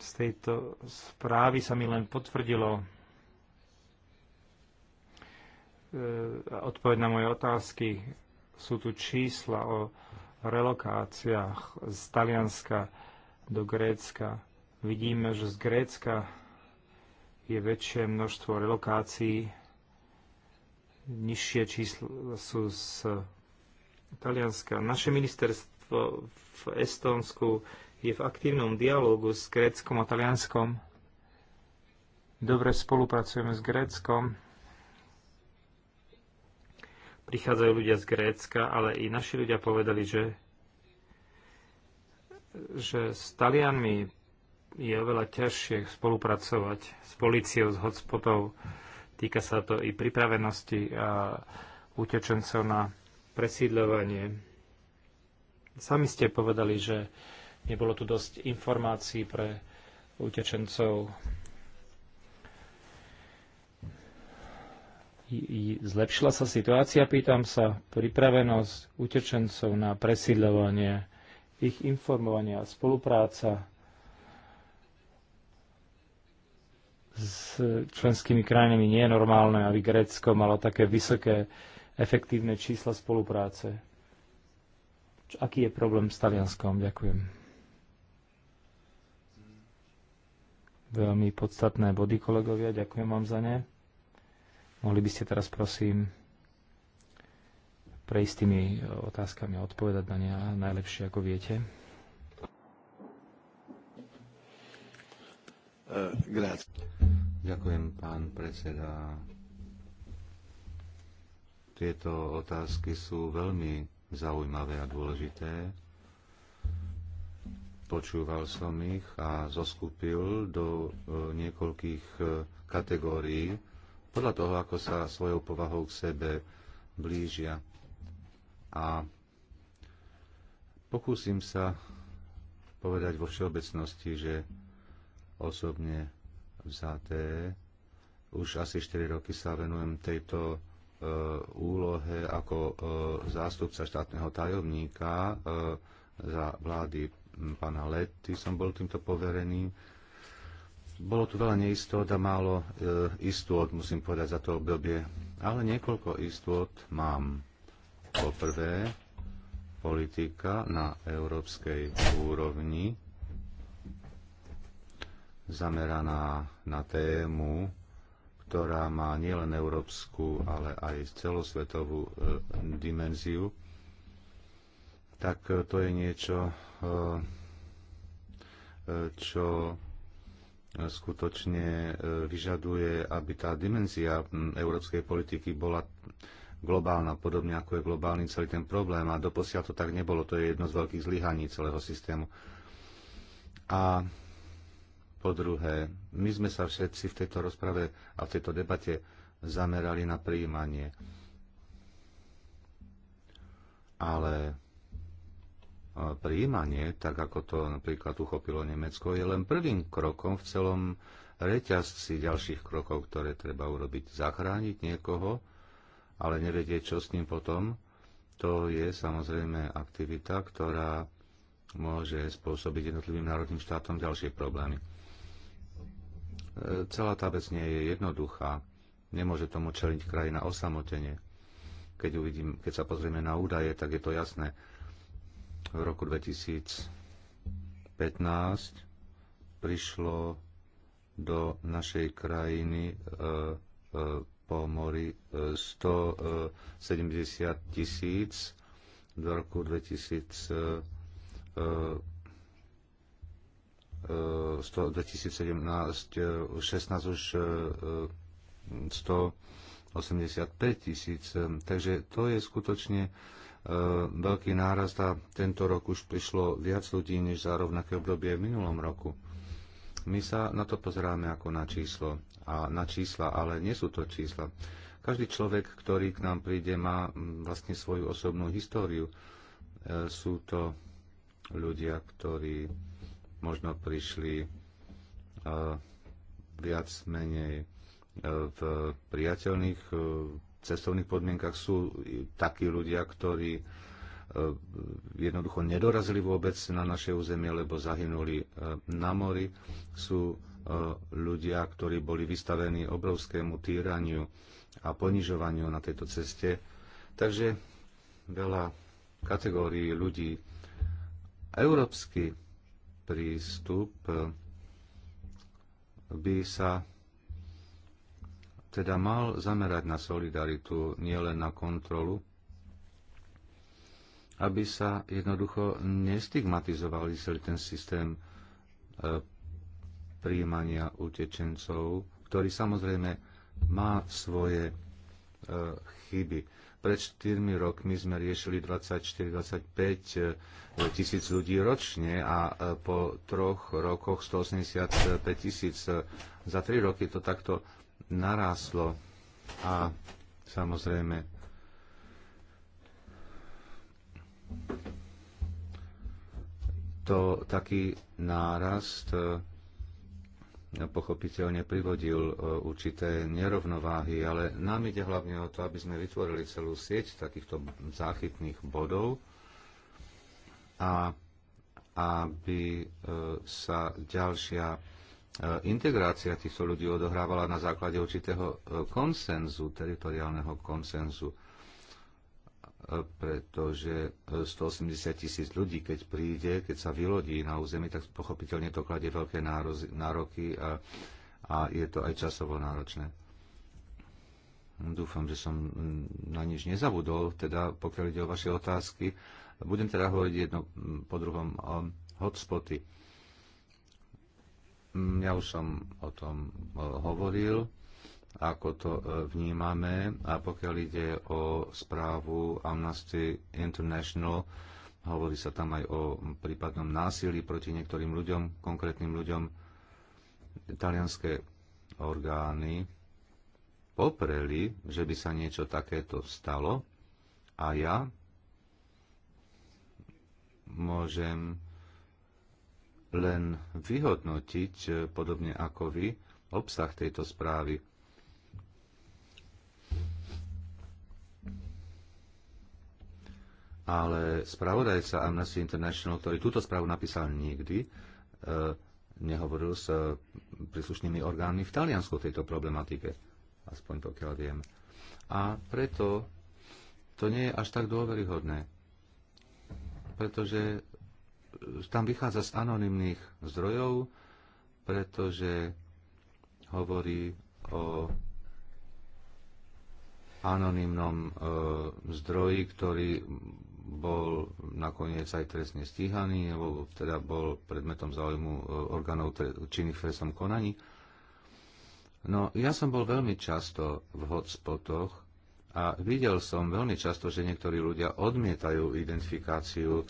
Z tejto správy sa mi len potvrdilo e, odpoveď na moje otázky. Sú tu čísla o relokáciách z Talianska do Grécka. Vidíme, že z Grécka je väčšie množstvo relokácií, nižšie číslo sú z Talianska. Naše ministerstvo v Estónsku je v aktívnom dialogu s Gréckom a Talianskom. Dobre spolupracujeme s Gréckom. Prichádzajú ľudia z Grécka, ale i naši ľudia povedali, že že s Talianmi je oveľa ťažšie spolupracovať s policiou, s hotspotov. Týka sa to i pripravenosti a utečencov na presídľovanie. Sami ste povedali, že nebolo tu dosť informácií pre utečencov. Zlepšila sa situácia, pýtam sa, pripravenosť utečencov na presídľovanie, ich informovanie a spolupráca s členskými krajinami nie je normálne, aby Grécko malo také vysoké efektívne čísla spolupráce. Čo, aký je problém s Talianskom? Ďakujem. Veľmi podstatné body, kolegovia. Ďakujem vám za ne. Mohli by ste teraz, prosím, prejsť tými e, otázkami a odpovedať na ne najlepšie, ako viete. Eh, Ďakujem, pán predseda. Tieto otázky sú veľmi zaujímavé a dôležité. Počúval som ich a zoskupil do eh, niekoľkých eh, kategórií podľa toho, ako sa svojou povahou k sebe blížia. A pokúsim sa povedať vo všeobecnosti, že osobne vzaté. Už asi 4 roky sa venujem tejto e, úlohe ako e, zástupca štátneho tajomníka e, za vlády pána Letty som bol týmto poverený. Bolo tu veľa neistot a málo istôt, musím povedať, za to obdobie. Ale niekoľko istôt mám. poprvé, politika na európskej úrovni zameraná na tému, ktorá má nielen európsku, ale aj celosvetovú e, dimenziu, tak e, to je niečo, e, čo skutočne vyžaduje, aby tá dimenzia európskej politiky bola globálna, podobne ako je globálny celý ten problém. A doposiaľ to tak nebolo, to je jedno z veľkých zlyhaní celého systému. A po druhé, my sme sa všetci v tejto rozprave a v tejto debate zamerali na príjmanie. Ale e, príjmanie, tak ako to napríklad uchopilo Nemecko, je len prvým krokom v celom reťazci ďalších krokov, ktoré treba urobiť. Zachrániť niekoho, ale nevedieť, čo s ním potom, to je samozrejme aktivita, ktorá môže spôsobiť jednotlivým národným štátom ďalšie problémy. Celá tá vec nie je jednoduchá. Nemôže tomu čeliť krajina osamotene. Keď, uvidím, keď sa pozrieme na údaje, tak je to jasné. V roku 2015 prišlo do našej krajiny e, e, po mori 170 e, tisíc. Do roku 2000 2017 16 už 185 e, e, tisíc. Takže to je skutočne e, veľký nárast a tento rok už prišlo viac ľudí než za rovnaké obdobie v minulom roku. My sa na to pozeráme ako na číslo a na čísla, ale nie sú to čísla. Každý človek, ktorý k nám príde, má vlastne svoju osobnú históriu. Sú to ľudia, ktorí možno prišli e, viac menej e, v priateľných e, cestovných podmienkach sú takí ľudia, ktorí jednoducho nedorazili vôbec na naše územie, lebo zahynuli na mori. Sú ľudia, ktorí boli vystavení obrovskému týraniu a ponižovaniu na tejto ceste. Takže veľa kategórií ľudí. Európsky prístup by sa teda mal zamerať na solidaritu, nielen na kontrolu, aby sa jednoducho nestigmatizovali celý ten systém e, príjmania utečencov, ktorý samozrejme má svoje e, chyby. Pred 4 rokmi sme riešili 24-25 tisíc ľudí ročne a e, po troch rokoch 185 tisíc. Za 3 roky to takto naráslo a samozrejme to taký nárast e, pochopiteľne privodil e, určité nerovnováhy, ale nám ide hlavne o to, aby sme vytvorili celú sieť takýchto záchytných bodov a aby e, sa ďalšia e, integrácia týchto ľudí odohrávala na základe určitého konsenzu, teritoriálneho konsenzu pretože 180 tisíc ľudí, keď príde, keď sa vylodí na území, tak pochopiteľne to kladie veľké nároky a, a je to aj časovo náročné. Dúfam, že som na nič nezabudol, teda pokiaľ ide o vaše otázky. Budem teda hovoriť jedno po druhom o hotspoty. Ja už som o tom hovoril ako to e, vnímame. A pokiaľ ide o správu Amnesty International, hovorí sa tam aj o prípadnom násilí proti niektorým ľuďom, konkrétnym ľuďom. Talianské orgány popreli, že by sa niečo takéto stalo a ja môžem len vyhodnotiť, podobne ako vy, obsah tejto správy. ale spravodajca Amnesty International, ktorý túto správu napísal nikdy, e, nehovoril s e, príslušnými orgánmi v Taliansku o tejto problematike, aspoň pokiaľ viem. A preto to nie je až tak dôveryhodné, pretože e, tam vychádza z anonymných zdrojov, pretože hovorí o anonymnom e, zdroji, ktorý bol nakoniec aj trestne stíhaný, alebo teda bol predmetom záujmu e, orgánov činných v trestnom konaní. No, ja som bol veľmi často v hotspotoch a videl som veľmi často, že niektorí ľudia odmietajú identifikáciu, e,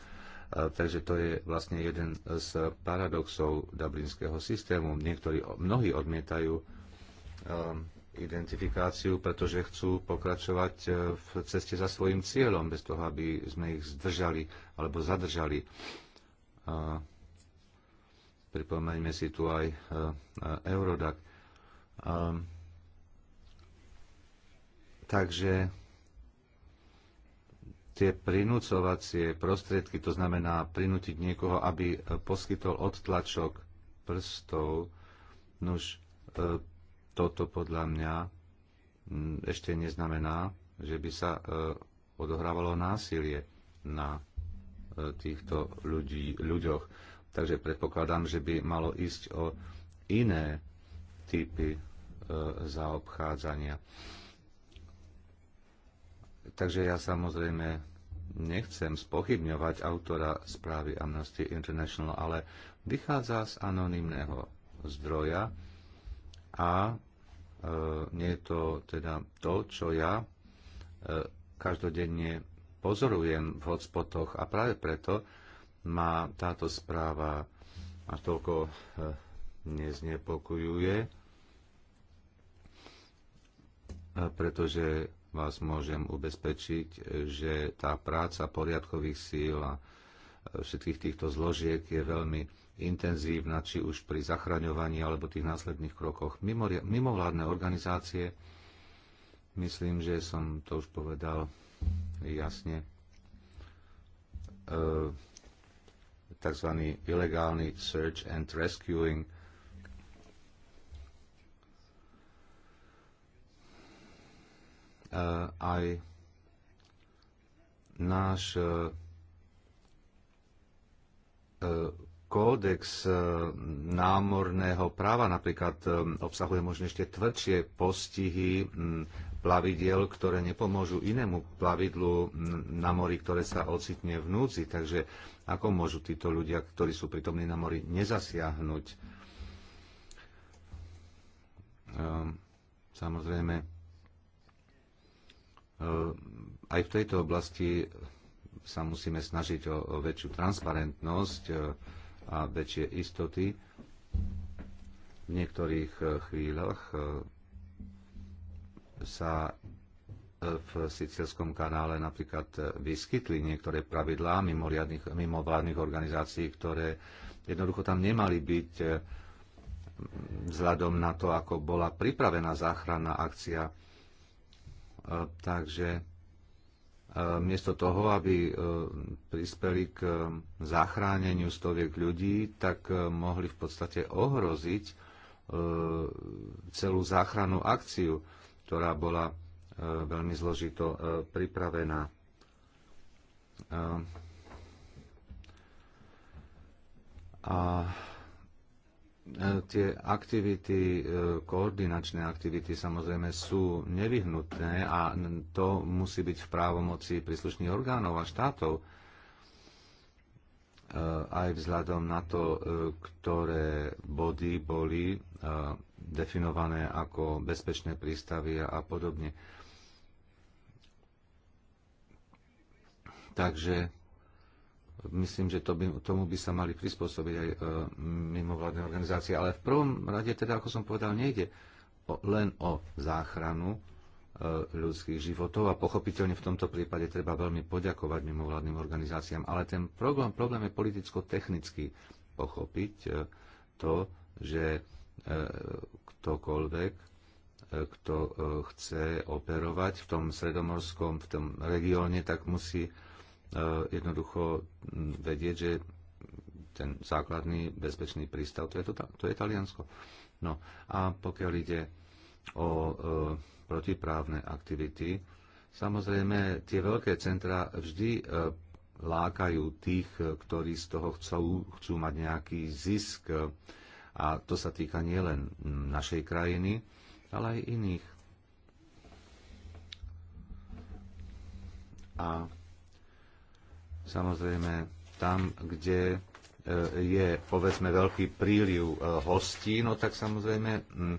takže to je vlastne jeden z paradoxov dublinského systému. Niektorí, mnohí odmietajú um, identifikáciu, pretože chcú pokračovať e, v ceste za svojim cieľom, bez toho, aby sme ich zdržali alebo zadržali. Pripomeňme si tu aj e, e, Eurodac. Takže tie prinúcovacie prostriedky, to znamená prinútiť niekoho, aby poskytol odtlačok prstov, nuž toto podľa mňa ešte neznamená, že by sa e, odohrávalo násilie na e, týchto ľudí, ľuďoch. Takže predpokladám, že by malo ísť o iné typy e, zaobchádzania. Takže ja samozrejme nechcem spochybňovať autora správy Amnesty International, ale vychádza z anonymného zdroja a E, nie je to teda to, čo ja e, každodenne pozorujem v hotspotoch a práve preto ma táto správa až toľko e, neznepokojuje, pretože vás môžem ubezpečiť, že tá práca poriadkových síl a všetkých týchto zložiek je veľmi intenzívna, či už pri zachraňovaní alebo tých následných krokoch. Mimovládne organizácie, myslím, že som to už povedal jasne, eh, tzv. ilegálny search and rescuing. Eh, aj náš eh, kódex eh, námorného práva napríklad eh, obsahuje možno ešte tvrdšie postihy mm, plavidiel, ktoré nepomôžu inému plavidlu mm, na mori, ktoré sa ocitne v núdzi. Takže ako môžu títo ľudia, ktorí sú pritomní na mori, nezasiahnuť? Ehm, samozrejme, eh, aj v tejto oblasti sa musíme snažiť o väčšiu transparentnosť a väčšie istoty. V niektorých e, chvíľach e, sa e, v Sicilskom kanále napríklad vyskytli niektoré pravidlá mimovládnych organizácií, ktoré jednoducho tam nemali byť vzhľadom na to, ako bola pripravená záchranná akcia. Takže miesto toho, aby e, prispeli k e, zachráneniu stoviek ľudí, tak e, mohli v podstate ohroziť celú záchrannú akciu, ktorá bola veľmi zložito pripravená. A E, tie aktivity, e, koordinačné aktivity samozrejme sú nevyhnutné a to musí byť v právomoci príslušných orgánov a štátov e, aj vzhľadom na to, ktoré body boli definované ako bezpečné prístavy a podobne. Takže myslím, že to by, tomu by sa mali prispôsobiť aj e, mimovládne organizácie. Ale v prvom rade, teda, ako som povedal, nejde o, len o záchranu e, ľudských životov a pochopiteľne v tomto prípade treba veľmi poďakovať mimovládnym organizáciám. Ale ten problém, problém je politicko technicky pochopiť e, to, že e, ktokoľvek e, kto e, chce operovať v tom stredomorskom, v tom regióne, tak musí E, jednoducho vedieť, že ten základný bezpečný prístav, to je, to, to je Taliansko. No a pokiaľ ide o e, protiprávne aktivity, samozrejme tie veľké centra vždy e, lákajú tých, ktorí z toho chcú, chcú mať nejaký zisk. A to sa týka nielen našej krajiny, ale aj iných. A Samozrejme, tam, kde e, je povedzme veľký príliv e, hostí, no tak samozrejme mm, e,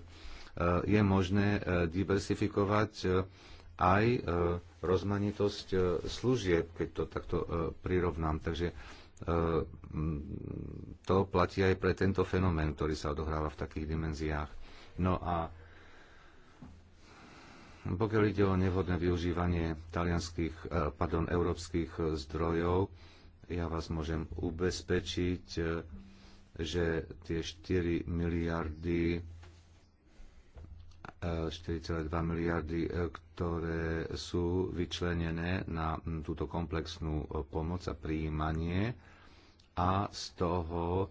je možné diversifikovať aj rozmanitosť služieb, keď to takto prirovnám. Takže mm, to platí aj pre tento fenomén, ktorý sa odohráva v takých dimenziách. No a pokiaľ ide o nevhodné využívanie talianských, eh, pardon, európskych eh, zdrojov, ja vás môžem ubezpečiť, eh, že tie 4 miliardy 4,2 miliardy, ktoré sú vyčlenené na mm, túto komplexnú pomoc a príjmanie a z toho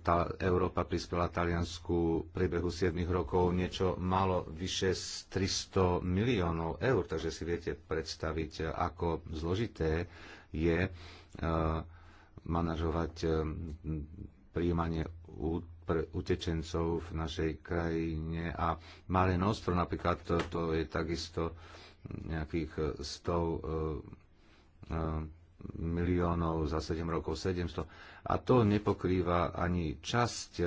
tá Európa prispela Taliansku v priebehu 7 rokov niečo malo vyše z 300 miliónov eur, takže si viete predstaviť, ako zložité je e, manažovať e, príjmanie utečencov v našej krajine a Mare Nostro napríklad, to, to je takisto nejakých 100 e, miliónov za 7 rokov 700 a to nepokrýva ani časť e,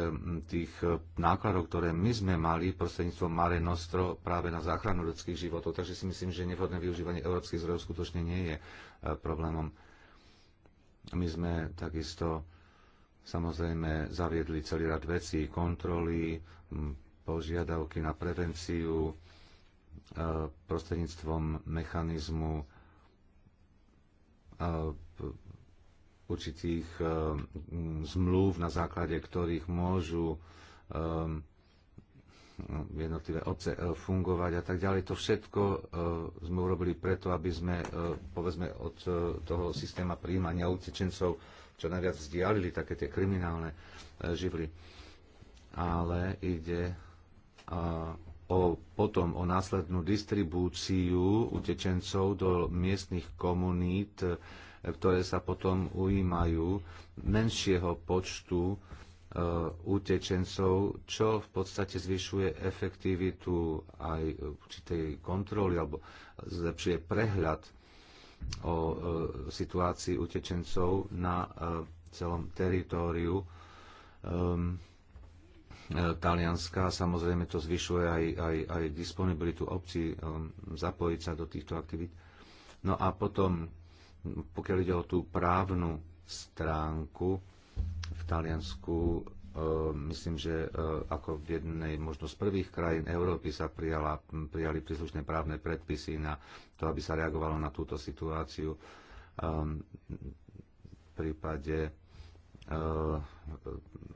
tých e, nákladov, ktoré my sme mali prostredníctvom Mare Nostro práve na záchranu ľudských životov. Takže si myslím, že nevhodné využívanie európskych zdrojov skutočne nie je e, problémom. My sme takisto samozrejme zaviedli celý rad vecí, kontroly, požiadavky na prevenciu prostredníctvom mechanizmu určitých eh, mm, zmluv, na základe ktorých môžu eh, jednotlivé obce eh, fungovať a tak ďalej. To všetko sme urobili preto, aby sme povedzme od toho systéma príjmania utečencov čo najviac vzdialili také tie kriminálne živly. Ale ide o, potom o následnú distribúciu utečencov do miestnych komunít, ktoré sa potom ujímajú menšieho počtu e, utečencov, čo v podstate zvyšuje efektivitu aj určitej kontroly alebo zlepšuje prehľad o e, situácii utečencov na e, celom teritóriu ehm, Talianska. Samozrejme to zvyšuje aj, aj, aj disponibilitu obcí ehm, zapojiť sa do týchto aktivít. No a potom pokiaľ ide o tú právnu stránku v Taliansku, e, myslím, že e, ako v jednej možno z prvých krajín Európy sa prijala, prijali príslušné právne predpisy na to, aby sa reagovalo na túto situáciu. Ehm, v prípade e,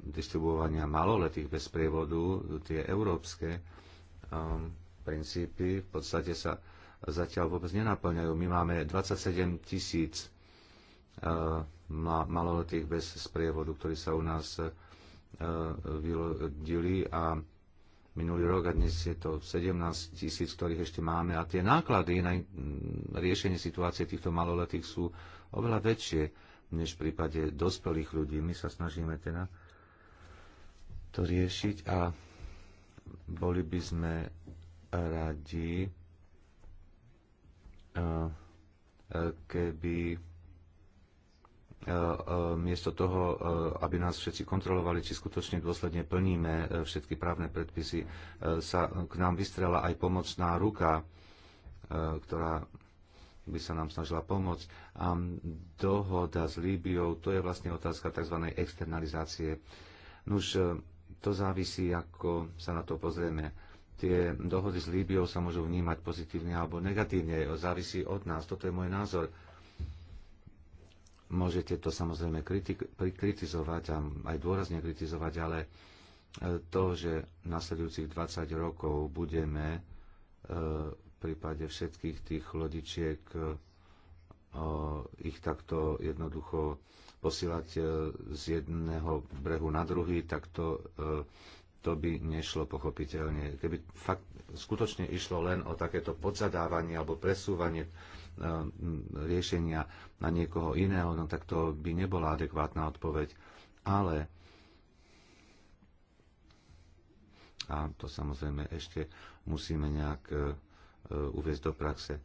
distribuovania maloletých bez prievodu, tie európske ehm, princípy v podstate sa zatiaľ vôbec nenaplňajú. My máme 27 tisíc e, maloletých bez sprievodu, ktorí sa u nás e, vylodili a minulý rok a dnes je to 17 tisíc, ktorých ešte máme a tie náklady na riešenie situácie týchto maloletých sú oveľa väčšie než v prípade dospelých ľudí. My sa snažíme teda to riešiť a boli by sme radi, keby miesto toho, aby nás všetci kontrolovali, či skutočne dôsledne plníme e, všetky právne predpisy, e, sa k nám vystrela aj pomocná ruka, e, ktorá by sa nám snažila pomôcť. A dohoda s Líbiou, to je vlastne otázka tzv. externalizácie. Nuž, to závisí, ako sa na to pozrieme tie dohody s Líbiou sa môžu vnímať pozitívne alebo negatívne. Závisí od nás. Toto je môj názor. Môžete to samozrejme kritizovať a aj dôrazne kritizovať, ale e, to, že nasledujúcich 20 rokov budeme e, v prípade všetkých tých lodičiek e, ich takto jednoducho posílať z jedného brehu na druhý, tak to to by nešlo pochopiteľne. Keby fakt skutočne išlo len o takéto podzadávanie alebo presúvanie e, riešenia na niekoho iného, no tak to by nebola adekvátna odpoveď. Ale a to samozrejme ešte musíme nejak e, e, uviezť do praxe.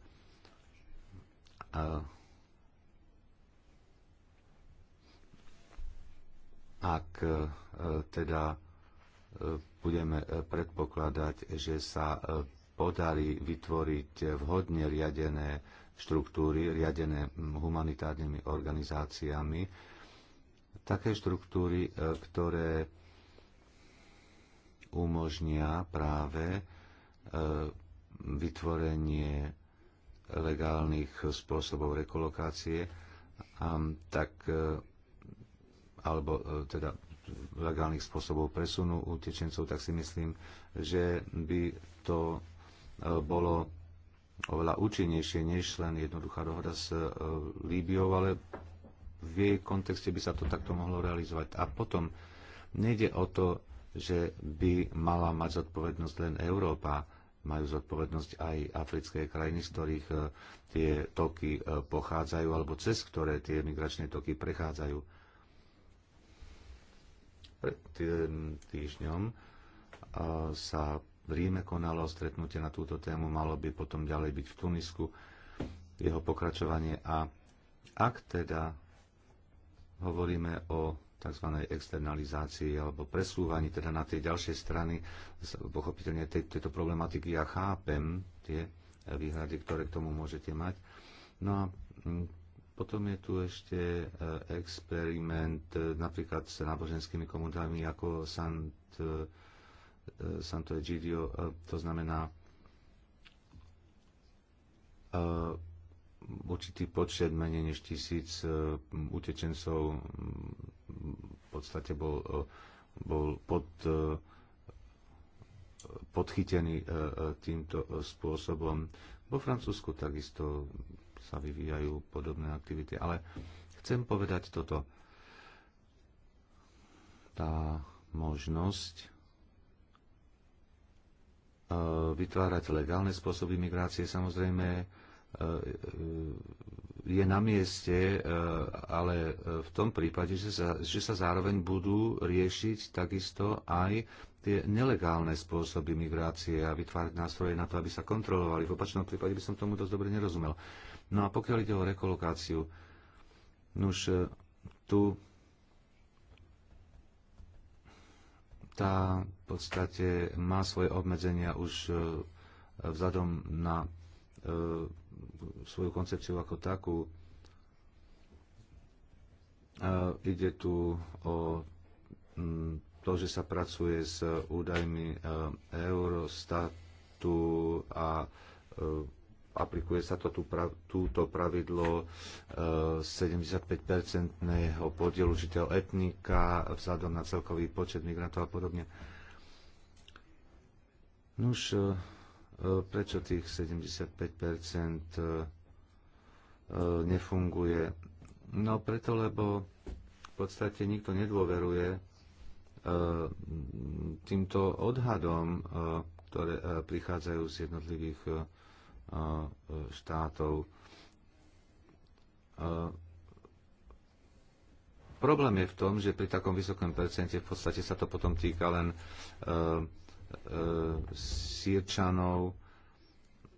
ak teda budeme predpokladať, že sa e, podarí vytvoriť vhodne riadené štruktúry, riadené humanitárnymi organizáciami, také štruktúry, e, ktoré umožnia práve e, vytvorenie legálnych spôsobov rekolokácie, tak, alebo teda legálnych spôsobov presunu utečencov, tak si myslím, že by to e, bolo oveľa účinnejšie než len jednoduchá dohoda s e, Líbiou, ale v jej kontexte by sa to takto mohlo realizovať. A potom nejde o to, že by mala mať zodpovednosť len Európa, majú zodpovednosť aj africké krajiny, z ktorých e, tie toky pochádzajú, alebo cez ktoré tie migračné toky prechádzajú. Pred týždňom sa v Ríme konalo stretnutie na túto tému, malo by potom ďalej byť v Tunisku jeho pokračovanie a ak teda hovoríme o tzv. externalizácii alebo presúvaní teda na tej ďalšej strany pochopiteľne tej, tejto problematiky ja chápem tie výhrady, ktoré k tomu môžete mať. No a potom je tu ešte eh, experiment eh, napríklad s náboženskými komunitami ako Sant, eh, Santo Egidio, to znamená určitý počet menej než tisíc utečencov mm, v podstate bol, bol pod podchytený týmto spôsobom. Vo Francúzsku takisto sa vyvíjajú podobné aktivity. Ale chcem povedať toto. Tá možnosť e, vytvárať legálne spôsoby migrácie samozrejme e, e, je na mieste, ale v tom prípade, že sa, že sa zároveň budú riešiť takisto aj tie nelegálne spôsoby migrácie a vytvárať nástroje na to, aby sa kontrolovali. V opačnom prípade by som tomu dosť dobre nerozumel. No a pokiaľ ide o rekolokáciu, už e, tu tá v podstate má svoje obmedzenia už e, vzhľadom na e, svoju koncepciu ako takú. Ide tu o mm, to, že sa pracuje s údajmi Eurostatu a aplikuje sa to tú pra, túto pravidlo e, 75-percentného podielu žiteľ etnika vzhľadom na celkový počet migrantov a podobne. Nuž, e, e prečo tých 75% e, e, nefunguje? No preto, lebo v podstate nikto nedôveruje e, týmto odhadom, e, ktoré e, prichádzajú z jednotlivých e, E, štátov. E, problém je v tom, že pri takom vysokom percente v podstate sa to potom týka len e, sírčanov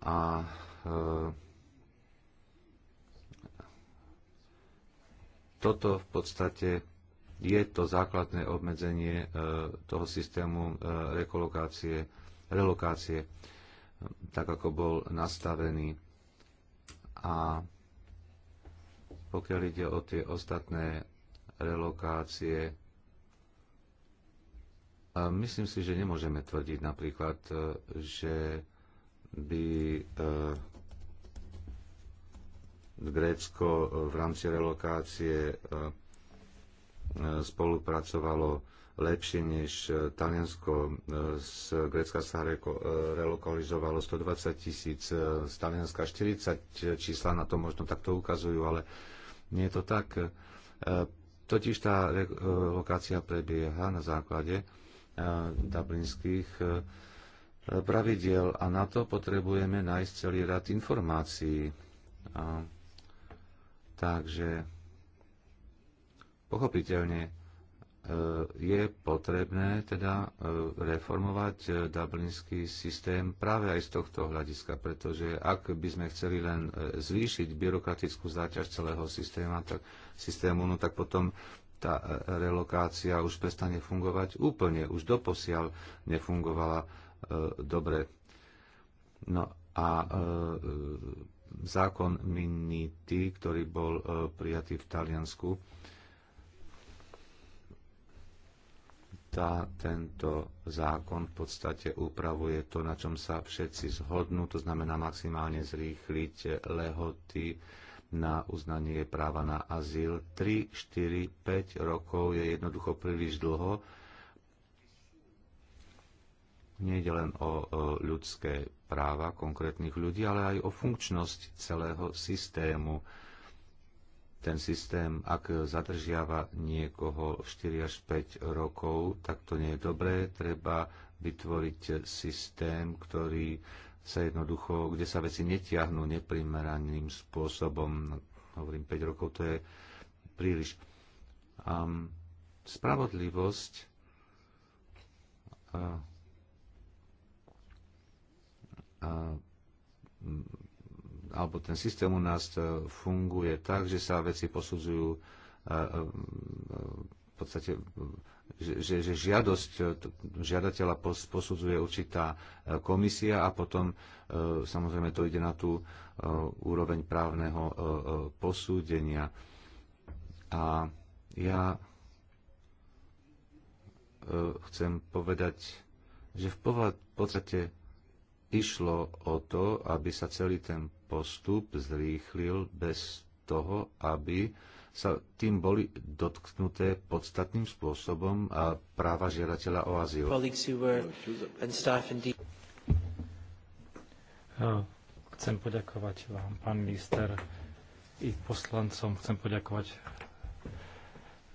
a toto v podstate je to základné obmedzenie toho systému rekolokácie, relokácie tak ako bol nastavený. A pokiaľ ide o tie ostatné relokácie, myslím si, že nemôžeme tvrdiť napríklad, e, že by e, Grécko v rámci relokácie e, spolupracovalo lepšie než e, Taliansko. E, z Grecka sa e, relokalizovalo 120 tisíc, z Talianska 40 čísla na to možno takto ukazujú, ale nie je to tak. Totiž tá lokácia prebieha na základe dublinských pravidiel a na to potrebujeme nájsť celý rad informácií. takže pochopiteľne E, je potrebné teda e, reformovať e, dublinský systém práve aj z tohto hľadiska, pretože ak by sme chceli len zvýšiť byrokratickú záťaž celého systéma, tak, systému, no tak potom tá relokácia už prestane fungovať úplne, už doposiaľ nefungovala e, dobre. No a e, zákon Minity, ktorý bol e, prijatý v Taliansku, e, tá, tento zákon v podstate upravuje to, na čom sa všetci zhodnú, to znamená maximálne zrýchliť lehoty na uznanie práva na azyl. 3, 4, 5 rokov je jednoducho príliš dlho. je len o ľudské práva konkrétnych ľudí, ale aj o funkčnosť celého systému ten systém, ak zadržiava niekoho 4 až 5 rokov, tak to nie je dobré. Treba vytvoriť systém, ktorý sa jednoducho, kde sa veci netiahnú neprimeraným spôsobom. Hovorím, 5 rokov to je príliš. Um, spravodlivosť uh, uh, alebo ten systém u nás e, funguje tak, že sa veci posudzujú e, e, v podstate, že, že žiadosť žiadateľa posudzuje určitá komisia a potom samozrejme to ide na tú úroveň právneho posúdenia. A ja chcem povedať, že v podstate išlo o to, aby sa celý ten postup zrýchlil bez toho, aby sa tým boli dotknuté podstatným spôsobom a práva žiadateľa o azyl. Chcem poďakovať vám, pán minister, i poslancom. Chcem poďakovať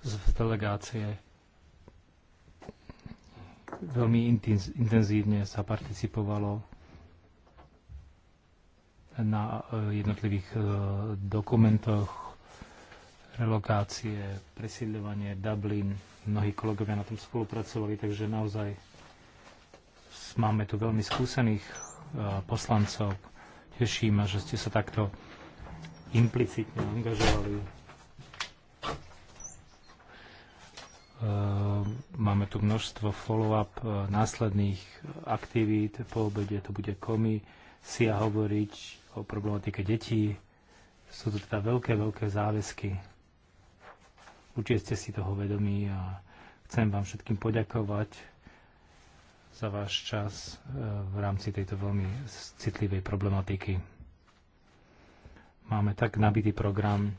z delegácie. Veľmi intenzívne sa participovalo na e, jednotlivých e, dokumentoch, relokácie, presiedľovanie, Dublin. Mnohí kolegovia na tom spolupracovali, takže naozaj máme tu veľmi skúsených e, poslancov. Teší ma, že ste sa takto implicitne angažovali. Máme tu množstvo follow-up následných aktivít. Po obede to bude komi si a hovoriť o problematike detí. Sú to teda veľké, veľké záväzky. Určite ste si toho vedomí a chcem vám všetkým poďakovať za váš čas e, v rámci tejto veľmi citlivej problematiky. Máme tak nabitý program.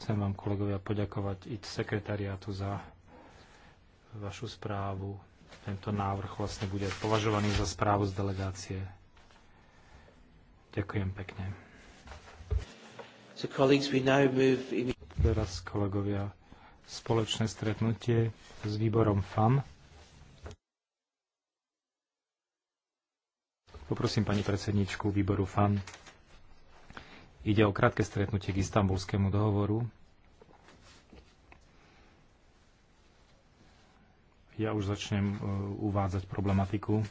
Chcem vám, kolegovia, poďakovať i sekretariátu za vašu správu, tento návrh vlastne bude považovaný za správu z delegácie. Ďakujem pekne. So in... Teraz, kolegovia, spoločné stretnutie s výborom FAM. Poprosím pani predsedničku výboru FAM. Ide o krátke stretnutie k istambulskému dohovoru. Ja už začnem e, uvádzať problematiku